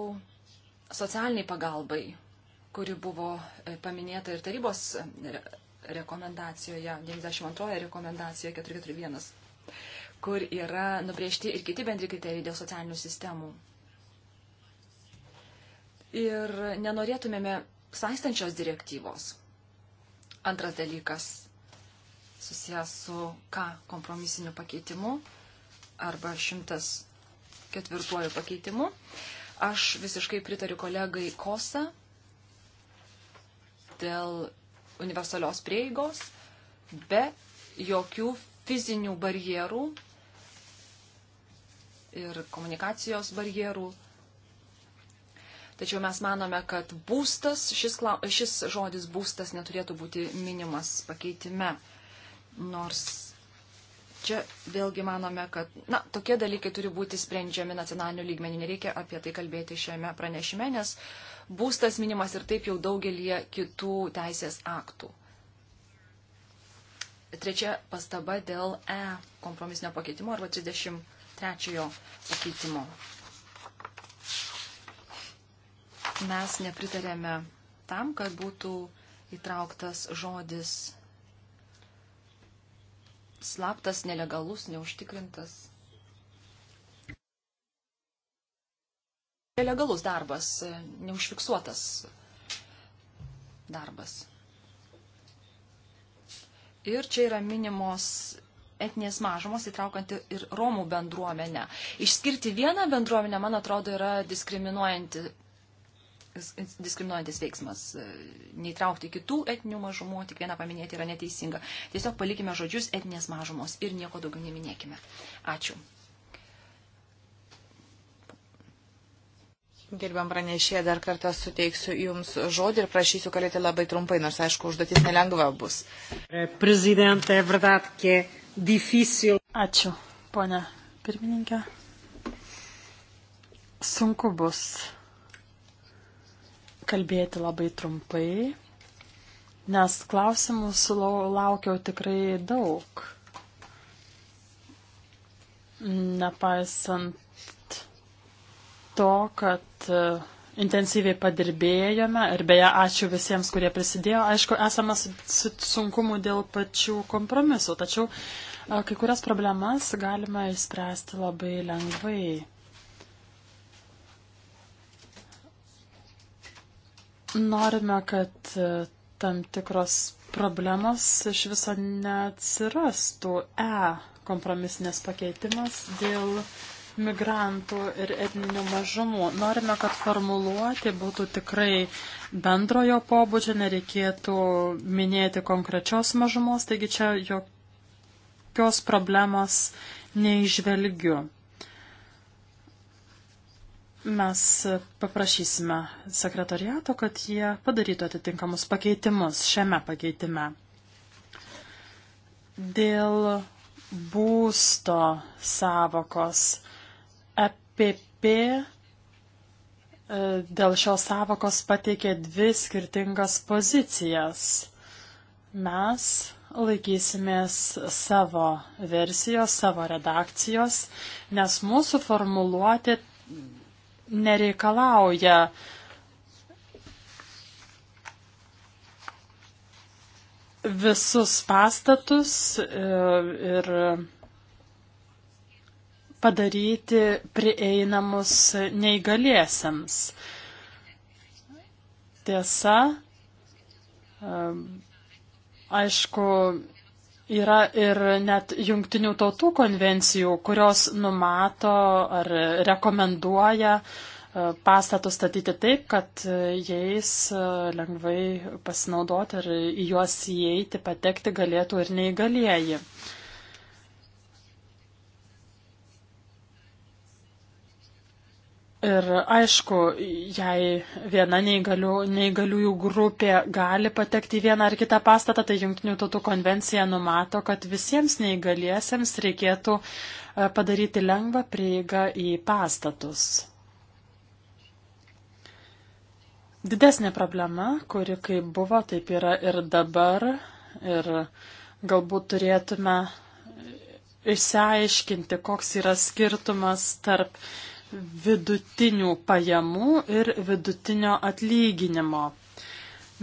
socialiniai pagalbai, kuri buvo e, paminėta ir tarybos e, rekomendacijoje, 92 rekomendacijoje 441, kur yra nubriežti ir kiti bendri kriterijai dėl socialinių sistemų. Ir nenorėtumėme saistančios direktyvos. Antras dalykas susijęs su K kompromisiniu pakeitimu arba 104 pakeitimu. Aš visiškai pritariu kolegai Kosa dėl universalios prieigos, be jokių fizinių barjerų ir komunikacijos barjerų. Tačiau mes manome, kad būstas, šis, šis žodis būstas neturėtų būti minimas pakeitime. Nors čia vėlgi manome, kad na, tokie dalykai turi būti sprendžiami nacionaliniu lygmeniu. Nereikia apie tai kalbėti šiame pranešime, nes būstas minimas ir taip jau daugelie kitų teisės aktų. Trečia pastaba dėl E kompromisinio pakeitimo arba 33 pakeitimo. Mes nepritarėme tam, kad būtų įtrauktas žodis slaptas, nelegalus, neužtikrintas nelegalus darbas, neužfiksuotas darbas. Ir čia yra minimos etinės mažumos, įtraukant ir Romų bendruomenę. Išskirti vieną bendruomenę, man atrodo, yra diskriminuojanti, diskriminuojantis veiksmas. Neįtraukti kitų etinių mažumų, tik vieną paminėti yra neteisinga. Tiesiog palikime žodžius etinės mažumos ir nieko daugiau neminėkime. Ačiū. Gerbiam pranešė, dar kartą suteiksiu Jums žodį ir prašysiu kalėti labai trumpai, nors aišku, užduotis nelengva bus. Prezidentė, verdad, que difícil. Ačiū, ponia pirmininkė. Sunku bus kalbėti labai trumpai, nes klausimų sulaukiau tikrai daug. Nepaisant to, kad e, intensyviai padirbėjome ir beje ačiū visiems, kurie prisidėjo. Aišku, esame sunkumų dėl pačių kompromisų, tačiau e, kai kurias problemas galima išspręsti labai lengvai. Norime, kad e, tam tikros problemos iš viso neatsirastų. E kompromisinės pakeitimas dėl uh, migrantų ir etninių mažumų. Norime, kad formuluoti būtų tikrai bendrojo pobūdžio, nereikėtų minėti konkrečios mažumos, taigi čia jokios problemos neižvelgiu. Mes paprašysime sekretariato, kad jie padarytų atitinkamus pakeitimus šiame pakeitime. Dėl būsto savokos. EPP e, dėl šios savokos pateikė dvi skirtingas pozicijas. Mes laikysimės savo versijos, savo redakcijos, nes mūsų formuluotė nereikalauja visus pastatus e, ir padaryti prieinamus neįgaliesiams. Tiesa, aišku, yra ir net jungtinių tautų konvencijų, kurios numato ar rekomenduoja e, pastatus statyti taip, kad e, jais e, lengvai pasinaudoti ir į juos įeiti, patekti galėtų ir neįgalieji. Ir aišku, jei viena neįgalių, neįgaliųjų grupė gali patekti į vieną ar kitą pastatą, tai Junktinių tautų konvencija numato, kad visiems neįgaliesiems reikėtų e, padaryti lengvą prieigą į pastatus. Didesnė problema, kuri kaip buvo, taip yra ir dabar. Ir galbūt turėtume išsiaiškinti, koks yra skirtumas tarp vidutinių pajamų ir vidutinio atlyginimo.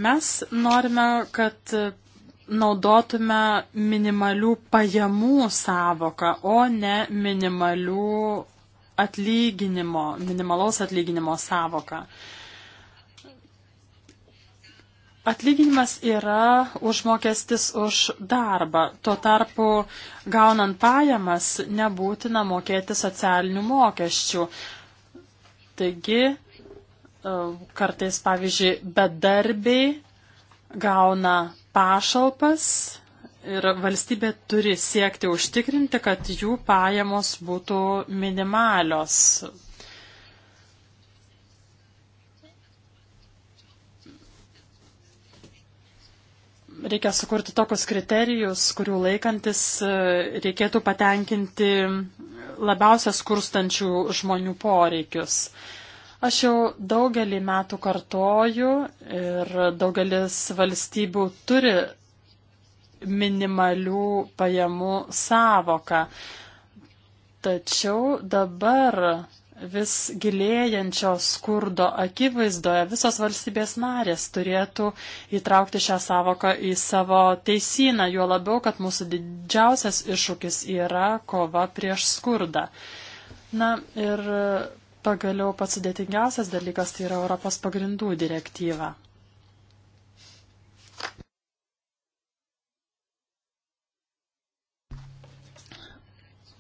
Mes norime, kad naudotume minimalių pajamų savoką, o ne minimalių atlyginimo, minimalaus atlyginimo savoką. Atlyginimas yra užmokestis už darbą, tuo tarpu gaunant pajamas nebūtina mokėti socialinių mokesčių. Taigi, e, kartais, pavyzdžiui, bedarbiai gauna pašalpas ir valstybė turi siekti užtikrinti, kad jų pajamos būtų minimalios reikia sukurti tokius kriterijus, kurių laikantis e, reikėtų patenkinti labiausia skurstančių žmonių poreikius. Aš jau daugelį metų kartoju ir daugelis valstybių turi minimalių pajamų savoką. Tačiau dabar vis gilėjančio skurdo akivaizdoje visos valstybės narės turėtų įtraukti šią savoką į savo teisyną, juo labiau, kad mūsų didžiausias iššūkis yra kova prieš skurdą. Na ir pagaliau pats sudėtingiausias dalykas tai yra Europos pagrindų direktyva.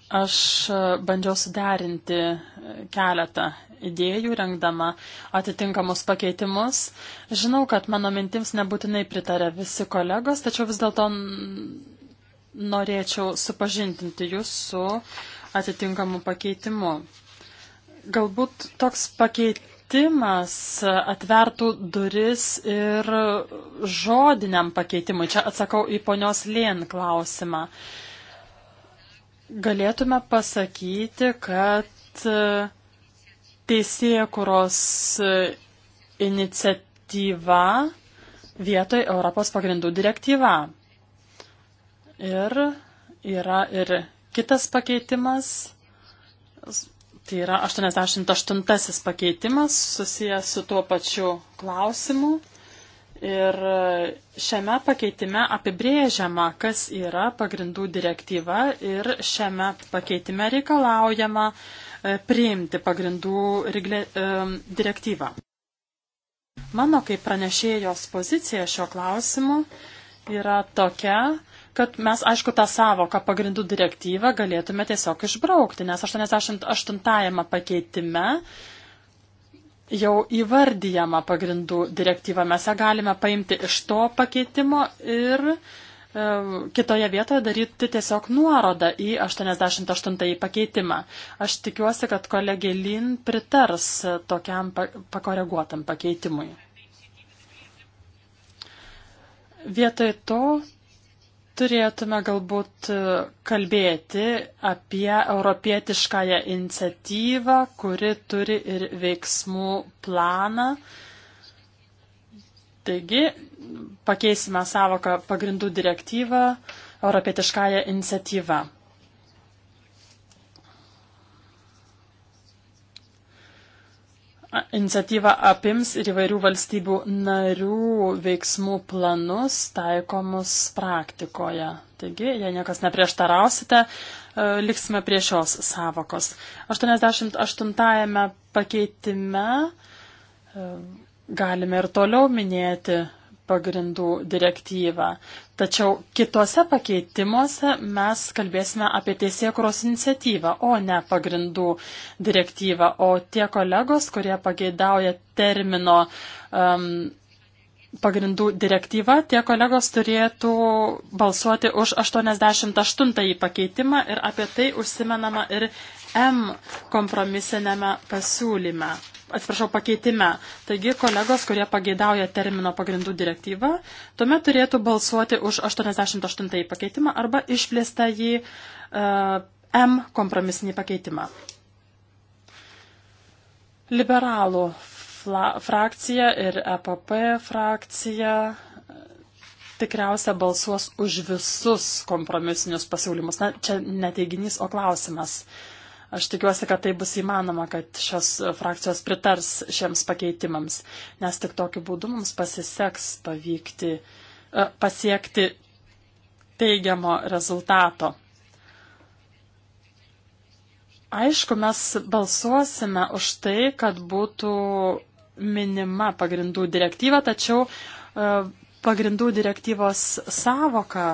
Aš e, bandžiau suderinti e, keletą idėjų, rengdama atitinkamus pakeitimus. Žinau, kad mano mintims nebūtinai pritarė visi kolegos, tačiau vis dėlto norėčiau supažintinti jūs su atitinkamu pakeitimu. Galbūt toks pakeitimas pakeitimas atvertų duris ir žodiniam pakeitimui. Čia atsakau į ponios Lien klausimą galėtume pasakyti, kad e, teisėkuros e, iniciatyva vietoj Europos pagrindų direktyva. Ir yra ir kitas pakeitimas, tai yra 88 pakeitimas susijęs su tuo pačiu klausimu. Ir šiame pakeitime apibrėžiama, kas yra pagrindų direktyva ir šiame pakeitime reikalaujama e, priimti pagrindų regle, e, direktyvą. Mano kaip pranešėjos pozicija šio klausimu yra tokia, kad mes, aišku, tą savoką pagrindų direktyvą galėtume tiesiog išbraukti, nes 88 pakeitime jau įvardyjama pagrindų direktyva. Mes ją galime paimti iš to pakeitimo ir e, kitoje vietoje daryti tiesiog nuorodą į 88 pakeitimą. Aš tikiuosi, kad kolegė Lin pritars tokiam pakoreguotam pakeitimui. Vietoj to turėtume galbūt e, kalbėti apie europietiškąją iniciatyvą, kuri turi ir veiksmų planą. Taigi, pakeisime savoką pagrindų direktyvą europietiškąją iniciatyvą. Iniciatyva apims ir įvairių valstybių narių veiksmų planus taikomus praktikoje. Taigi, jei niekas neprieštarausite, e, liksime prie šios savokos. 88-ame pakeitime e, galime ir toliau minėti pagrindų direktyvą. Tačiau kitose pakeitimuose mes kalbėsime apie teisėkuros iniciatyvą, o ne pagrindų direktyvą. O tie kolegos, kurie pageidauja termino um, pagrindų direktyva, tie kolegos turėtų balsuoti už 88 pakeitimą ir apie tai užsimenama ir M kompromisinėme pasiūlyme, atsiprašau, pakeitime. Taigi, kolegos, kurie pageidauja termino pagrindų direktyvą, tuomet turėtų balsuoti už 88 pakeitimą arba išplėstą jį uh, e, M kompromisinį pakeitimą. Liberalų frakcija ir EPP frakcija e, tikriausia balsuos už visus kompromisinius pasiūlymus. Na, čia neteiginys, o klausimas. Uh, Aš tikiuosi, kad tai bus įmanoma, kad šios frakcijos pritars šiems pakeitimams, nes tik tokiu būdu mums pasiseks pavykti, e, pasiekti teigiamo rezultato. Aišku, mes balsuosime už tai, kad būtų minima pagrindų direktyva, tačiau e, pagrindų direktyvos savoką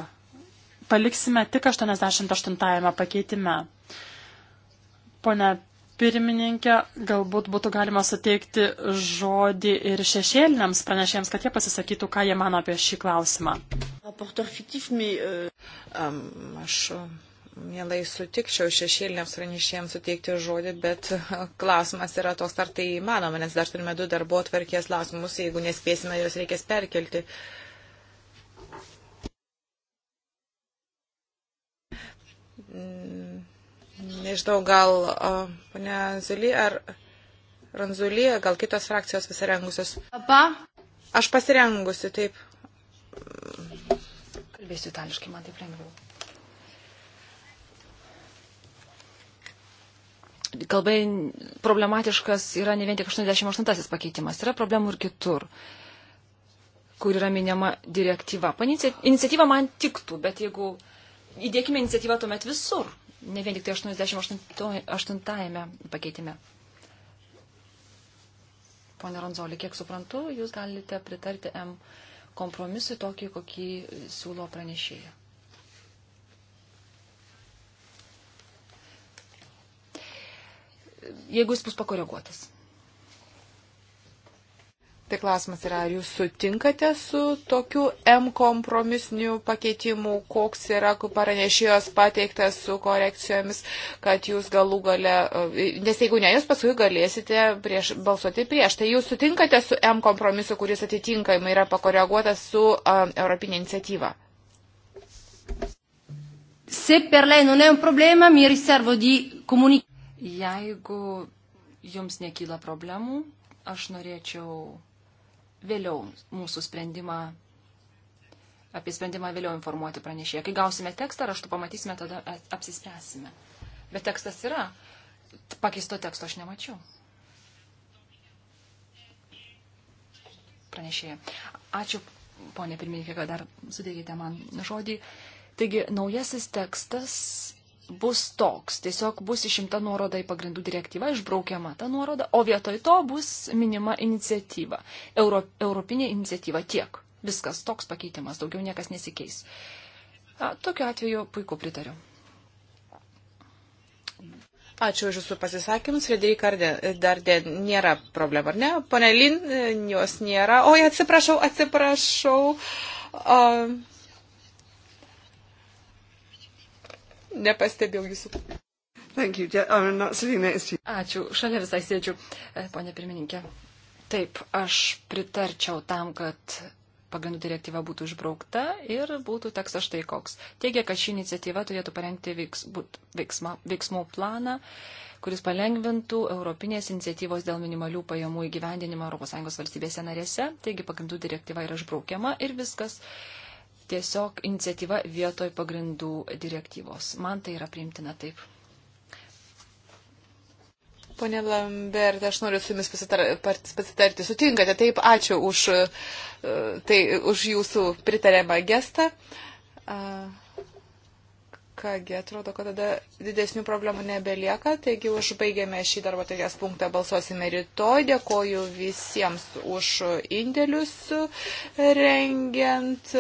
paliksime tik 88 pakeitime. Pone pirmininkė, galbūt būtų galima suteikti žodį ir šešėliniams pranešėjams, kad jie pasisakytų, ką jie mano apie šį klausimą. Euh, aš um, mielai sutikčiau šešėliniams pranešėjams suteikti žodį, bet uh, klausimas yra toks, ar tai įmanoma, nes dar turime du darbo atvarkės klausimus, jeigu nespėsime, juos reikės perkelti. Nežinau, gal ponia Zulį ar Ranzulį, gal kitos frakcijos pasirengusios. Apa? Aš pasirengusi, taip. Kalbėsiu itališkai, man taip lengviau. Kalbai problematiškas yra ne vien tik 88 pakeitimas, yra problemų ir kitur, kur yra minima direktyva. Iniciatyva man tiktų, bet jeigu įdėkime iniciatyvą tuomet visur ne vien tik tai 88 pakeitime. Pone Ranzoli, kiek suprantu, jūs galite pritarti M kompromisui tokį, kokį siūlo pranešėja. Jeigu jis bus pakoreguotas. Tai klausimas yra, ar jūs sutinkate su tokiu M kompromisiniu pakeitimu, koks yra paranešėjos pateiktas su korekcijomis, kad jūs galų gale, nes jeigu ne, jūs paskui galėsite prieš, balsuoti prieš. Tai jūs sutinkate su M kompromisu, kuris atitinkamai yra pakoreguotas su um, Europinė iniciatyva. Se per lei non è un problema, mi riservo di comunicare. Jeigu jums nekyla problemų, aš norėčiau vėliau mūsų sprendimą, apie sprendimą vėliau informuoti pranešėją. Kai gausime tekstą, raštu pamatysime, tada apsispręsime. Bet tekstas yra. Pakeisto teksto aš nemačiau. Pranešėja. Ačiū, ponė pirmininkė, kad dar suteikėte man žodį. Taigi, naujasis tekstas bus toks. Tiesiog bus išimta nuoroda į pagrindų direktyvą, išbraukiama ta nuoroda, o vietoj to bus minima iniciatyva. Euro, europinė iniciatyva tiek. Viskas toks pakeitimas, daugiau niekas nesikeis. A, tokiu atveju puiku pritariu. Ačiū už Jūsų pasisakymus. Frederika dar de, nėra problema, ar ne? Pone Lin, jos nėra. Oi, atsiprašau, atsiprašau. Uh nepastebėjau jūsų. Oh, Ačiū, šalia visai sėdžiu, e, ponė pirmininkė. Taip, aš pritarčiau tam, kad pagrindų direktyva būtų išbraukta ir būtų tekstas štai koks. Teigia, kad ši iniciatyva turėtų parengti veiks, būt, veiksma, veiksmų planą, kuris palengvintų Europinės iniciatyvos dėl minimalių pajamų įgyvendinimą ES valstybėse narėse. Taigi pagrindų direktyva yra išbraukiama ir viskas. Uh, tiesiog iniciatyva vietoj pagrindų direktyvos. Man tai yra priimtina taip. Pone Lambert, aš noriu su jumis pasitar, pasitarti. Sutinkate, taip, ačiū už, e, tai, už jūsų pritariamą gestą. Uh. Kągi, atrodo, kad tada didesnių problemų nebelieka, taigi užbaigėme šį darbo tokias punktą, balsuosime rytoj. Dėkoju visiems už indėlius rengiant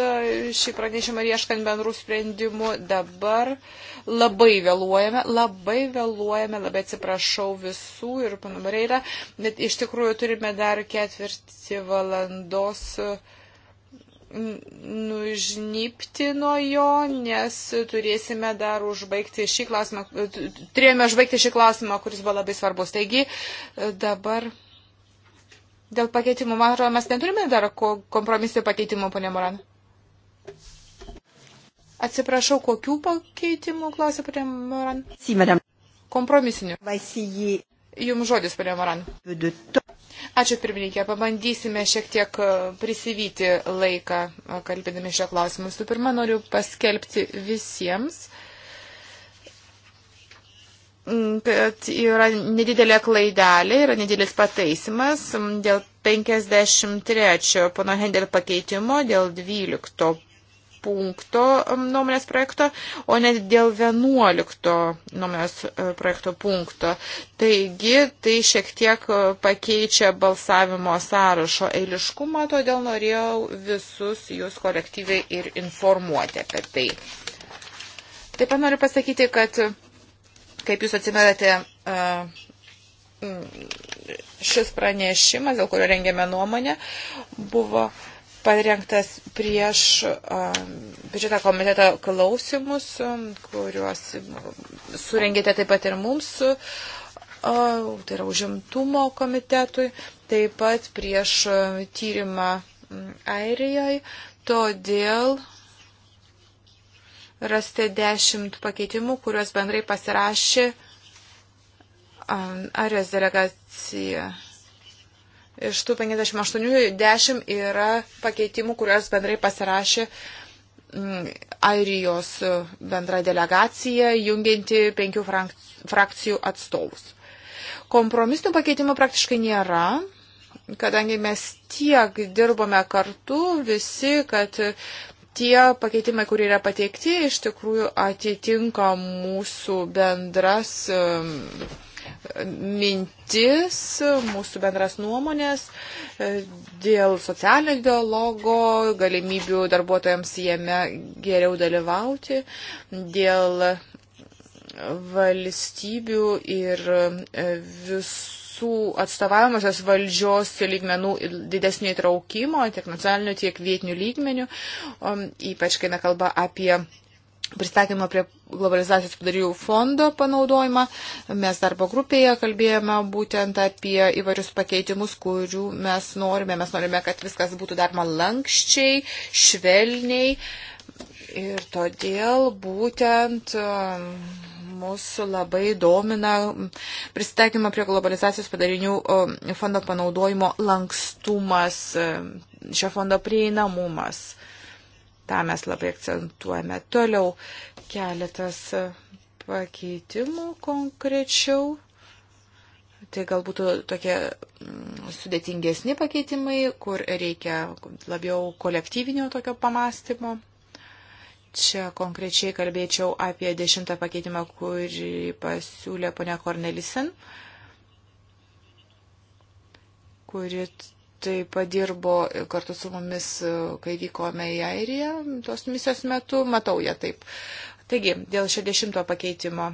šį pranešimą ir ieškant bendrų sprendimų. Dabar labai vėluojame, labai vėluojame, labai atsiprašau visų ir panumarė yra, bet iš tikrųjų turime dar ketvirtį valandos nužnypti nuo jo, nes turėsime dar užbaigti šį klausimą, turėjome užbaigti šį klausimą, kuris buvo labai svarbus. Taigi dabar dėl pakeitimų, man atrodo, mes neturime dar kompromisų pakeitimų, ponė Moran. Atsiprašau, kokių pakeitimų, klausė ponė Moran? Kompromisinių. Jums žodis, ponė Moran. Ačiū pirmininkė, pabandysime šiek tiek e, prisivyti laiką, e, kalbėdami šio klausimu. Su pirma, noriu paskelbti visiems, kad yra nedidelė klaidelė, yra nedidelis pataisimas dėl 53 pono Hendel pakeitimo, dėl 12 punkto um, nuomonės projekto, o net dėl 11 nuomonės uh, projekto punkto. Taigi, tai šiek tiek uh, pakeičia balsavimo sąrašo eiliškumą, todėl norėjau visus jūs kolektyviai ir informuoti apie tai. Taip pat noriu pasakyti, kad, kaip jūs atsimerate, uh, šis pranešimas, dėl kurio rengėme nuomonę, buvo uh, parengtas prieš um, biudžeto komiteto klausimus, um, kuriuos surengėte taip pat ir mums, uh, tai yra užimtumo komitetui, taip pat prieš uh, tyrimą mm, Airijai. Todėl rasti dešimt pakeitimų, kuriuos bendrai pasirašė um, Airijos delegacija. Iš tų 58 10 yra pakeitimų, kuriuos bendrai pasirašė mm, Airijos e, bendra delegacija, jungianti penkių frakcijų atstovus. Kompromisinių pakeitimų praktiškai nėra, kadangi mes tiek dirbome kartu visi, kad tie pakeitimai, kurie yra pateikti, iš tikrųjų atitinka mūsų bendras. Um, mintis, mūsų bendras nuomonės e, dėl socialinio dialogo, galimybių darbuotojams jame geriau dalyvauti, dėl valstybių ir e, visų visų atstovavimosios valdžios lygmenų didesnio įtraukimo, tiek nacionalinių, tiek vietinių lygmenių, ypač kai nekalba apie pristatymą prie globalizacijos padarėjų fondo panaudojimą. Mes darbo grupėje kalbėjome būtent apie įvairius pakeitimus, kurių mes norime. Mes norime, kad viskas būtų daroma lankščiai, švelniai. Ir todėl būtent mūsų um, labai domina pristaikymą prie globalizacijos padarinių um, fondo panaudojimo lankstumas, um, šio fondo prieinamumas tą mes labai akcentuojame. Toliau keletas pakeitimų konkrečiau. Tai galbūt tokie mm, sudėtingesni pakeitimai, kur reikia labiau kolektyvinio tokio pamastymo. Čia konkrečiai kalbėčiau apie dešimtą pakeitimą, kurį pasiūlė ponia Kornelisen, kuri taip pat dirbo kartu su mumis, e, kai vykome į Airiją tos misijos metu, matau ją taip. Taigi, dėl 60 pakeitimo.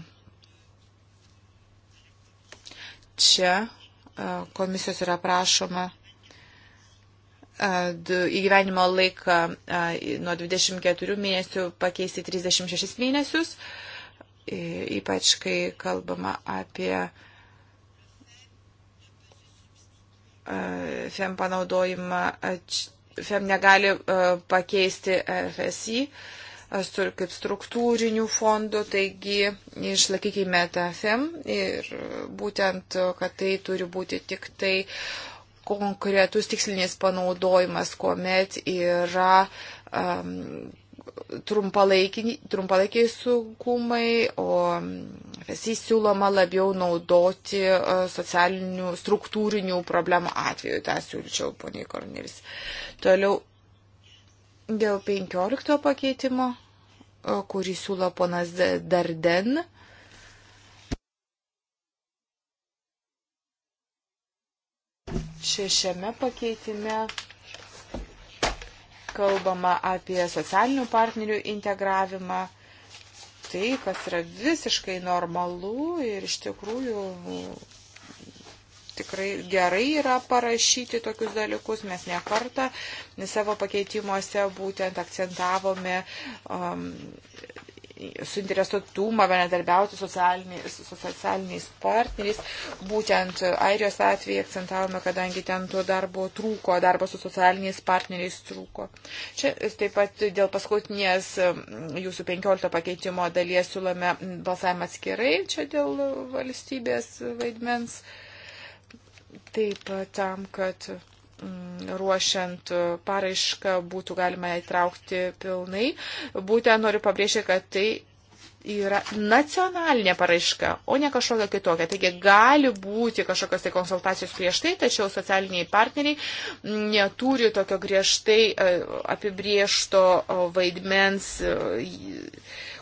Čia e, komisijos yra prašoma e, įgyvenimo laiką nuo 24 mėnesių pakeisti 36 mėnesius, ypač kai kalbama apie E, FEM panaudojimą, e, FEM negali e, pakeisti FSI kaip struktūrinių fondų, taigi išlaikykime tą FEM ir būtent, kad tai turi būti tik tai konkretus tikslinis panaudojimas, kuomet yra um, trumpalaikiai sunkumai, o visi siūloma labiau naudoti e, socialinių, struktūrinių problemų atveju. Ta siūlyčiau, poniai Kornelis. Toliau dėl 15 pakeitimo, e, kurį siūlo ponas Darden. Šešiame pakeitime kalbama apie socialinių partnerių integravimą. Tai, kas yra visiškai normalu ir iš tikrųjų tikrai gerai yra parašyti tokius dalykus. Mes nekartą savo pakeitimuose būtent akcentavome um, suinteresuotumą bendradarbiauti socialiniais, socialiniais partneriais. Būtent Airijos atveju akcentavome, kadangi ten to darbo trūko, darbo su socialiniais partneriais trūko. Čia taip pat dėl paskutinės jūsų 15 pakeitimo dalies siūlome balsavimą atskirai, čia dėl valstybės vaidmens. Taip, tam, kad Mm, ruošiant e, paraišką būtų galima įtraukti pilnai. Būtent noriu pabrėžti, kad tai yra nacionalinė paraiška, o ne kažkokia kitokia. Taigi gali būti kažkokios tai konsultacijos prieš tai, tačiau socialiniai partneriai mm, neturi tokio griežtai e, apibriešto e, vaidmens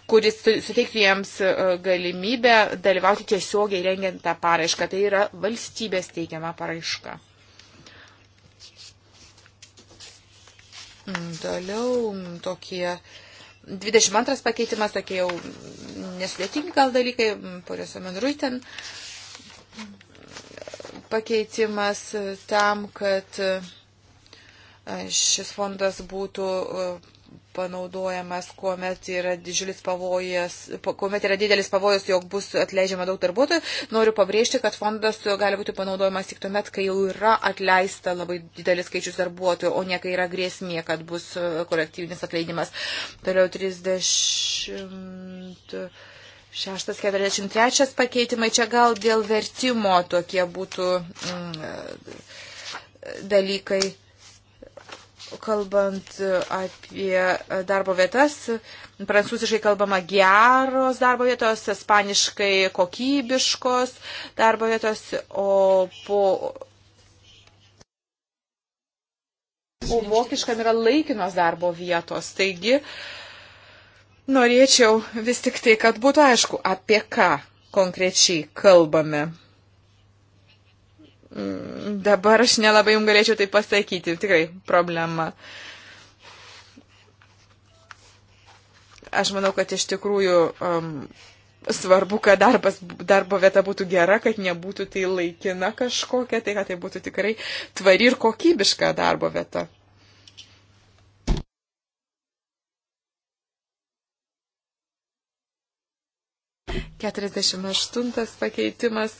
kuris suteiktų jiems galimybę dalyvauti tiesiogiai rengiant tą paraišką. Tai yra valstybės teikiama paraiška. Toliau tokie 22 pakeitimas, tokie jau nesudėtingi gal dalykai, porios Omenruiten pakeitimas tam, kad e, šis fondas būtų e, panaudojamas, kuomet yra, pavojas, kuomet yra didelis pavojus, jog bus atleidžiama daug darbuotojų. Noriu pabrėžti, kad fondas gali būti panaudojamas tik tuomet, kai jau yra atleista labai didelis skaičius darbuotojų, o ne kai yra grėsmė, kad bus e, kolektyvinis atleidimas. Toliau 30. 643 pakeitimai čia gal dėl vertimo tokie būtų mm, e, dalykai kalbant apie darbo vietas, prancūziškai kalbama geros darbo vietos, ispaniškai kokybiškos darbo vietos, o po. O vokiškam yra laikinos darbo vietos. Taigi, norėčiau vis tik tai, kad būtų aišku, apie ką konkrečiai kalbame. Mm, dabar aš nelabai jums galėčiau tai pasakyti, tikrai problema. Aš manau, kad iš tikrųjų um, svarbu, kad darbas, darbo vieta būtų gera, kad nebūtų tai laikina kažkokia, tai kad tai būtų tikrai tvari ir kokybiška darbo vieta. Keturiasdešimt aštuntas pakeitimas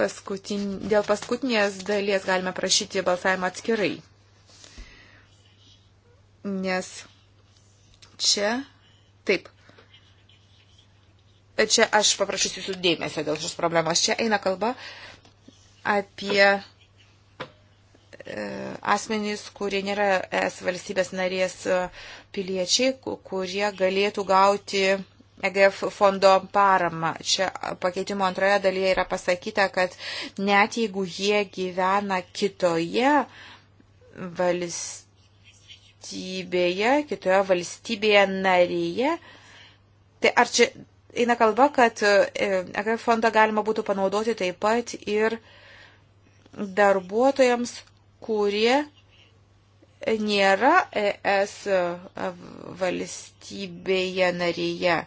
paskutin, dėl paskutinės dalies galime prašyti balsavimą atskirai. Nes čia taip. Čia aš paprašysiu jūsų dėmesio dėl šios problemos. Čia eina kalba apie e, asmenys, kurie nėra es valstybės narės e, piliečiai, kurie galėtų gauti EGF fondo paramą. Čia pakeitimo antroje dalyje yra pasakyta, kad net jeigu jie gyvena kitoje valstybėje, kitoje valstybėje narėje, tai ar čia eina kalba, kad EGF e fondą galima būtų panaudoti taip pat ir darbuotojams, kurie nėra ES valstybėje narėje.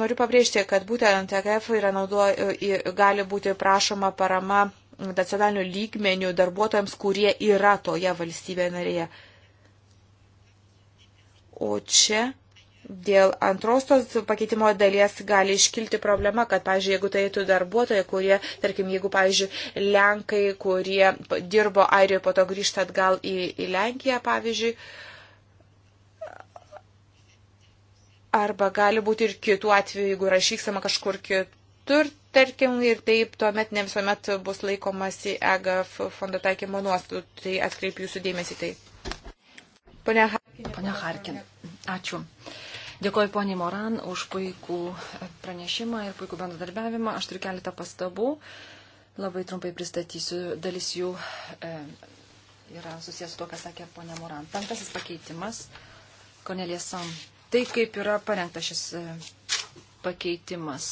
Noriu pabrėžti, kad būtent TKF e yra naudo, gali būti prašoma parama nacionalinių lygmenių darbuotojams, kurie yra toje valstybėje narėje. O čia dėl antros tos pakeitimo dalies gali iškilti problema, kad, pavyzdžiui, jeigu tai eitų darbuotojai, kurie, tarkim, jeigu, pavyzdžiui, Lenkai, kurie dirbo Airijoje, po to grįžta atgal į, į Lenkiją, pavyzdžiui, uh, Arba gali būti ir kitų atvejų, jeigu yra išvykstama kažkur kitur, tarkim, ir taip tuomet ne visuomet bus laikomasi EGF fondo taikymo nuostatų. Tai atkreipiu jūsų dėmesį tai. Pone Harkin. Pone Harkin, ačiū. Dėkuoju poniai Moran už puikų pranešimą ir puikų bendradarbiavimą. Aš turiu keletą pastabų. Labai trumpai pristatysiu, dalis jų e, yra susijęs su to, ką sakė ponia Moran. Penktasis pakeitimas, Konelės Sam tai, kaip yra parengtas šis e, pakeitimas,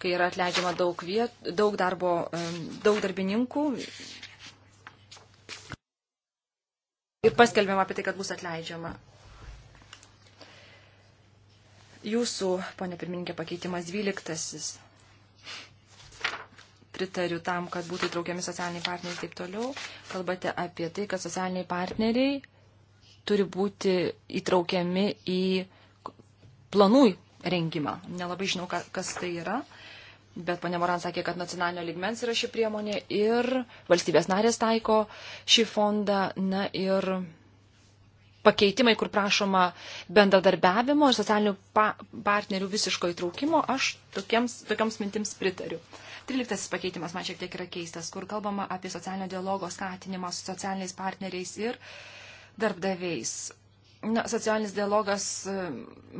kai yra atleidžiama daug, viet, daug, darbo, e, daug darbininkų ir paskelbiama apie tai, kad bus atleidžiama. Jūsų, ponė pirmininkė, pakeitimas 12. Pritariu tam, kad būtų įtraukiami socialiniai partneriai ir taip toliau. Kalbate apie tai, kad socialiniai partneriai turi būti įtraukiami į planų rengimą. Nelabai žinau, kas tai yra, bet ponė Moran sakė, kad nacionalinio ligmens yra ši priemonė ir valstybės narės taiko šį fondą. Na ir pakeitimai, kur prašoma bendradarbiavimo ir socialinių pa partnerių visiško įtraukimo, aš tokiems, tokioms mintims pritariu. Tryliktasis pakeitimas man šiek tiek yra keistas, kur kalbama apie socialinio dialogo skatinimą su socialiniais partneriais ir darbdaviais. Na, socialinis dialogas e,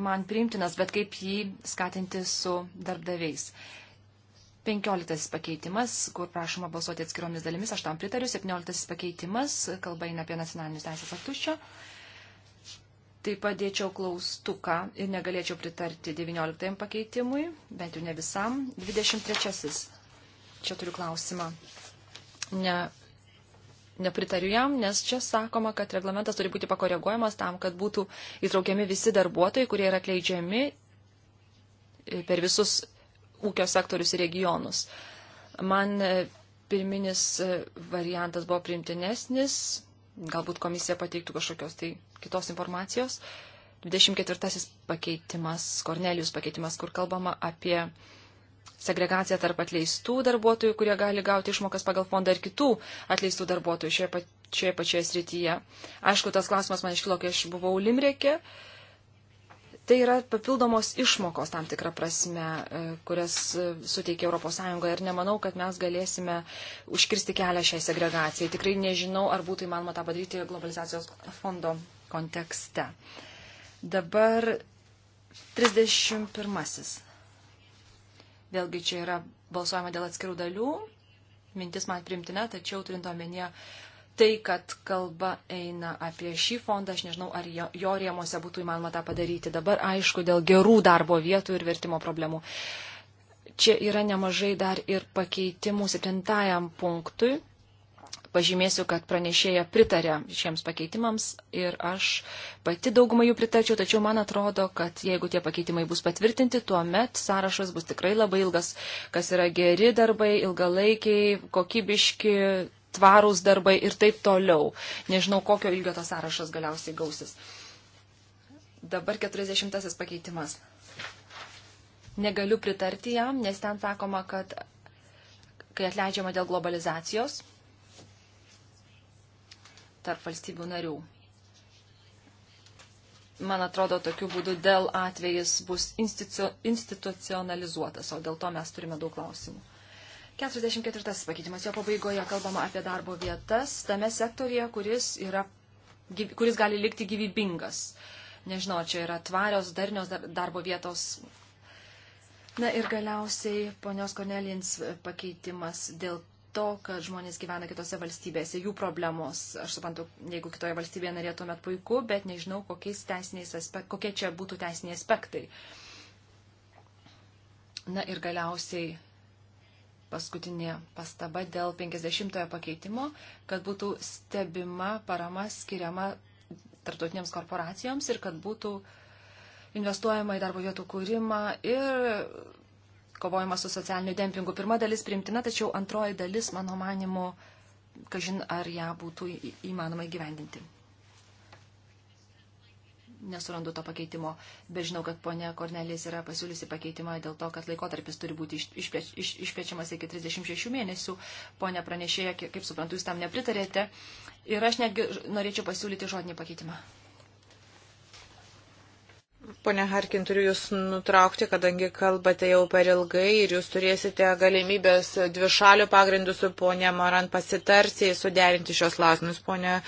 man priimtinas, bet kaip jį skatinti su darbdaviais. 15 pakeitimas, kur prašoma balsuoti atskiromis dalimis, aš tam pritariu. 17 pakeitimas, kalba eina apie nacionalinius teisės aktus čia. Taip pat dėčiau klaustuką ir negalėčiau pritarti 19 pakeitimui, bent jau ne visam. 23. Čia turiu klausimą. Ne nepritariu jam, nes čia sakoma, kad reglamentas turi būti pakoreguojamas tam, kad būtų įtraukiami visi darbuotojai, kurie yra atleidžiami e, per visus ūkio sektorius ir regionus. Man e, pirminis e, variantas buvo primtinesnis, galbūt komisija pateiktų kažkokios tai kitos informacijos. 24 pakeitimas, Kornelijus pakeitimas, kur kalbama apie segregacija tarp atleistų darbuotojų, kurie gali gauti išmokas pagal fondą ir kitų atleistų darbuotojų šioje, pa, šioje pačioje srityje. Aišku, tas klausimas man iškilo, kai aš buvau Limrekė. Tai yra papildomos išmokos tam tikrą prasme, e, kurias e, suteikia ES ir nemanau, kad mes galėsime užkirsti kelią šiai segregacijai. Tikrai nežinau, ar būtų įmanoma tą padaryti globalizacijos fondo kontekste. Dabar 31. Vėlgi čia yra balsuojama dėl atskirų dalių. Mintis man primtina, tačiau turint omenyje tai, kad kalba eina apie šį fondą, aš nežinau, ar jo, jo rėmose būtų įmanoma tą padaryti. Dabar aišku, dėl gerų darbo vietų ir vertimo problemų. Čia yra nemažai dar ir pakeitimų septintajam punktui, pažymėsiu, kad pranešėja pritarė šiems pakeitimams ir aš pati daugumą jų pritarčiau, tačiau man atrodo, kad jeigu tie pakeitimai bus patvirtinti, tuomet sąrašas bus tikrai labai ilgas, kas yra geri darbai, ilgalaikiai, kokybiški, tvarūs darbai ir taip toliau. Nežinau, kokio ilgio tas sąrašas galiausiai gausis. Dabar 40 pakeitimas. Negaliu pritarti jam, nes ten sakoma, kad kai atleidžiama dėl globalizacijos, tarp valstybių narių. Man atrodo, tokiu būdu dėl atvejis bus institu, institucionalizuotas, o dėl to mes turime daug klausimų. 44 pakeitimas jo pabaigoje kalbama apie darbo vietas tame sektorija, kuris, yra, kuris gali likti gyvybingas. Nežinau, čia yra tvarios, darnios darbo vietos Na ir galiausiai ponios Kornelins pakeitimas dėl to, kad žmonės gyvena kitose valstybėse, jų problemos. Aš suprantu, jeigu kitoje valstybėje narė tuomet puiku, bet nežinau, aspekt, kokie čia būtų teisiniai aspektai. Na ir galiausiai paskutinė pastaba dėl 50-ojo pakeitimo, kad būtų stebima parama skiriama tarptautinėms korporacijoms ir kad būtų investuojama į darbo vietų kūrimą ir kovojama su socialiniu dempingu. Pirma dalis primtina, tačiau antroji dalis, mano manimu, kažin ar ją būtų įmanoma įgyvendinti. Nesurandu to pakeitimo, bet žinau, kad ponia Kornelijas yra pasiūlysi pakeitimą dėl to, kad laikotarpis turi būti išplečiamas iš, iš, iki 36 mėnesių. Pone pranešėja, kaip suprantu, jūs tam nepritarėte. Ir aš netgi norėčiau pasiūlyti žodinį pakeitimą. Pone Harkin, turiu Jūs nutraukti, kadangi kalbate jau per ilgai ir Jūs turėsite galimybės dvi šalių pagrindų su ponė Maran pasitarsi, suderinti šios lausimus. Pone e,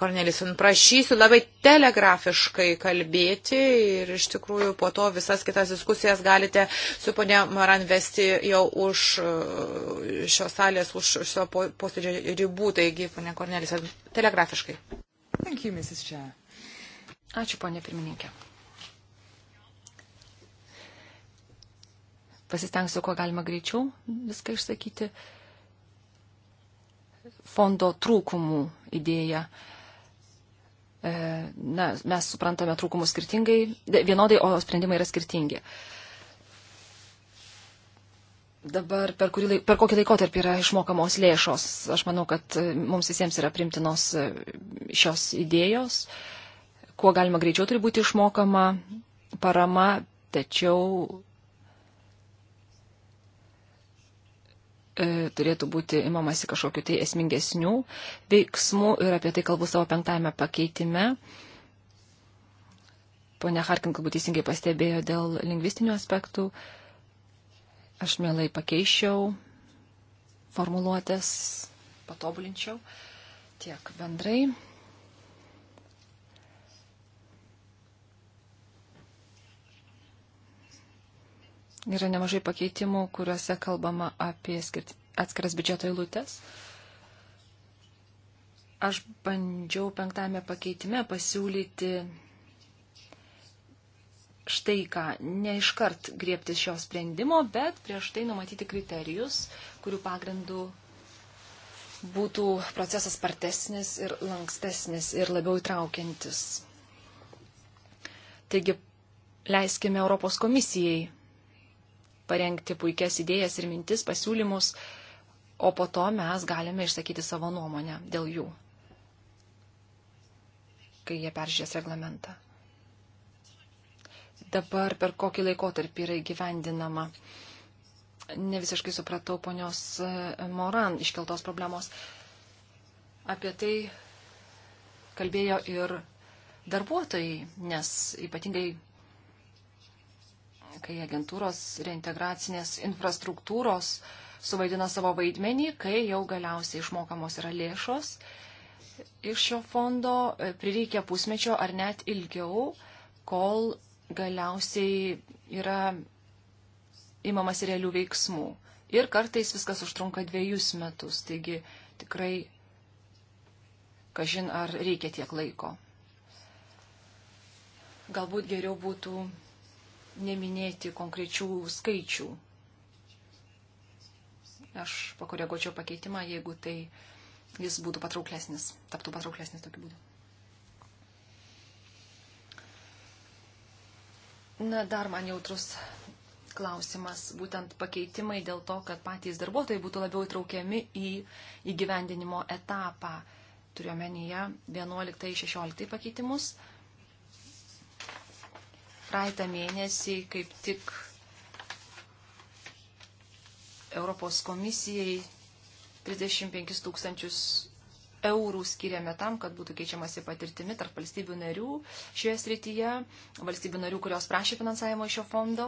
Kornelison, prašysiu labai telegrafiškai kalbėti ir iš tikrųjų po to visas kitas diskusijas galite su ponė Maran vesti jau už e, šios salės, už šio posėdžio ribų. Taigi, ponė Kornelison, telegrafiškai. Thank you, Mrs. Chair. Ačiū, ponė pirmininkė. pasistengsiu, kuo galima greičiau viską išsakyti. Fondo trūkumų idėja. E, na, mes suprantame trūkumus skirtingai, vienodai, o sprendimai yra skirtingi. Dabar per, kurį, per kokį laikotarpį yra išmokamos lėšos? Aš manau, kad e, mums visiems yra primtinos e, šios idėjos. Kuo galima greičiau turi būti išmokama parama, tačiau E, turėtų būti imamasi kažkokiu tai esmingesnių veiksmų ir apie tai kalbu savo penktame pakeitime. Pone Harkin, galbūt teisingai pastebėjo dėl lingvistinių aspektų. Aš mielai pakeičiau formuluotės, patobulinčiau tiek bendrai Yra nemažai pakeitimų, kuriuose kalbama apie atskiras biudžeto eilutės. Aš bandžiau penktame pakeitime pasiūlyti štai ką, ne iškart griebtis šio sprendimo, bet prieš tai numatyti kriterijus, kurių pagrindų būtų procesas spartesnis ir lankstesnis ir labiau įtraukiantis. Taigi, leiskime Europos komisijai parengti puikias idėjas ir mintis, pasiūlymus, o po to mes galime išsakyti savo nuomonę dėl jų, kai jie peržiūrės reglamentą. Dabar per kokį laikotarpį yra įgyvendinama. Ne visiškai supratau ponios e, Moran iškeltos problemos. Apie tai kalbėjo ir darbuotojai, nes ypatingai kai agentūros reintegracinės infrastruktūros suvaidina savo vaidmenį, kai jau galiausiai išmokamos yra lėšos iš šio fondo, prireikia pusmečio ar net ilgiau, kol galiausiai yra įmamas realių veiksmų. Ir kartais viskas užtrunka dviejus metus, taigi tikrai, kažin ar reikia tiek laiko. Galbūt geriau būtų neminėti konkrečių skaičių. Aš pakoreguočiau pakeitimą, jeigu tai jis būtų patrauklesnis, taptų patrauklesnis tokiu būdu. Na, dar man jautrus klausimas, būtent pakeitimai dėl to, kad patys darbuotojai būtų labiau įtraukiami į įgyvendinimo etapą. Turiuomenyje 11-16 pakeitimus. Praeitą mėnesį kaip tik Europos komisijai 35 tūkstančius eurų skiriame tam, kad būtų keičiamasi patirtimi tarp valstybių narių šioje srityje, valstybių narių, kurios prašė finansavimo iš šio fondo.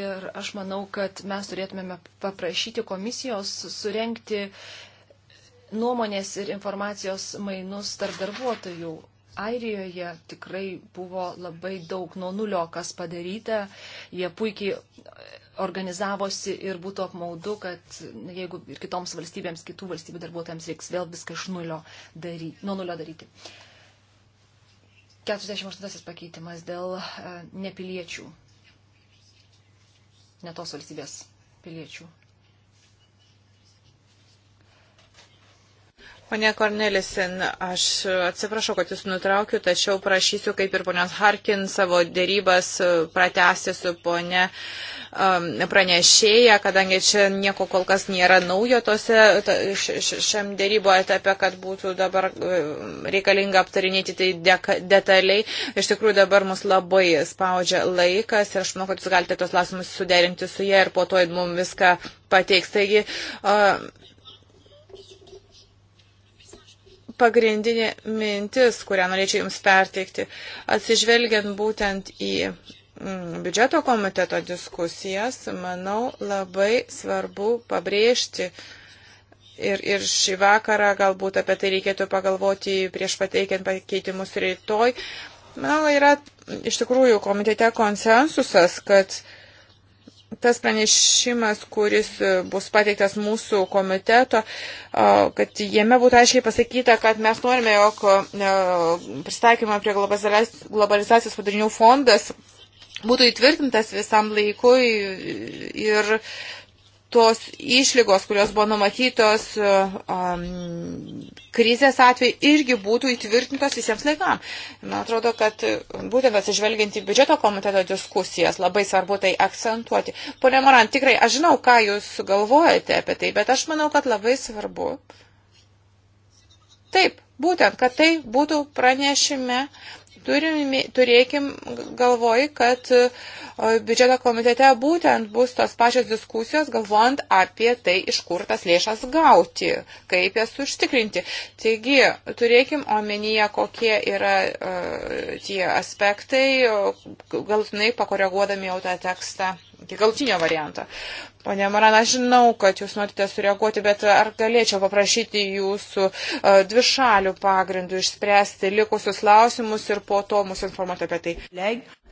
Ir aš manau, kad mes turėtumėme paprašyti komisijos surenkti nuomonės ir informacijos mainus tarp darbuotojų Airijoje tikrai buvo labai daug nuo nulio, kas padaryta. Jie puikiai organizavosi ir būtų apmaudu, kad jeigu ir kitoms valstybėms, kitų valstybių darbuotojams reiks vėl viską iš nulio daryti, nuo nulio daryti. 48 pakeitimas dėl e, nepiliečių, ne tos valstybės piliečių. Pane Kornelisin, aš atsiprašau, kad jūs nutraukiu, tačiau prašysiu, kaip ir ponios Harkin, savo dėrybas pratęsti su ponė um, pranešėja, kadangi čia nieko kol kas nėra naujo tose, ta, š, šiam dėrybo etape, kad būtų dabar um, reikalinga aptarinėti tai deka, detaliai. Iš tikrųjų dabar mus labai spaudžia laikas ir aš manau, kad jūs galite tos klausimus suderinti su jie ir po to mums viską pateiks. Taigi, uh, pagrindinė mintis, kurią norėčiau Jums perteikti, atsižvelgiant būtent į mm, biudžeto komiteto diskusijas, manau, labai svarbu pabrėžti ir, ir šį vakarą galbūt apie tai reikėtų pagalvoti prieš pateikiant pakeitimus rytoj. Manau, yra iš tikrųjų komitete konsensusas, kad uh, tas pranešimas, kuris e, bus pateiktas mūsų komiteto, kad jame būtų aiškiai pasakyta, kad mes norime, jog e, pristaikymą prie globalizacijos padarinių fondas būtų įtvirtintas visam laikui ir tos išlygos, kurios buvo numatytos um, krizės atveju, irgi būtų įtvirtintos visiems laikam. Man atrodo, kad būtent atsižvelgiant į biudžeto komiteto diskusijas, labai svarbu tai akcentuoti. Pone Moran, tikrai, aš žinau, ką jūs galvojate apie tai, bet aš manau, kad labai svarbu. Taip, būtent, kad tai būtų pranešime Turim, turėkim galvoj, kad e, biudžeto komitete būtent bus tos pačios diskusijos, galvojant apie tai, iš kur tas lėšas gauti, kaip jas užtikrinti. Taigi, turėkim omenyje, kokie yra uh, tie aspektai, galutinai pakoreguodami jau tą tekstą iki galutinio varianto. Pone Maran, aš žinau, kad jūs norite sureaguoti, bet ar galėčiau paprašyti jūsų e, dvišalių pagrindų išspręsti likusius klausimus ir po to mus informuoti apie tai?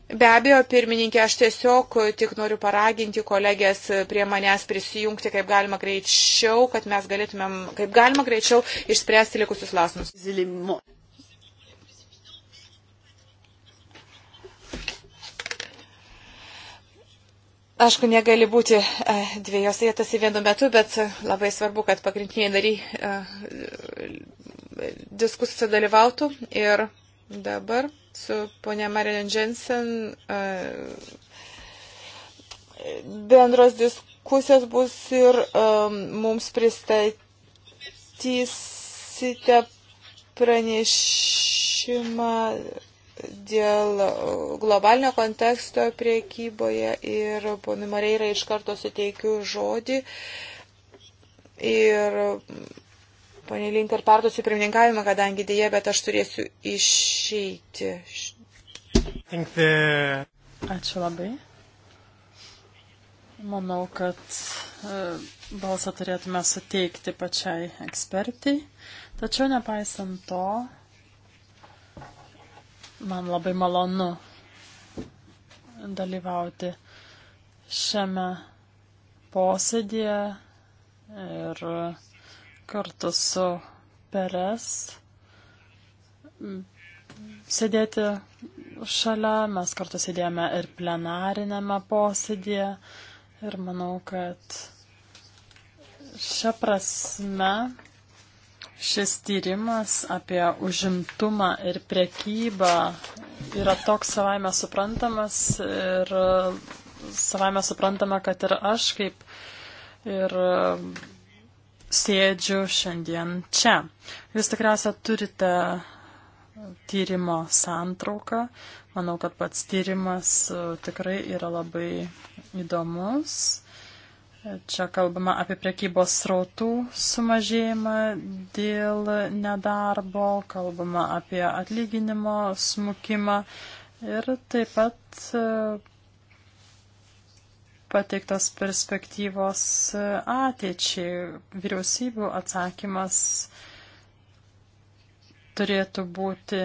Be abejo, pirmininkė, aš tiesiog tik noriu paraginti kolegės prie manęs prisijungti kaip galima greičiau, kad mes galėtumėm kaip galima greičiau išspręsti likusius klausimus. Aišku, negali būti e, dviejose vietose vienu metu, bet e, labai svarbu, kad pagrindiniai nariai e, diskusijose dalyvautų. Ir dabar su ponia Marian Jensen bendros diskusijos bus ir mums pristatysite pranešimą dėl e, globalinio konteksto priekyboje ir ponui Mareirai iš karto suteikiu žodį. Ir mm, ponė Link ir perduosiu pirmininkavimą, kadangi dėje, bet aš turėsiu išeiti. The... Ačiū labai. Manau, kad e, balsą turėtume suteikti pačiai ekspertai. Tačiau nepaisant to, Man labai malonu dalyvauti šiame posėdėje ir kartu su Peres sėdėti šalia. Mes kartu sėdėjome ir plenarinėme posėdėje ir manau, kad šią prasme Šis tyrimas apie užimtumą ir prekybą yra toks savaime suprantamas ir e, savaime suprantama, kad ir aš kaip ir e, sėdžiu šiandien čia. Jūs tikriausia turite tyrimo santrauką. Manau, kad pats tyrimas e, tikrai yra labai įdomus. Čia kalbama apie prekybos srautų sumažėjimą dėl nedarbo, kalbama apie atlyginimo smukimą ir taip pat e, pateiktos perspektyvos ateičiai. Vyriausybių atsakymas turėtų būti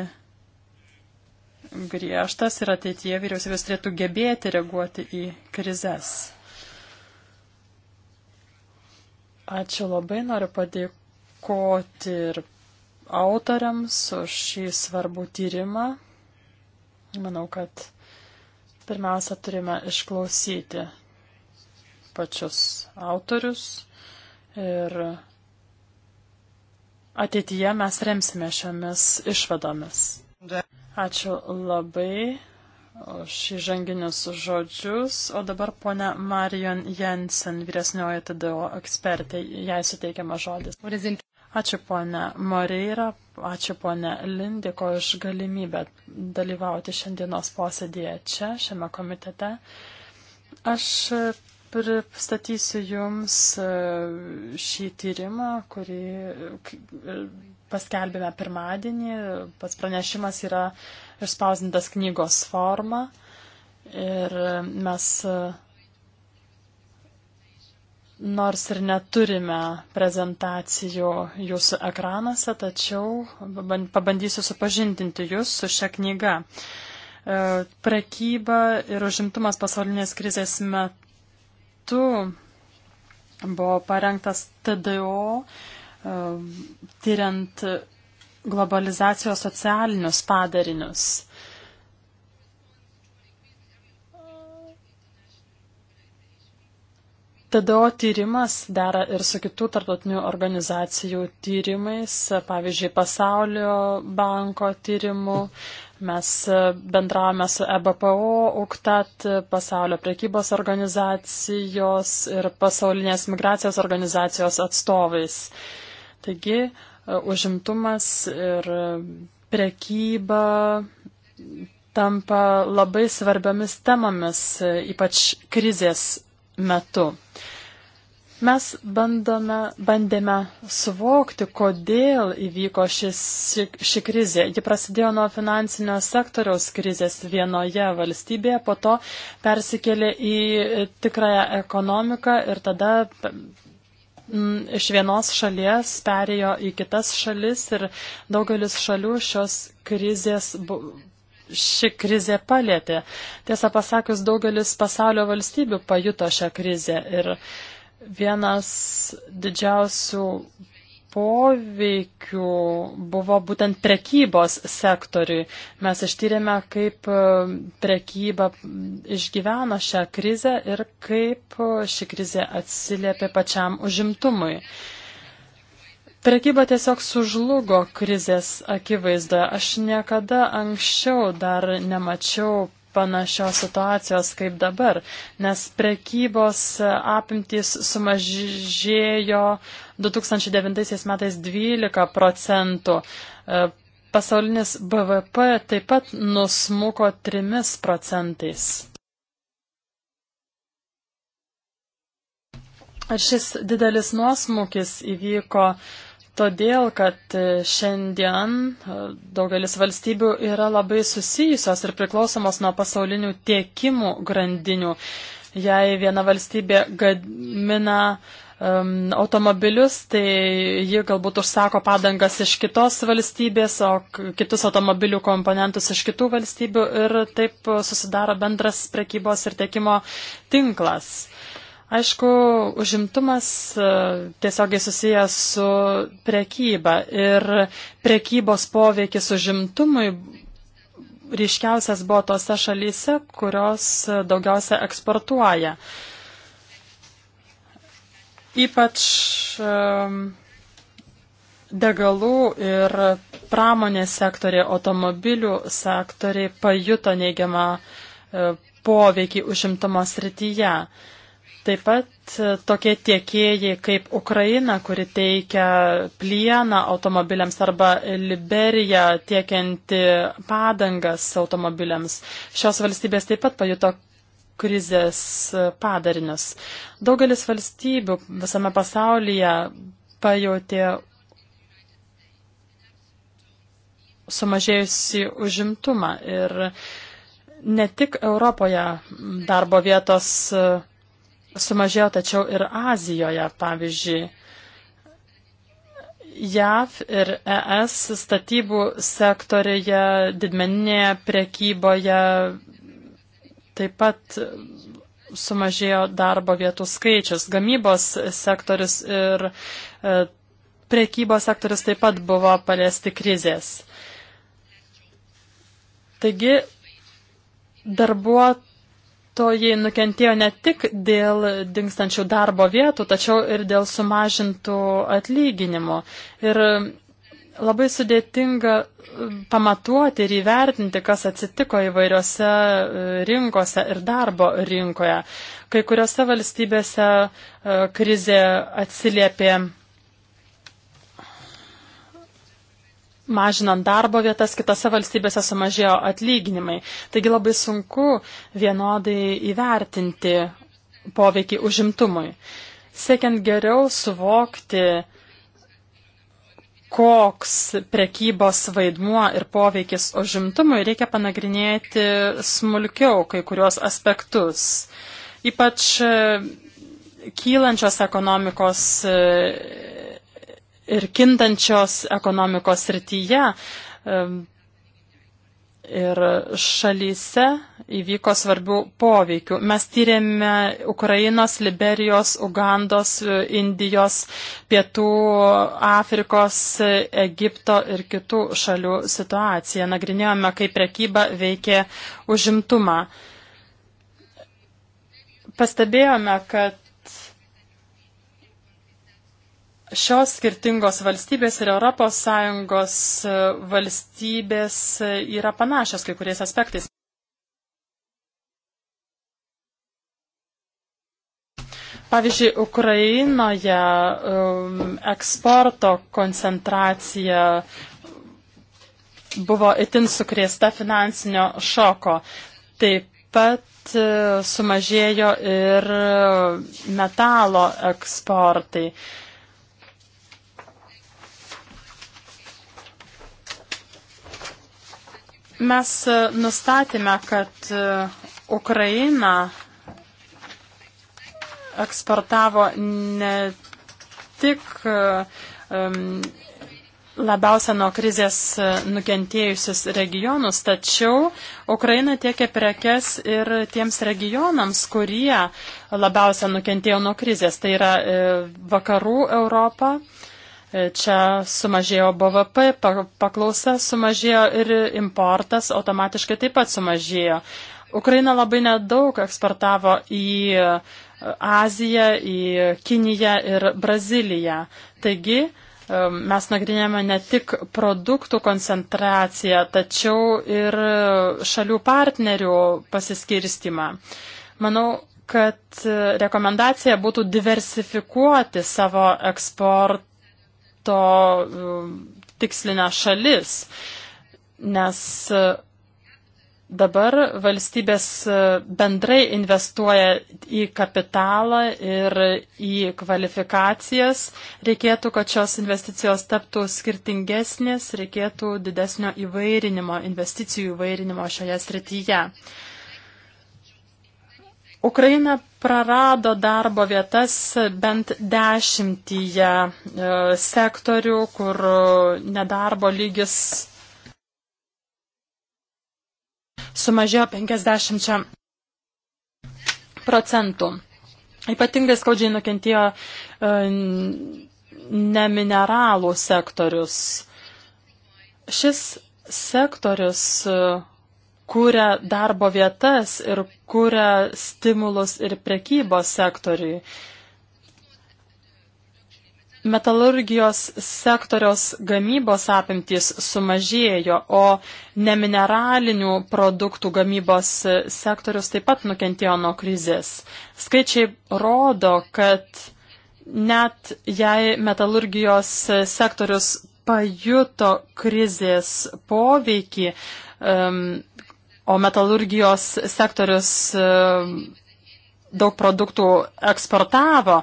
griežtas ir ateityje vyriausybės turėtų gebėti reaguoti į krizes. Ačiū labai, noriu padėkoti ir autoriams už šį svarbų tyrimą. Manau, kad pirmiausia turime išklausyti pačius autorius ir ateityje mes remsime šiomis išvadomis. Ačiū labai už įžanginius žodžius. O dabar ponia Marion Jensen, vyresnioji TDO ekspertė, jai suteikiama žodis. Ačiū ponia Moreira, ačiū ponia Lindiko už galimybę dalyvauti šiandienos posėdėje čia, šiame komitete. Aš pristatysiu Jums e, šį tyrimą, kurį e, paskelbėme pirmadienį. Pats pranešimas yra išspausdintas knygos forma ir mes nors ir neturime prezentacijų jūsų ekranuose, tačiau pabandysiu supažindinti jūs su šia knyga. E, prekyba ir užimtumas pasaulinės krizės metu buvo parengtas TDO, e, tyriant globalizacijos socialinius padarinius. TDO tyrimas dera ir su kitų tarptautinių organizacijų tyrimais, pavyzdžiui, pasaulio banko tyrimu. Mes bendravome su EBPO, UKTAT, pasaulio prekybos organizacijos ir pasaulinės migracijos organizacijos atstovais. Taigi, užimtumas ir prekyba tampa labai svarbiamis temomis, ypač krizės metu. Mes bandome, bandėme suvokti, kodėl įvyko šis, ši, ši krizė. Ji prasidėjo nuo finansinio sektoriaus krizės vienoje valstybėje, po to persikėlė į tikrąją ekonomiką ir tada iš vienos šalies perėjo į kitas šalis ir daugelis šalių šios krizės ši krizė palėtė. Tiesą pasakius, daugelis pasaulio valstybių pajuto šią krizę ir vienas didžiausių poveikių buvo būtent prekybos sektoriui. Mes ištyrėme, kaip e, prekyba išgyveno šią krizę ir kaip e, ši krizė atsiliepė pačiam užimtumui. Prekyba tiesiog sužlugo krizės akivaizdoje. Aš niekada anksčiau dar nemačiau panašios situacijos kaip dabar, nes prekybos apimtys sumažėjo 2009 metais 12 procentų. E, pasaulinis BVP taip pat nusmuko 3 procentais. Ar šis didelis nuosmukis įvyko Todėl, kad e, šiandien e, daugelis valstybių yra labai susijusios ir priklausomos nuo pasaulinių tiekimų grandinių. Jei viena valstybė gamina um, automobilius, tai ji galbūt užsako padangas iš kitos valstybės, o kitus automobilių komponentus iš kitų valstybių ir taip susidaro bendras prekybos ir tiekimo tinklas. Aišku, užimtumas e, tiesiogiai susijęs su prekyba ir prekybos poveikis užimtumui ryškiausias buvo tose šalyse, kurios e, daugiausia eksportuoja. Ypač e, degalų ir pramonės sektoriai, automobilių sektoriai pajuto neigiamą poveikį užimtumo srityje. Taip pat e, tokie tiekėjai kaip Ukraina, kuri teikia plieną automobiliams arba Liberija tiekianti padangas automobiliams. Šios valstybės taip pat pajuto krizės e, padarinius. Daugelis valstybių visame pasaulyje pajutė sumažėjusi užimtumą ir ne tik Europoje darbo vietos e, sumažėjo, tačiau ir Azijoje, pavyzdžiui. JAV ir ES statybų sektorėje, didmeninėje prekyboje taip pat sumažėjo darbo vietų skaičius. Gamybos sektorius ir e, prekybos sektorius taip pat buvo paliesti krizės. Taigi, darbuotojai Darbuotojai nukentėjo ne tik dėl dinkstančių darbo vietų, tačiau ir dėl sumažintų atlyginimų. Ir labai sudėtinga e, pamatuoti ir įvertinti, kas atsitiko įvairiose e, rinkose ir darbo rinkoje. Kai kuriuose valstybėse e, krizė atsiliepė mažinant darbo vietas, kitose valstybėse sumažėjo atlyginimai. Taigi labai sunku vienodai įvertinti poveikį užimtumui. Siekiant geriau suvokti, koks prekybos vaidmuo ir poveikis užimtumui, reikia panagrinėti smulkiau kai kurios aspektus. Ypač e, kylančios ekonomikos e, ir kintančios ekonomikos srityje ir šalyse įvyko svarbių poveikių. Mes tyrėme Ukrainos, Liberijos, Ugandos, Indijos, Pietų Afrikos, Egipto ir kitų šalių situaciją. Nagrinėjome, kaip prekyba veikė užimtumą. Pastebėjome, kad Šios skirtingos valstybės ir ES e, valstybės e, yra panašios kai kuriais aspektais. Pavyzdžiui, Ukrainoje um, eksporto koncentracija buvo itin sukrėsta finansinio šoko. Taip pat e, sumažėjo ir metalo eksportai. Uh, Mes e, nustatėme, kad e, Ukraina eksportavo ne tik um, labiausia nuo krizės nukentėjusius regionus, tačiau Ukraina tiekia prekes ir tiems regionams, kurie labiausia nukentėjo nuo krizės. Tai yra vakarų Europa, Čia sumažėjo BVP, paklausa sumažėjo ir importas automatiškai taip pat sumažėjo. Ukraina labai nedaug eksportavo į Aziją, į Kiniją ir Braziliją. Taigi, mes nagrinėjame ne tik produktų koncentraciją, tačiau ir šalių partnerių pasiskirstimą. Manau, kad rekomendacija būtų diversifikuoti savo eksportą to e, tikslinę šalis, nes e, dabar valstybės e, bendrai investuoja į kapitalą ir į kvalifikacijas. Reikėtų, kad šios investicijos taptų skirtingesnės, reikėtų didesnio įvairinimo, investicijų įvairinimo šioje srityje. Ukraina prarado darbo vietas bent dešimtyje e, sektorių, kur e, nedarbo lygis sumažėjo 50 procentų. Ypatingai skaudžiai nukentėjo e, nemineralų sektorius. Šis sektorius kuria darbo vietas ir kuria stimulus ir prekybos sektoriui. Metalurgijos sektoriaus gamybos apimtys sumažėjo, o nemineralinių produktų gamybos sektorius taip pat nukentėjo nuo krizės. Skaičiai rodo, kad net jei metalurgijos sektorius pajuto krizės poveikį, um, o metalurgijos sektorius e, daug produktų eksportavo.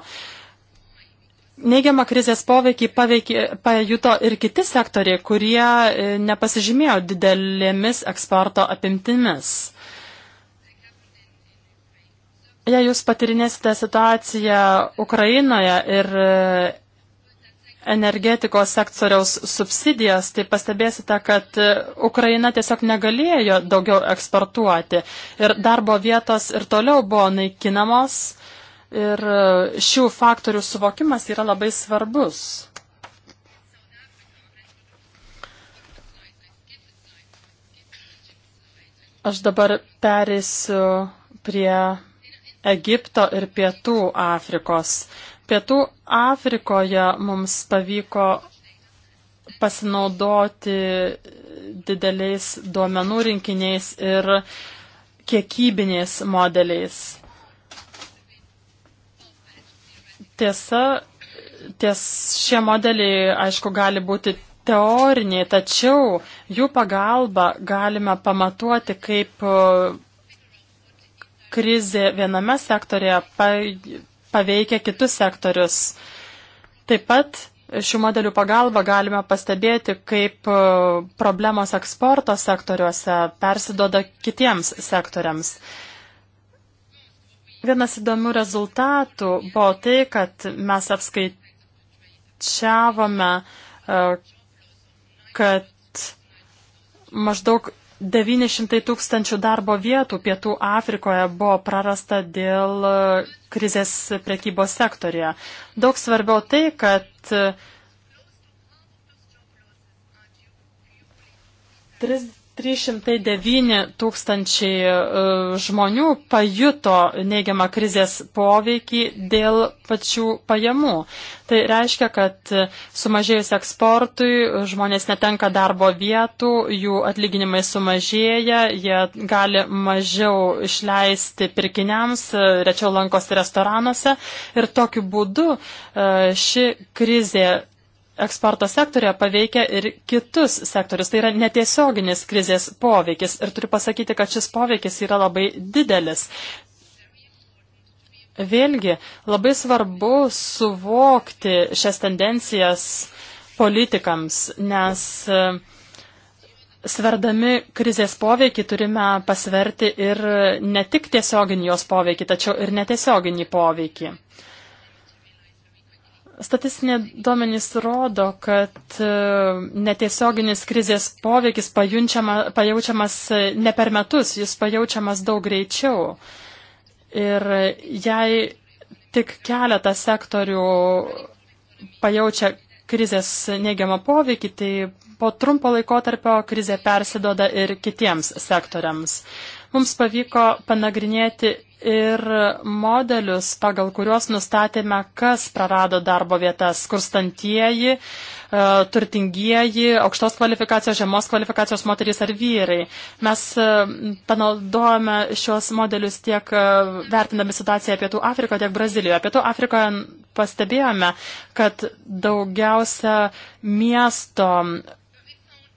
Neigiamą krizės poveikį paveikė, pajuto ir kiti sektoriai, kurie e, nepasižymėjo didelėmis eksporto apimtimis. Jei jūs patirinėsite situaciją Ukrainoje ir e, energetikos sektoriaus subsidijas, tai pastebėsite, kad e, Ukraina tiesiog negalėjo daugiau eksportuoti ir darbo vietos ir toliau buvo naikinamos ir e, šių faktorių suvokimas yra labai svarbus. Aš dabar perėsiu prie Egipto ir Pietų Afrikos. Pietų Afrikoje mums pavyko pasinaudoti dideliais duomenų rinkiniais ir kiekybiniais modeliais. Tiesa, ties šie modeliai, aišku, gali būti teoriniai, tačiau jų pagalba galime pamatuoti, kaip krizė viename sektorėje paveikia kitus sektorius. Taip pat šių modelių pagalba galime pastebėti, kaip e, problemos eksporto sektoriuose persidoda kitiems sektoriams. Vienas įdomių rezultatų buvo tai, kad mes apskaičiavome, e, kad maždaug 900 tūkstančių darbo vietų Pietų Afrikoje buvo prarasta dėl e, krizės prekybos sektorija. Daug svarbiau tai, kad 30 e, 309 tūkstančiai e, žmonių pajuto neigiamą krizės poveikį dėl pačių pajamų. Tai reiškia, kad sumažėjus eksportui žmonės netenka darbo vietų, jų atlyginimai sumažėja, jie gali mažiau išleisti pirkiniams, e, rečiau lankosi restoranuose ir tokiu būdu e, ši krizė eksporto sektorija paveikia ir kitus sektorius. Tai yra netiesioginis krizės poveikis. Ir turiu pasakyti, kad šis poveikis yra labai didelis. Vėlgi, labai svarbu suvokti šias tendencijas politikams, nes e, sverdami krizės poveikį turime pasverti ir ne tik tiesioginį jos poveikį, tačiau ir netiesioginį poveikį. Statistinė duomenys rodo, kad e, netiesioginis krizės poveikis pajaučiamas e, ne per metus, jis pajaučiamas daug greičiau. Ir e, jei tik keletą sektorių pajaučia krizės neigiamą poveikį, tai po trumpo laikotarpio krizė persidoda ir kitiems sektoriams. Mums pavyko panagrinėti ir modelius, pagal kuriuos nustatėme, kas prarado darbo vietas - skurstantieji, e, turtingieji, aukštos kvalifikacijos, žemos kvalifikacijos moterys ar vyrai. Mes e, panaudojame šios modelius tiek e, vertindami situaciją Pietų Afrikoje, tiek Brazilijoje. Pietų Afrikoje pastebėjome, kad daugiausia miesto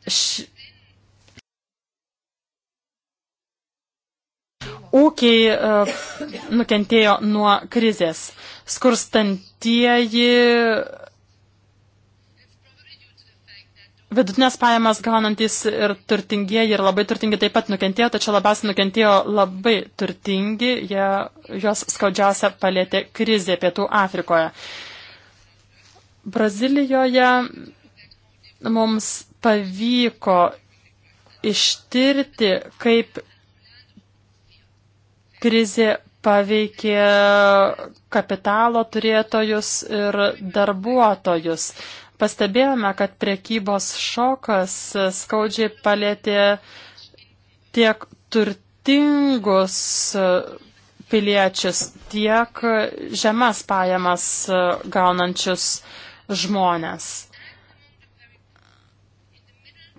š ūkiai e, nukentėjo nuo krizės. Skurstantieji vidutinės pajamas gaunantis ir turtingieji ir labai turtingi taip pat nukentėjo, tačiau labiausiai nukentėjo labai turtingi, jie, jos skaudžiausia palėtė krizė pietų Afrikoje. Brazilijoje mums pavyko ištirti, kaip Krizė paveikė kapitalo turėtojus ir darbuotojus. Pastebėjome, kad prekybos šokas skaudžiai palėtė tiek turtingus piliečius, tiek žemas pajamas gaunančius žmonės.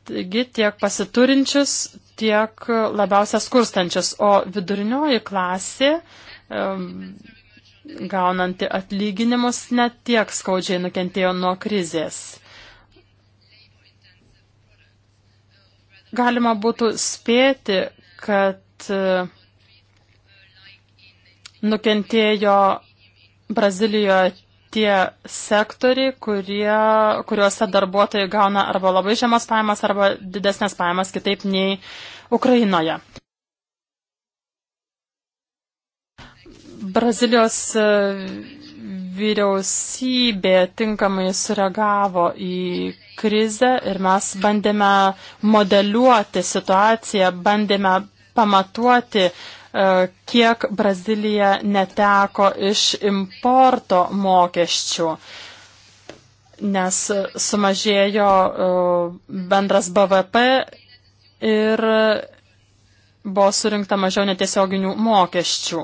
Taigi tiek pasiturinčius, tiek labiausia skurstančias, o vidurinioji klasė, gaunanti atlyginimus, net tiek skaudžiai nukentėjo nuo krizės. Galima būtų spėti, kad e, nukentėjo Brazilijoje tie sektoriai, kurie, kuriuose darbuotojai gauna arba labai žemas pajamas, arba didesnės pajamas kitaip nei Ukrainoje. Brazilijos e, vyriausybė tinkamai sureagavo į krizę ir mes bandėme modeliuoti situaciją, bandėme pamatuoti, E, kiek Brazilija neteko iš importo mokesčių, nes sumažėjo e, bendras BVP ir buvo surinkta mažiau netiesioginių mokesčių.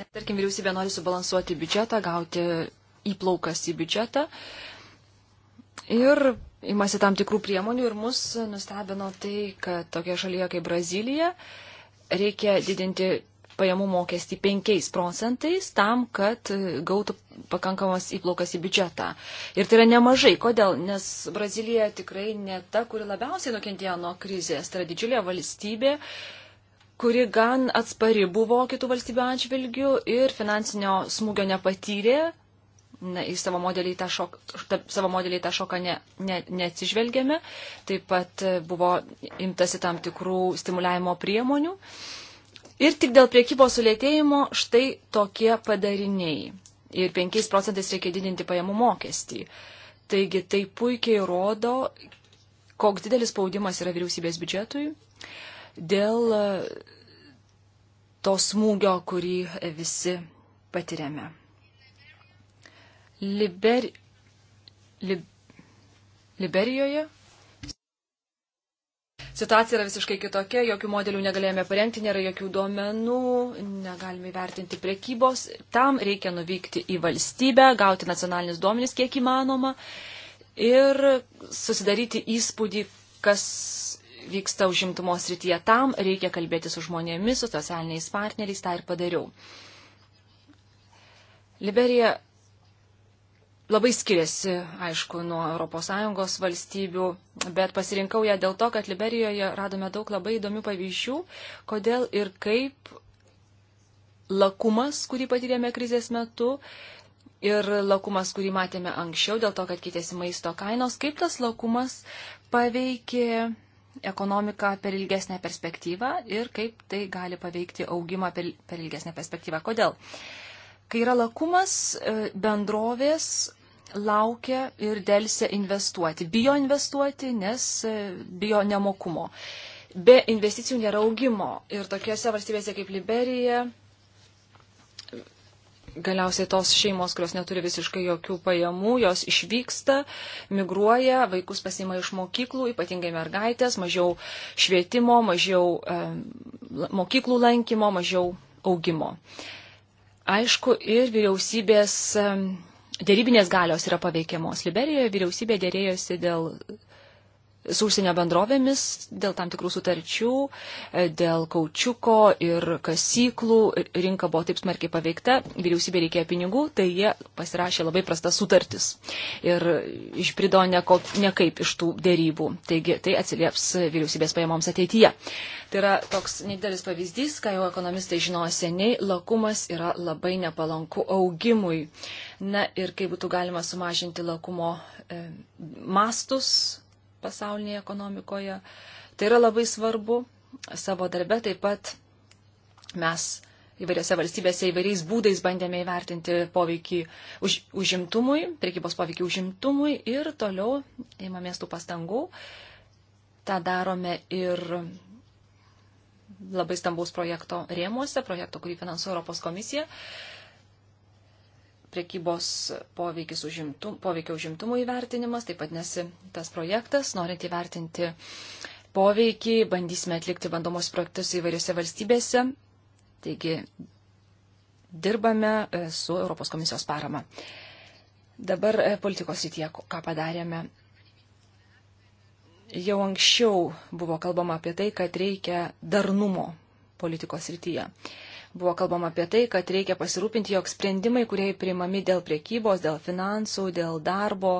Net, tarkim, vyriausybė nori subalansuoti biudžetą, gauti įplaukas į biudžetą ir imasi tam tikrų priemonių ir mus nustebino tai, kad tokia šalyje kaip Brazilija, uh, reikia didinti pajamų mokestį 5 procentais tam, kad gautų pakankamas įplaukas į biudžetą. Ir tai yra nemažai. Kodėl? Nes Brazilija tikrai ne ta, kuri labiausiai nukentėjo nuo krizės. Tai yra didžiulė valstybė, kuri gan atspari buvo kitų valstybių atžvilgių ir finansinio smūgio nepatyrė na, į savo modelį tą, šok, ta, savo modelį tą šoką ne, ne, neatsižvelgėme. Taip pat e, buvo imtasi tam tikrų stimuliavimo priemonių. Ir tik dėl priekybos sulėtėjimo štai tokie padariniai. Ir 5 procentais reikia didinti pajamų mokestį. Taigi tai puikiai rodo, koks didelis spaudimas yra vyriausybės biudžetui dėl e, to smūgio, kurį visi patiriame. Liber... Lib... Liberijoje. Situacija yra visiškai kitokia, jokių modelių negalėjome parengti, nėra jokių duomenų, negalime įvertinti priekybos. Tam reikia nuvykti į valstybę, gauti nacionalinius duomenys kiek įmanoma ir susidaryti įspūdį, kas vyksta užimtumo srityje. Tam reikia kalbėti su žmonėmis, su socialiniais partneriais, tą ir padariau. Liberija labai skiriasi, aišku, nuo ES valstybių, bet pasirinkau ją dėl to, kad Liberijoje radome daug labai įdomių pavyzdžių, kodėl ir kaip lakumas, kurį patyrėme krizės metu, ir lakumas, kurį matėme anksčiau, dėl to, kad keitėsi maisto kainos, kaip tas lakumas paveikė ekonomiką per ilgesnę perspektyvą ir kaip tai gali paveikti augimą per, per ilgesnę perspektyvą. Kodėl? Uh, Kai yra lakumas, e, bendrovės laukia ir dėlsia investuoti. Bijo investuoti, nes e, bijo nemokumo. Be investicijų nėra augimo. Ir tokiuose valstybėse kaip Liberija, galiausiai tos šeimos, kurios neturi visiškai jokių pajamų, jos išvyksta, migruoja, vaikus pasima iš mokyklų, ypatingai mergaitės, mažiau švietimo, mažiau e, mokyklų lankymo, mažiau augimo. E, aišku, ir vyriausybės dėrybinės galios yra paveikiamos. Liberijoje vyriausybė dėrėjosi dėl su užsienio bendrovėmis dėl tam tikrų sutarčių, e, dėl kaučiuko ir kasyklų. Rinka buvo taip smarkiai paveikta, vyriausybė reikėjo pinigų, tai jie pasirašė labai prastas sutartis ir išprido nekaip iš tų dėrybų. Taigi tai atsilieps vyriausybės pajamoms ateityje. Tai yra toks nedidelis pavyzdys, ką jau ekonomistai žinojo seniai, lakumas yra labai nepalanku augimui. Na ir kaip būtų galima sumažinti lakumo e, mastus pasaulinėje ekonomikoje. Tai yra labai svarbu. Savo darbe taip pat mes įvairiose valstybėse įvairiais būdais bandėme įvertinti poveikį už, užimtumui, prekybos poveikį užimtumui ir toliau įmamės tų pastangų. Ta darome ir labai stambaus projekto rėmuose, projekto, kurį finansuoja Europos komisija. Uh, priekybos užimtum, poveikio užimtumų įvertinimas, taip pat nesi tas projektas, norint įvertinti poveikį, bandysime atlikti bandomos projektus įvairiose valstybėse. Taigi dirbame e, su Europos komisijos parama. Dabar e, politikos įtie, ką padarėme. Jau anksčiau buvo kalbama apie tai, kad reikia darnumo politikos rytyje. Uh, Buvo kalbama apie tai, kad reikia pasirūpinti, jog sprendimai, kurie priimami dėl priekybos, dėl finansų, dėl darbo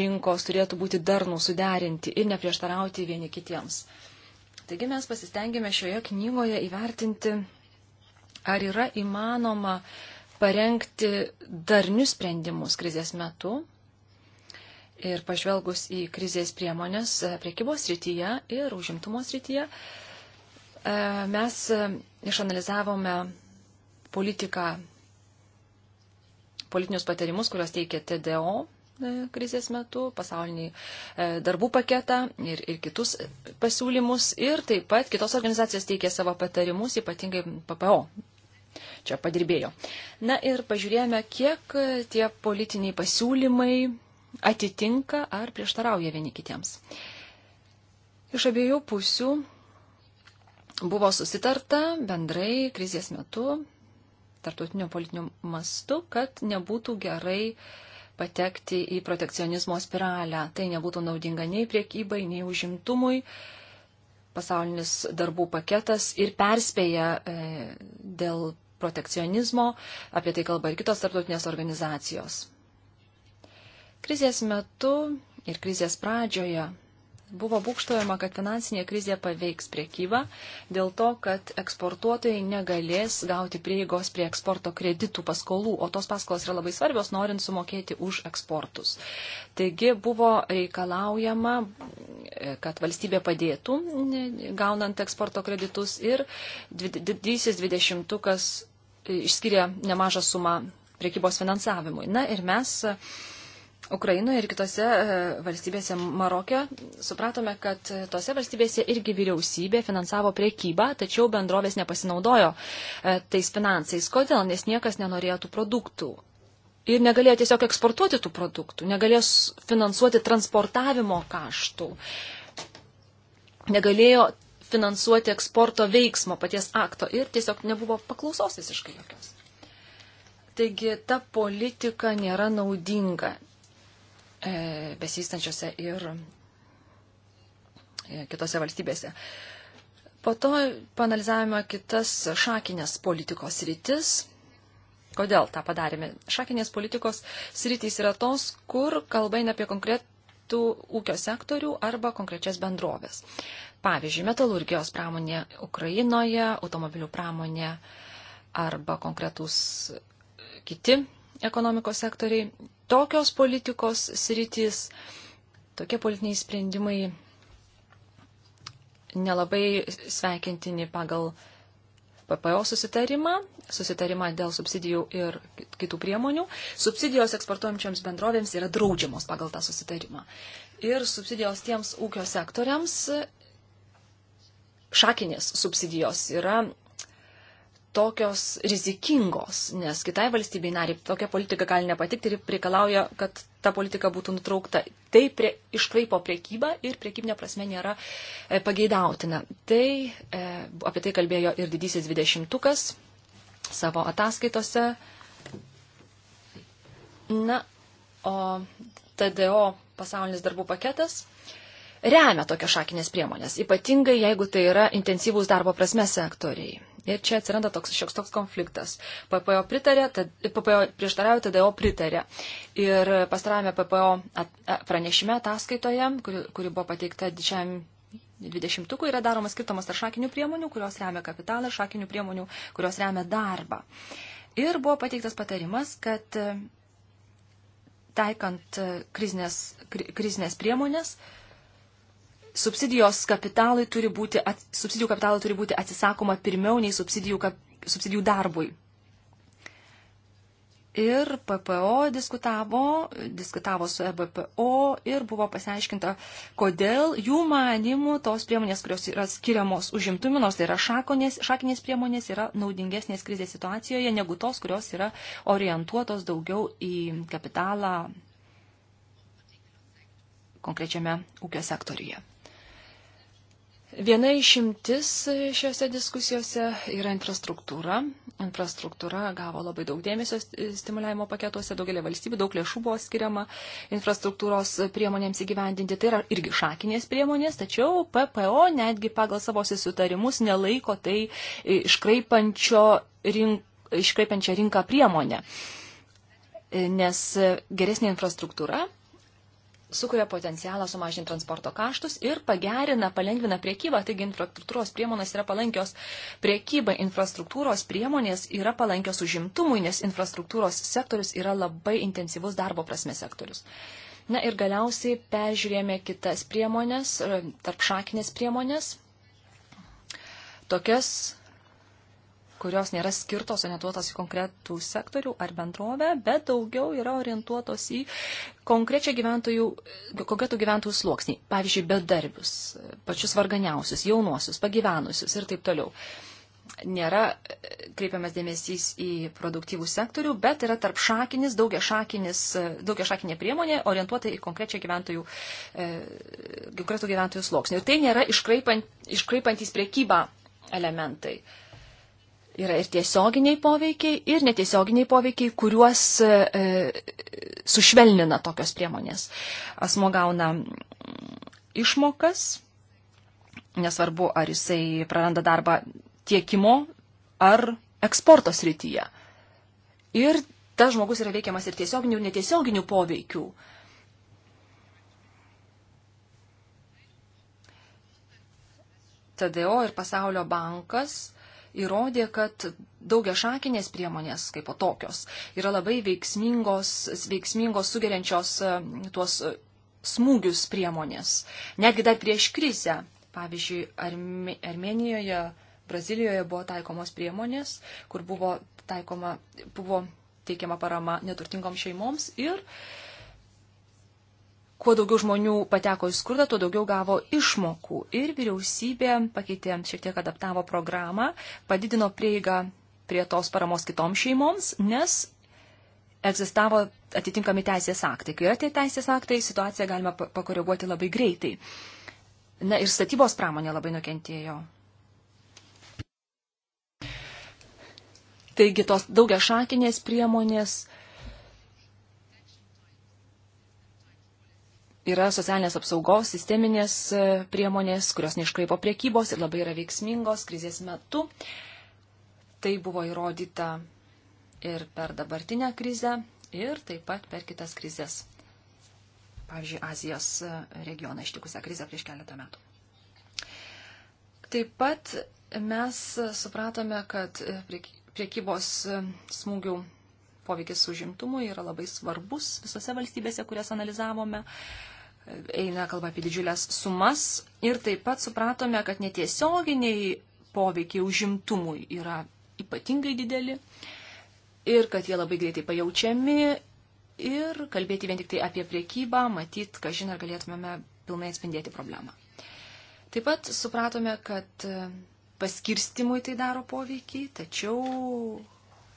rinkos, turėtų būti darnų suderinti ir neprieštarauti vieni kitiems. Taigi mes pasistengėme šioje knygoje įvertinti, ar yra įmanoma parengti darnius sprendimus krizės metu ir pažvelgus į krizės priemonės priekybos srityje ir užimtumo srityje, uh, E, mes e, išanalizavome politiką, politinius patarimus, kuriuos teikia TDO e, krizės metu, pasaulinį darbų paketą ir, ir kitus pasiūlymus. Ir taip pat kitos organizacijos teikė savo patarimus, ypatingai PPO. Čia padirbėjo. Na ir pažiūrėjome, kiek tie politiniai pasiūlymai atitinka ar prieštarauja vieni kitiems. Iš abiejų pusių Buvo susitarta bendrai krizės metu, tartutinio politinio mastu, kad nebūtų gerai patekti į protekcionizmo spiralę. Tai nebūtų naudinga nei priekybai, nei užimtumui. Pasaulinis darbų paketas ir perspėja e, dėl protekcionizmo, apie tai kalba ir kitos tarptautinės organizacijos. Krizės metu ir krizės pradžioje Buvo būkštojama, kad finansinė krizė paveiks priekybą dėl to, kad eksportuotojai negalės gauti prieigos prie eksporto kreditų paskolų, o tos paskolos yra labai svarbios, norint sumokėti už eksportus. Taigi buvo reikalaujama, kad valstybė padėtų gaunant eksporto kreditus ir didysis dvidešimtukas išskiria nemažą sumą priekybos finansavimui. Na ir mes Ukrainoje ir kitose e, valstybėse Marokio supratome, kad e, tose valstybėse irgi vyriausybė finansavo priekybą, tačiau bendrovės nepasinaudojo e, tais finansais. Kodėl? Nes niekas nenorėjo tų produktų. Ir negalėjo tiesiog eksportuoti tų produktų, negalėjo finansuoti transportavimo kaštų, negalėjo finansuoti eksporto veiksmo paties akto ir tiesiog nebuvo paklausos visiškai jokios. Taigi ta politika nėra naudinga E, besistančiose ir e, kitose valstybėse. Po to panalizavome kitas šakinės politikos rytis. Kodėl tą padarėme? Šakinės politikos sritys yra tos, kur kalba eina apie konkretų ūkio sektorių arba konkrečias bendrovės. Pavyzdžiui, metalurgijos pramonė Ukrainoje, automobilių pramonė arba konkretūs kiti ekonomikos sektoriai tokios politikos sritys, tokie politiniai sprendimai nelabai sveikintini pagal PPO susitarimą, susitarimą dėl subsidijų ir kitų priemonių. Subsidijos eksportuojančioms bendrovėms yra draudžiamos pagal tą susitarimą. Ir subsidijos tiems ūkio sektoriams, šakinės subsidijos yra tokios rizikingos, nes kitai valstybei nariai tokia politika gali nepatikti ir reikalauja, kad ta politika būtų nutraukta. Tai prie, iškraipo priekybą ir priekybinė prasme nėra e, pageidautina. Tai e, apie tai kalbėjo ir didysis dvidešimtukas savo ataskaitose. Na, o TDO pasaulinis darbų paketas remia tokias šakinės priemonės, ypatingai jeigu tai yra intensyvūs darbo prasme sektoriai. Ir čia atsiranda toks šioks toks konfliktas. PPO, pritarė, tad, PPO prieštarauja, TDO pritarė. Ir pastaravime PPO at, pranešime ataskaitoje, kuri, kuri buvo pateikta didžiam 20-ukui, yra daromas skirtumas tarp šakinių priemonių, kurios remia kapitalą ir šakinių priemonių, kurios remia darbą. Ir buvo pateiktas patarimas, kad e, taikant e, krizinės, krizinės priemonės, uh, subsidijos kapitalai turi būti, at, subsidijų kapitalai turi būti atsisakoma pirmiau nei subsidijų, kap, subsidijų darbui. Ir PPO diskutavo, diskutavo su EBPO ir buvo pasiaiškinta, kodėl jų manimų tos priemonės, kurios yra skiriamos užimtumui, nors tai yra šakonės, šakinės priemonės, yra naudingesnės krizės situacijoje negu tos, kurios yra orientuotos daugiau į kapitalą konkrečiame ūkio sektoriuje. Viena išimtis šiuose diskusijose yra infrastruktūra. Infrastruktūra gavo labai daug dėmesio stimuliavimo paketuose, daugelį valstybių daug lėšų buvo skiriama infrastruktūros priemonėms įgyvendinti. Tai yra irgi šakinės priemonės, tačiau PPO netgi pagal savo susitarimus nelaiko tai iškraipančio rink, iškraipančią rinką priemonę. Nes geresnė infrastruktūra sukuria potencialą sumažinti transporto kaštus ir pagerina, palengvina priekybą. Taigi infrastruktūros priemonės yra palankios priekybai, infrastruktūros priemonės yra palankios užimtumui, nes infrastruktūros sektorius yra labai intensyvus darbo prasme sektorius. Na ir galiausiai peržiūrėjome kitas priemonės, tarpšakinės priemonės, tokias kurios nėra skirtos orientuotos į konkretų sektorių ar bendrovę, bet daugiau yra orientuotos į konkrečią gyventojų, konkretų gyventojų sluoksnį. Pavyzdžiui, bedarbius, pačius varganiausius, jaunuosius, pagyvenusius ir taip toliau. Nėra e, kreipiamas dėmesys į produktyvų sektorių, bet yra tarp šakinis, daugia, šakinis, e, daugia šakinė priemonė orientuota į konkrečią gyventojų, e, konkretų gyventojų sluoksnį. Ir tai nėra iškraipant, iškraipantys priekybą elementai. E, Yra ir tiesioginiai poveikiai, ir netiesioginiai poveikiai, kuriuos e, e sušvelnina tokios priemonės. Asmo gauna mm, išmokas, nesvarbu, ar jisai praranda darbą tiekimo ar eksporto srityje. Ir tas žmogus yra veikiamas ir tiesioginių, ir netiesioginių poveikių. TDO ir Pasaulio bankas įrodė, kad daugia šakinės priemonės kaip po tokios yra labai veiksmingos, veiksmingos sugeriančios e, tuos e, smūgius priemonės. Netgi dar prieš krizę, pavyzdžiui, Arme Armenijoje, Brazilijoje buvo taikomos priemonės, kur buvo taikoma, buvo teikiama parama neturtingoms šeimoms ir uh, kuo daugiau žmonių pateko į skurdą, tuo daugiau gavo išmokų. Ir vyriausybė pakeitė, šiek tiek adaptavo programą, padidino prieigą prie tos paramos kitoms šeimoms, nes egzistavo atitinkami teisės aktai. Kai yra tie teisės aktai, situaciją galima pakoreguoti labai greitai. Na ir statybos pramonė labai nukentėjo. Taigi tos daugia šakinės priemonės yra socialinės apsaugos sisteminės e, priemonės, kurios neiškraipo priekybos ir labai yra veiksmingos krizės metu. Tai buvo įrodyta ir per dabartinę krizę, ir taip pat per kitas krizės. Pavyzdžiui, Azijos e, regioną ištikusią krizę prieš keletą metų. Taip pat mes supratome, kad e, priekybos smūgių poveikis užimtumui yra labai svarbus visose valstybėse, kurias analizavome eina kalba apie didžiulės sumas ir taip pat supratome, kad netiesioginiai poveikiai užimtumui yra ypatingai dideli ir kad jie labai greitai pajaučiami ir kalbėti vien tik tai apie priekybą, matyt, ką žinai, ar galėtumėme pilnai atspindėti problemą. Taip pat supratome, kad e, paskirstimui tai daro poveikį, tačiau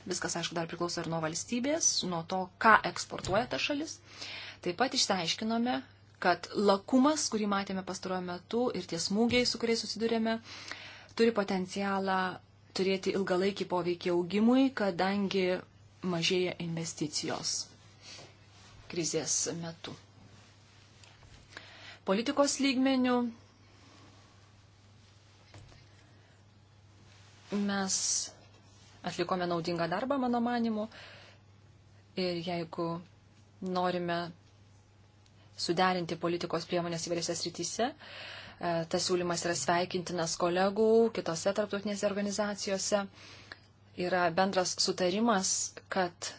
viskas, aišku, dar priklauso ir nuo valstybės, nuo to, ką eksportuoja ta šalis. Taip pat išsiaiškinome, kad lakumas, kurį matėme pastarojame metu ir tie smūgiai, su kuriais susidurėme, turi potencialą turėti ilgalaikį poveikį augimui, kadangi mažėja investicijos krizės metu. Politikos lygmenių mes atlikome naudingą darbą, mano manimu, ir jeigu norime suderinti politikos priemonės įvairiose srityse. E, tas siūlymas yra sveikintinas kolegų kitose tarptautinėse organizacijose. Yra bendras sutarimas, kad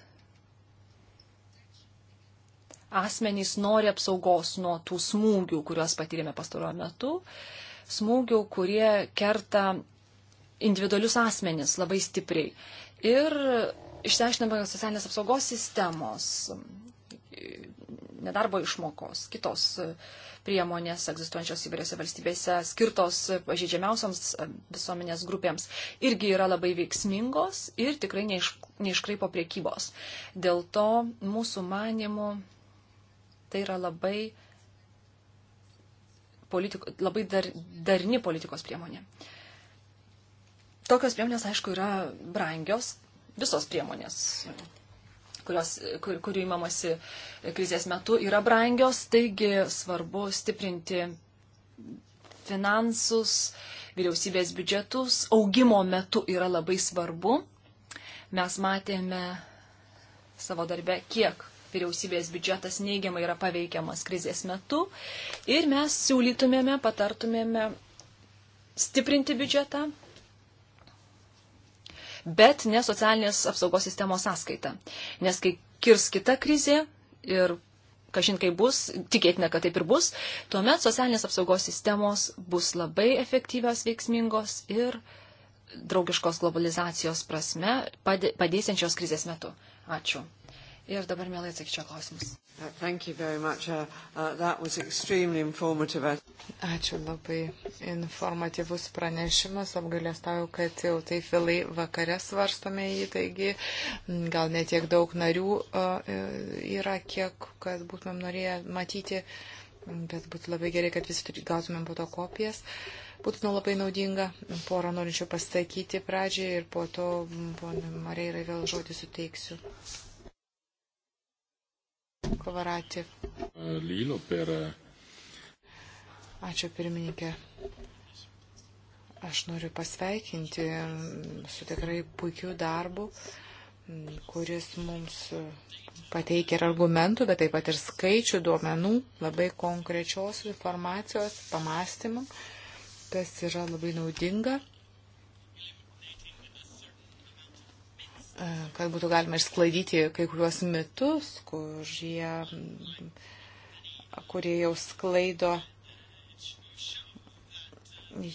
asmenys nori apsaugos nuo tų smūgių, kuriuos patyrėme pastaruoju metu. Smūgių, kurie kerta individualius asmenis labai stipriai. Ir išsiaiškinama socialinės apsaugos sistemos nedarbo išmokos, kitos e, priemonės egzistuojančios įvairiose valstybėse, skirtos pažeidžiamiausiams e, visuomenės grupėms, irgi yra labai veiksmingos ir tikrai neiš, neiškraipo priekybos. Dėl to mūsų manimų tai yra labai, politiko, labai dar, darni politikos priemonė. Tokios priemonės, aišku, yra brangios, visos priemonės kurios, kur, kurių įmamasi krizės metu, yra brangios, taigi svarbu stiprinti finansus, vyriausybės biudžetus. Augimo metu yra labai svarbu. Mes matėme savo darbę, kiek vyriausybės biudžetas neigiamai yra paveikiamas krizės metu. Ir mes siūlytumėme, patartumėme stiprinti biudžetą, bet ne socialinės apsaugos sistemos sąskaita. Nes kai kirs kita krizė ir kažin kai bus, tikėtina, kad taip ir bus, tuomet socialinės apsaugos sistemos bus labai efektyvios, veiksmingos ir draugiškos globalizacijos prasme padėsiančios krizės metu. Ačiū. Ir dabar mielai atsakyčiau klausimus. Uh, uh, uh, Ačiū labai informatyvus pranešimas. Apgailėstauju, kad jau taip vėlai vakare svarstome jį, taigi mm, gal netiek daug narių yra, kiek kad būtumėm norėję matyti, mm, bet būtų labai gerai, kad visi gautumėm po to kopijas būtų nu labai naudinga. Porą norinčių pasakyti pradžiai ir po to, mm, ponui Marei, vėl žodį suteiksiu. Kovaratį. Lylo per. Ačiū pirmininkė. Aš noriu pasveikinti su tikrai puikiu darbu, kuris mums pateikia ir argumentų, bet taip pat ir skaičių duomenų, labai konkrečios informacijos, pamastymų, kas yra labai naudinga kad būtų galima išsklaidyti kai kuriuos mitus, kurie, kurie jau sklaido.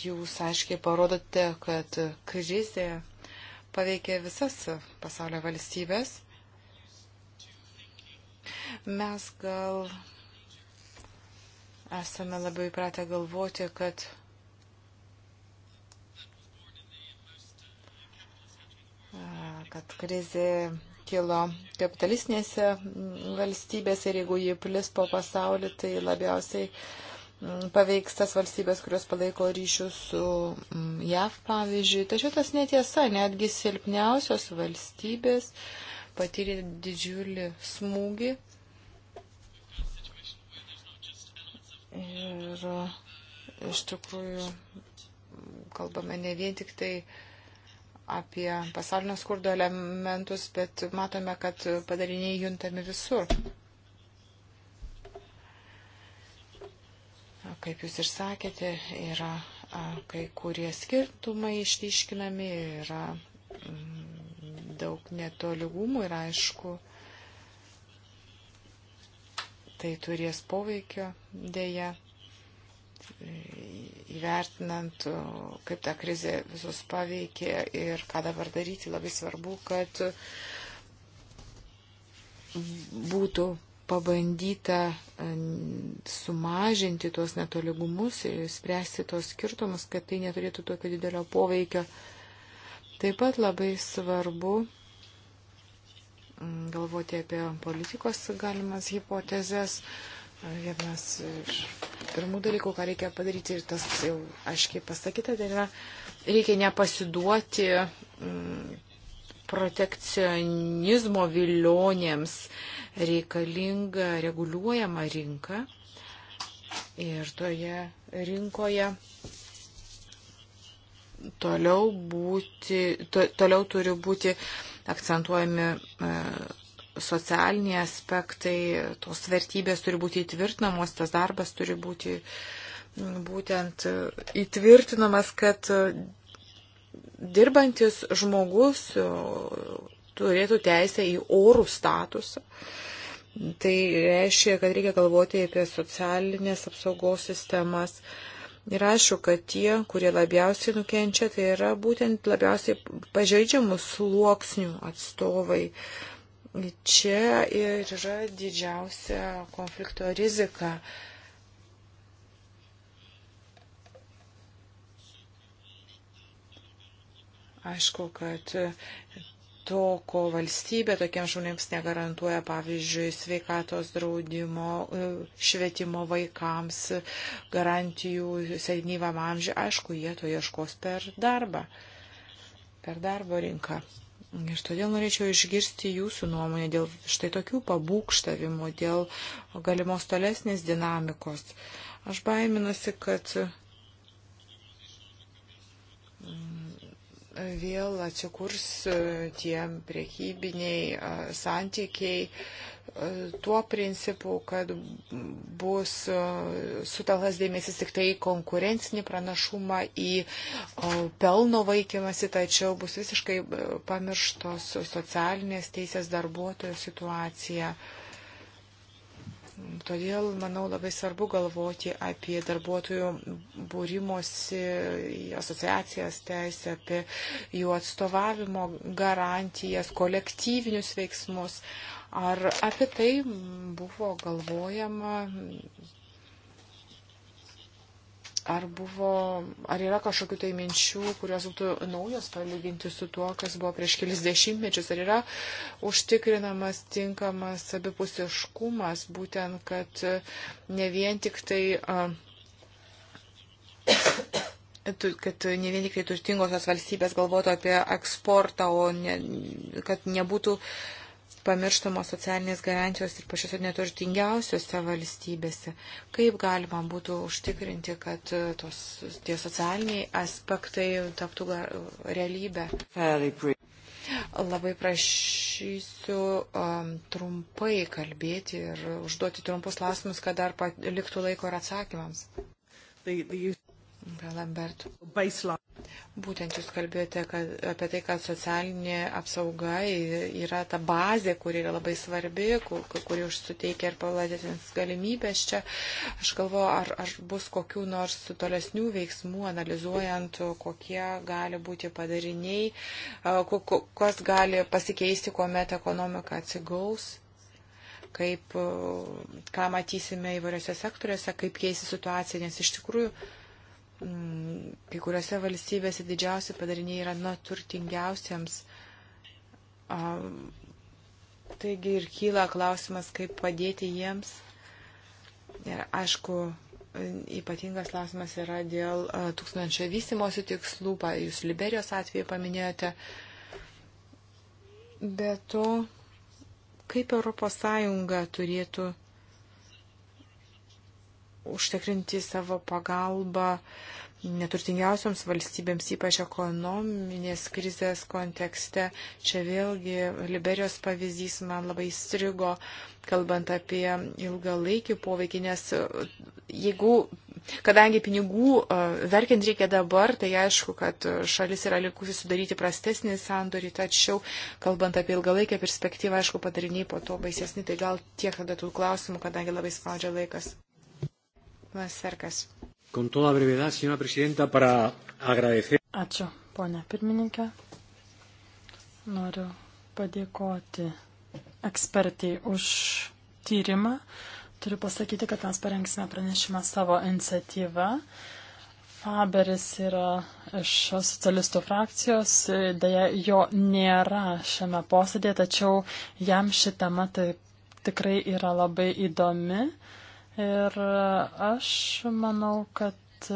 Jūs aiškiai parodote, kad krizė paveikė visas pasaulio valstybės. Mes gal esame labai pratę galvoti, kad kad krizė kilo kapitalistinėse valstybėse ir jeigu jį plis po pasaulį, tai labiausiai mm, paveiks tas valstybės, kurios palaiko ryšius su mm, JAV, pavyzdžiui. Tačiau tas netiesa, netgi silpniausios valstybės patyrė didžiulį smūgį. Ir iš tikrųjų kalbame ne vien tik tai uh, apie pasaulinio skurdo elementus, bet matome, kad padariniai juntami visur. Kaip jūs ir sakėte, yra kai kurie skirtumai išryškinami, yra mm, daug netolygumų ir aišku, tai turės poveikio dėja įvertinant, kaip ta krizė visus paveikė ir ką dabar daryti, labai svarbu, kad būtų pabandyta e, sumažinti tuos netoligumus ir spręsti tuos skirtumus, kad tai neturėtų tokio didelio poveikio. Taip pat labai svarbu mm, galvoti apie politikos galimas hipotezes. Uh, Vienas iš pirmų dalykų, ką reikia padaryti, ir tas jau aiškiai pasakyta, tai yra, reikia nepasiduoti mm, protekcionizmo vilionėms reikalinga reguliuojama rinka. Ir toje rinkoje toliau, būti, to, toliau turi būti akcentuojami. E, socialiniai aspektai, tos vertybės turi būti įtvirtinamos, tas darbas turi būti būtent e, įtvirtinamas, kad e, dirbantis žmogus e, turėtų teisę į orų statusą. Tai reiškia, kad reikia galvoti apie socialinės apsaugos sistemas. Ir aišku, kad tie, kurie labiausiai nukenčia, tai yra būtent labiausiai pažeidžiamų sluoksnių atstovai. Uh, Čia ir yra didžiausia konflikto rizika. Aišku, kad to, ko valstybė tokiems žmonėms negarantuoja, pavyzdžiui, sveikatos draudimo, švietimo vaikams, garantijų senyvam amžiui, aišku, jie to ieškos per darbą, per darbo rinką. Iš todėl norėčiau išgirsti jūsų nuomonę dėl štai tokių pabūkštavimų, dėl galimos tolesnės dinamikos. Aš baiminuosi, kad mm, vėl atsikurs e, tie priekybiniai santykiai tuo principu, kad bus e, sutelktas dėmesys tik tai konkurencinį pranašumą į pelno vaikymasi, tačiau bus visiškai e, pamirštos socialinės teisės darbuotojų situacija. Todėl, manau, labai svarbu galvoti apie darbuotojų būrimosi asociacijas teisę, apie jų atstovavimo garantijas, kolektyvinius veiksmus. Uh, Ar apie tai buvo galvojama ar buvo, ar yra kažkokių tai minčių, kurios būtų naujos palyginti su tuo, kas buvo prieš kelis dešimtmečius, ar yra užtikrinamas tinkamas abipusiškumas, būtent, kad ne vien tik tai. kad ne vien tik tai turtingosios valstybės galvotų apie eksportą, o ne, kad nebūtų uh, pamirštamos socialinės garantijos ir pačiose neturtingiausiose valstybėse. Kaip galima būtų užtikrinti, kad e, tos, tie socialiniai aspektai taptų realybę? Labai prašysiu um, trumpai kalbėti ir užduoti trumpus klausimus, kad dar liktų laiko ir atsakymams. The, the... Lambert. Būtent jūs kalbėjote kad, apie tai, kad socialinė apsauga yra ta bazė, kuri yra labai svarbi, kuri, kuri užsuteikia ir paladėtins galimybės čia. Aš galvoju, ar, ar bus kokių nors tolesnių veiksmų, analizuojant, kokie gali būti padariniai, kas gali pasikeisti, kuomet ekonomika atsigaus kaip, ką matysime įvairiose sektoriuose, kaip keisi situacija, nes iš tikrųjų Mm, kai kuriuose valstybėse didžiausi padariniai yra nuo turtingiausiems. Taigi ir kyla klausimas, kaip padėti jiems. Ir aišku, ypatingas klausimas yra dėl tūkstančio vystimosi tikslų, jūs Liberijos atveju paminėjote. Be to, kaip ES turėtų užtikrinti savo pagalbą neturtingiausioms valstybėms, ypač ekonominės krizės kontekste. Čia vėlgi Liberijos pavyzdys man labai strigo, kalbant apie ilgalaikį poveikį, nes e, jeigu, kadangi pinigų e, verkiant reikia dabar, tai aišku, kad šalis yra likusi sudaryti prastesnį sandorį, tačiau kalbant apie ilgalaikę perspektyvą, aišku, padariniai po to baisesni, tai gal tiek tada tų klausimų, kadangi labai spaudžia laikas. Mas Serkas. Con toda brevedad, señora presidenta, para agradecer. Ačiū, ponia pirmininkė. Noriu padėkoti ekspertai už tyrimą. Turiu pasakyti, kad mes parengsime pranešimą savo iniciatyvą. Faberis yra iš socialistų frakcijos, dėja jo nėra šiame posėdėje, tačiau jam ši tema tai tikrai yra labai įdomi. Uh, Ir aš manau, kad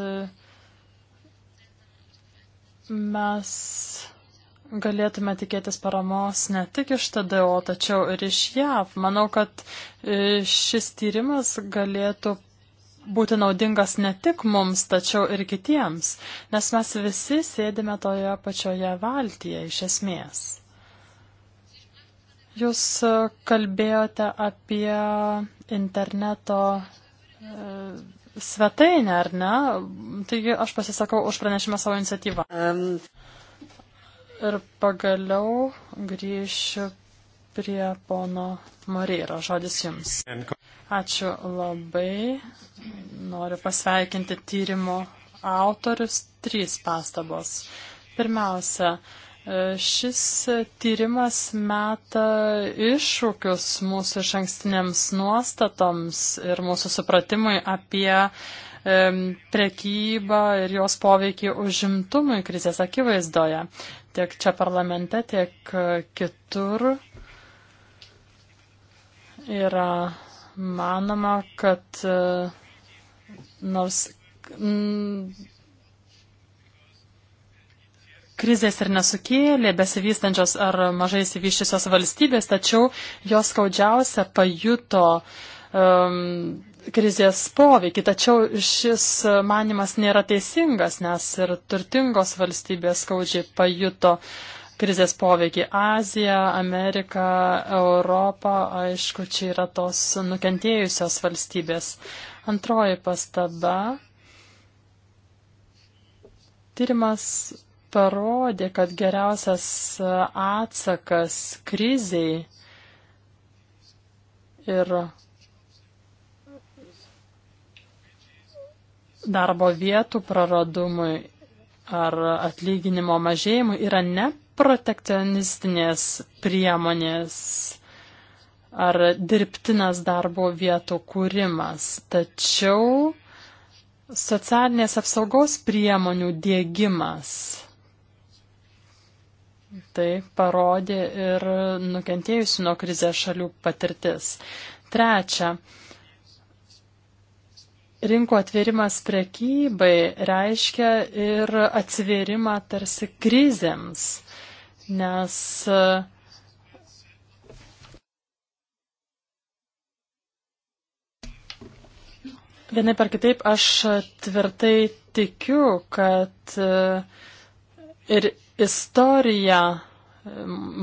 mes galėtume tikėtis paramos ne tik iš TDO, tačiau ir iš JAV. Manau, kad e, šis tyrimas galėtų būti naudingas ne tik mums, tačiau ir kitiems, nes mes visi sėdime toje pačioje valtyje iš esmės. Jūs e, kalbėjote apie interneto e, svetainę, ar ne? Taigi aš pasisakau už pranešimą savo iniciatyvą. Ir pagaliau grįšiu prie pono Moreiro. Žodis jums. Ačiū labai. Noriu pasveikinti tyrimo autorius. Trys pastabos. Pirmiausia, Šis tyrimas meta iššūkius mūsų iš ankstinėms nuostatoms ir mūsų supratimui apie prekybą ir jos poveikį užimtumui krizės akivaizdoje. Tiek čia parlamente, tiek e, kitur yra manoma, kad e, nors krizės ir nesukėlė besivystančios ar mažai įsivyščiusios valstybės, tačiau jos skaudžiausia pajuto um, krizės poveikį. Tačiau šis manimas nėra teisingas, nes ir turtingos valstybės skaudžiai pajuto krizės poveikį. Azija, Amerika, Europa, aišku, čia yra tos nukentėjusios valstybės. Antroji pastaba. Tyrimas parodė, kad geriausias atsakas kriziai ir darbo vietų praradumui ar atlyginimo mažėjimui yra ne protekcionistinės priemonės ar dirbtinas darbo vietų kūrimas, tačiau socialinės apsaugos priemonių dėgymas. Tai parodė ir nukentėjusių nuo krizės šalių patirtis. Trečia, rinkų atvėrimas prekybai reiškia ir atsvėrimą tarsi krizėms, nes vienai par kitaip aš tvirtai tikiu, kad e, ir Istorija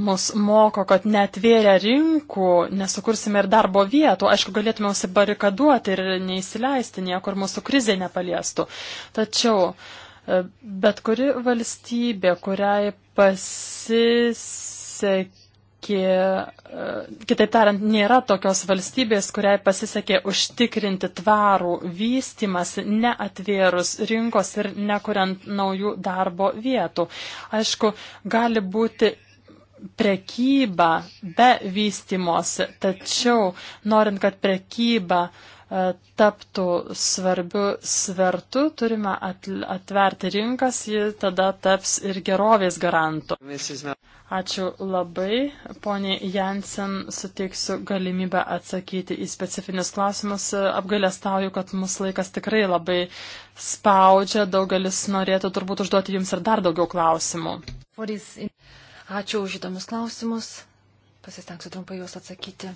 mus moko, kad netvėrę rinkų nesukursime ir darbo vietų. Aišku, galėtume užsibarikaduoti ir neįsileisti niekur mūsų krizė nepaliestų. Tačiau e, bet kuri valstybė, kuriai pasisekė pasisekė, kitaip tariant, nėra tokios valstybės, kuriai pasisekė užtikrinti tvarų vystimasi, neatvėrus rinkos ir nekuriant naujų darbo vietų. Aišku, gali būti prekyba be vystimosi, tačiau norint, kad prekyba e, taptų svarbiu svertu, turime atverti rinkas, ji tada taps ir gerovės garantu. Ačiū labai. Pone Jansen, suteiksiu galimybę atsakyti į specifinius klausimus. Apgalėstauju, kad mūsų laikas tikrai labai spaudžia. Daugelis norėtų turbūt užduoti jums ir dar daugiau klausimų. Ačiū už įdomius klausimus. Pasistengsiu trumpai juos atsakyti.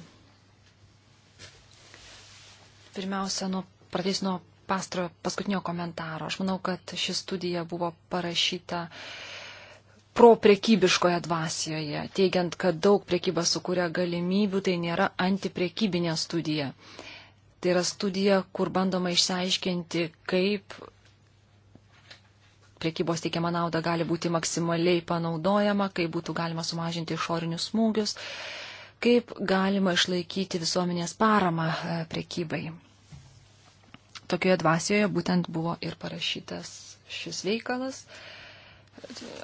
Pirmiausia, nu, pradėsiu nuo pastarojo paskutinio komentaro. Aš manau, kad ši studija buvo parašyta uh, proprekybiškoje dvasioje, teigiant, kad daug priekyba sukuria galimybių, tai nėra antipriekybinė studija. Tai yra studija, kur bandoma išsiaiškinti, kaip priekybos teikiama nauda gali būti maksimaliai panaudojama, kaip būtų galima sumažinti išorinius smūgius, kaip galima išlaikyti visuomenės paramą e, priekybai. Tokioje dvasioje būtent buvo ir parašytas šis veikalas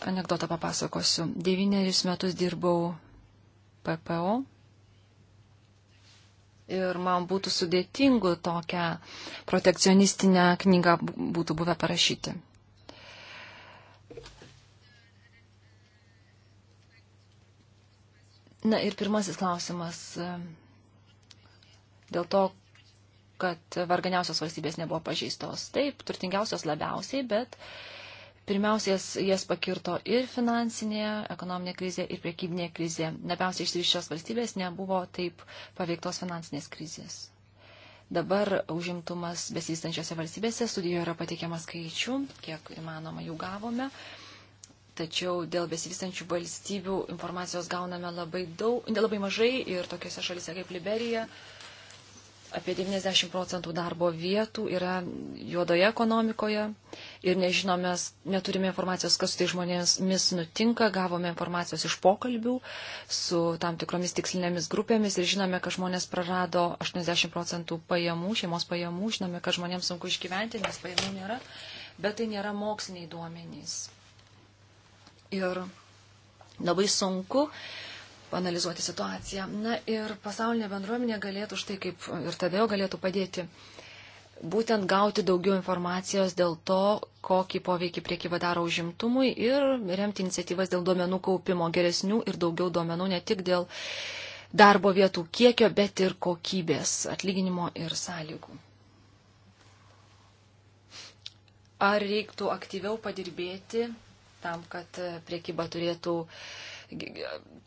anegdotą papasakosiu. Devynerius metus dirbau PPO ir man būtų sudėtingu tokią protekcionistinę knygą būtų buvę parašyti. Na ir pirmasis klausimas e, dėl to, kad varganiausios valstybės nebuvo pažįstos. Taip, turtingiausios labiausiai, bet uh, Pirmiausia, jas, jas pakirto ir finansinė, ekonominė krizė, ir priekybinė krizė. Labiausiai išsivyščios valstybės nebuvo taip paveiktos finansinės krizės. Dabar užimtumas besivystančiose valstybėse studijoje yra pateikiamas skaičių, kiek įmanoma jų gavome. Tačiau dėl besivystančių valstybių informacijos gauname labai, daug, labai mažai ir tokiose šalise kaip Liberija, uh, apie 90 procentų darbo vietų yra juodoje ekonomikoje ir nežinome, neturime informacijos, kas su tai žmonėmis nutinka, gavome informacijos iš pokalbių su tam tikromis tikslinėmis grupėmis ir žinome, kad žmonės prarado 80 procentų pajamų, šeimos pajamų, žinome, kad žmonėms sunku išgyventi, nes pajamų nėra, bet tai nėra moksliniai duomenys. Ir labai sunku uh, analizuoti situaciją. Na ir pasaulinė bendruomenė galėtų štai kaip ir tada jau galėtų padėti būtent gauti daugiau informacijos dėl to, kokį poveikį priekyba daro užimtumui ir remti iniciatyvas dėl duomenų kaupimo geresnių ir daugiau duomenų ne tik dėl darbo vietų kiekio, bet ir kokybės, atlyginimo ir sąlygų. Ar reiktų aktyviau padirbėti tam, kad priekyba turėtų uh,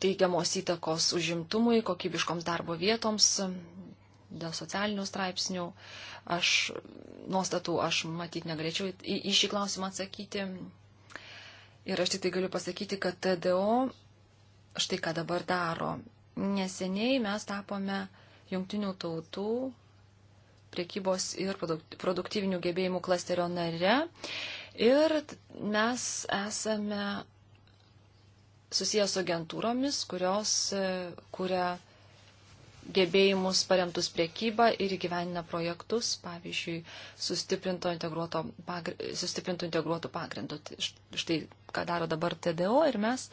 teigiamos įtakos užimtumui, kokybiškoms darbo vietoms, dėl socialinių straipsnių. Aš nuostatų, aš matyt negalėčiau į, į šį klausimą atsakyti. Ir aš tik tai galiu pasakyti, kad TDO štai ką dabar daro. Neseniai mes tapome jungtinių tautų priekybos ir produktyvinių gebėjimų klasterio nare. Ir mes esame susijęs su agentūromis, kurios e, kuria gebėjimus paremtus priekybą ir įgyvenina projektus, pavyzdžiui, sustiprinto integruoto, pagri... sustiprinto integruoto pagrindu. Tai štai ką daro dabar TDO ir mes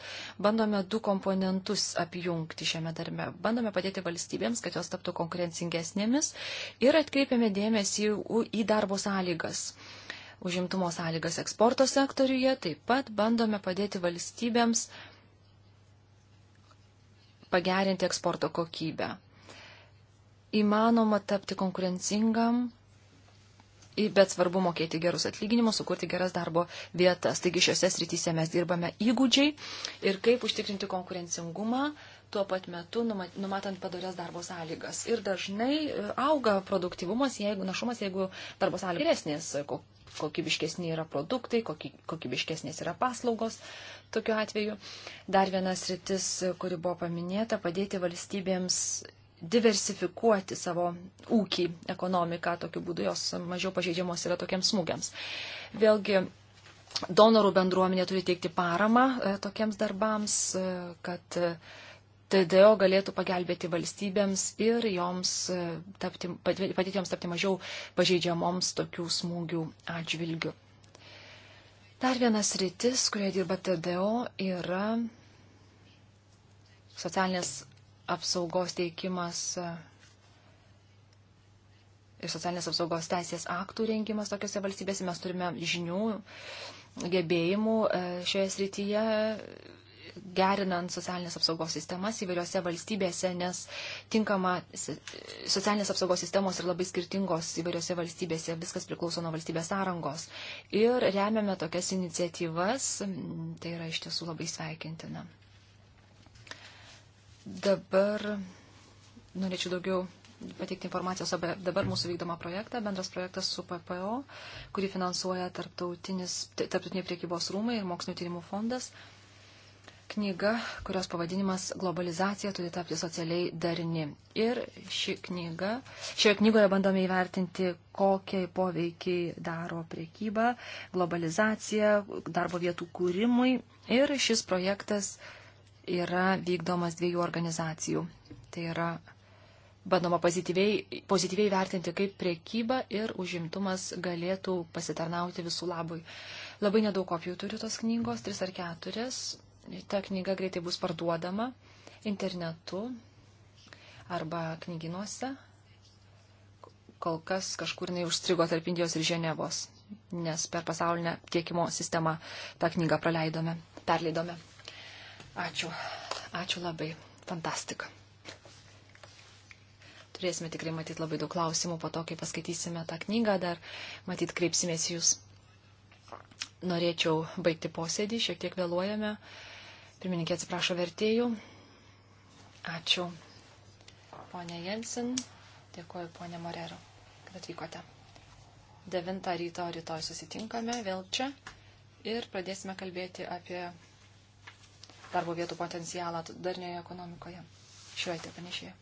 bandome du komponentus apjungti šiame darbe. Bandome padėti valstybėms, kad jos taptų konkurencingesnėmis ir atkreipiame dėmesį į darbo sąlygas. Užimtumo sąlygas eksporto sektoriuje taip pat bandome padėti valstybėms pagerinti eksporto kokybę. Įmanoma tapti konkurencingam, bet svarbu mokėti gerus atlyginimus, sukurti geras darbo vietas. Taigi šiuose srityse mes dirbame įgūdžiai ir kaip užtikrinti konkurencingumą tuo pat metu numatant padorias darbo sąlygas. Ir dažnai e, auga produktivumas, jeigu našumas, jeigu darbo sąlygos geresnės, kokybiškesni yra produktai, kokybiškesnės yra paslaugos tokiu atveju. Dar vienas rytis, kuri buvo paminėta, padėti valstybėms diversifikuoti savo ūkį, ekonomiką, tokiu būdu jos mažiau pažeidžiamos yra tokiems smūgiams. Vėlgi, donorų bendruomenė turi teikti paramą e, tokiems darbams, e, kad e, TDO galėtų pagelbėti valstybėms ir joms e, tapti, padėti joms tapti mažiau pažeidžiamoms tokių smūgių atžvilgių. Dar vienas rytis, kurioje dirba TDO, yra socialinės apsaugos teikimas e, ir socialinės apsaugos teisės aktų rengimas tokiuose valstybėse. Mes turime žinių, gebėjimų e, šioje srityje gerinant socialinės apsaugos sistemas įvairiose valstybėse, nes tinkama socialinės apsaugos sistemos yra labai skirtingos įvairiose valstybėse, viskas priklauso nuo valstybės sąrangos. Ir remiame tokias iniciatyvas, tai yra iš tiesų labai sveikintina. Dabar norėčiau daugiau pateikti informacijos apie dabar mūsų vykdomą projektą, bendras projektas su PPO, kurį finansuoja tarptautinis, tarptautiniai priekybos rūmai ir mokslinio tyrimų fondas knyga, kurios pavadinimas Globalizacija turi tapti socialiai darni. Ir ši knyga, šioje knygoje bandome įvertinti, kokie poveikiai daro priekyba, globalizacija, darbo vietų kūrimui. Ir šis projektas yra vykdomas dviejų organizacijų. Tai yra bandoma pozityviai, pozityviai vertinti, kaip priekyba ir užimtumas galėtų pasitarnauti visų labui. Labai nedaug kopijų turiu tos knygos, tris ar keturias ta knyga greitai bus parduodama internetu arba knyginuose. Kol kas kažkur jinai užstrigo tarp Indijos ir Ženevos, nes per pasaulinę tiekimo sistemą tą knygą praleidome, perleidome. Ačiū. Ačiū labai. Fantastika. Turėsime tikrai matyti labai daug klausimų, po to, kai paskaitysime tą knygą, dar matyti kreipsimės jūs. Norėčiau baigti posėdį, šiek tiek vėluojame. Pirmininkė atsiprašo vertėjų. Ačiū, ponė Jensen. Dėkuoju, ponė Morero, kad atvykote. 9 ryto rytoj susitinkame vėl čia ir pradėsime kalbėti apie darbo vietų potencialą darnioje ekonomikoje. Šiuo atveju panašiai.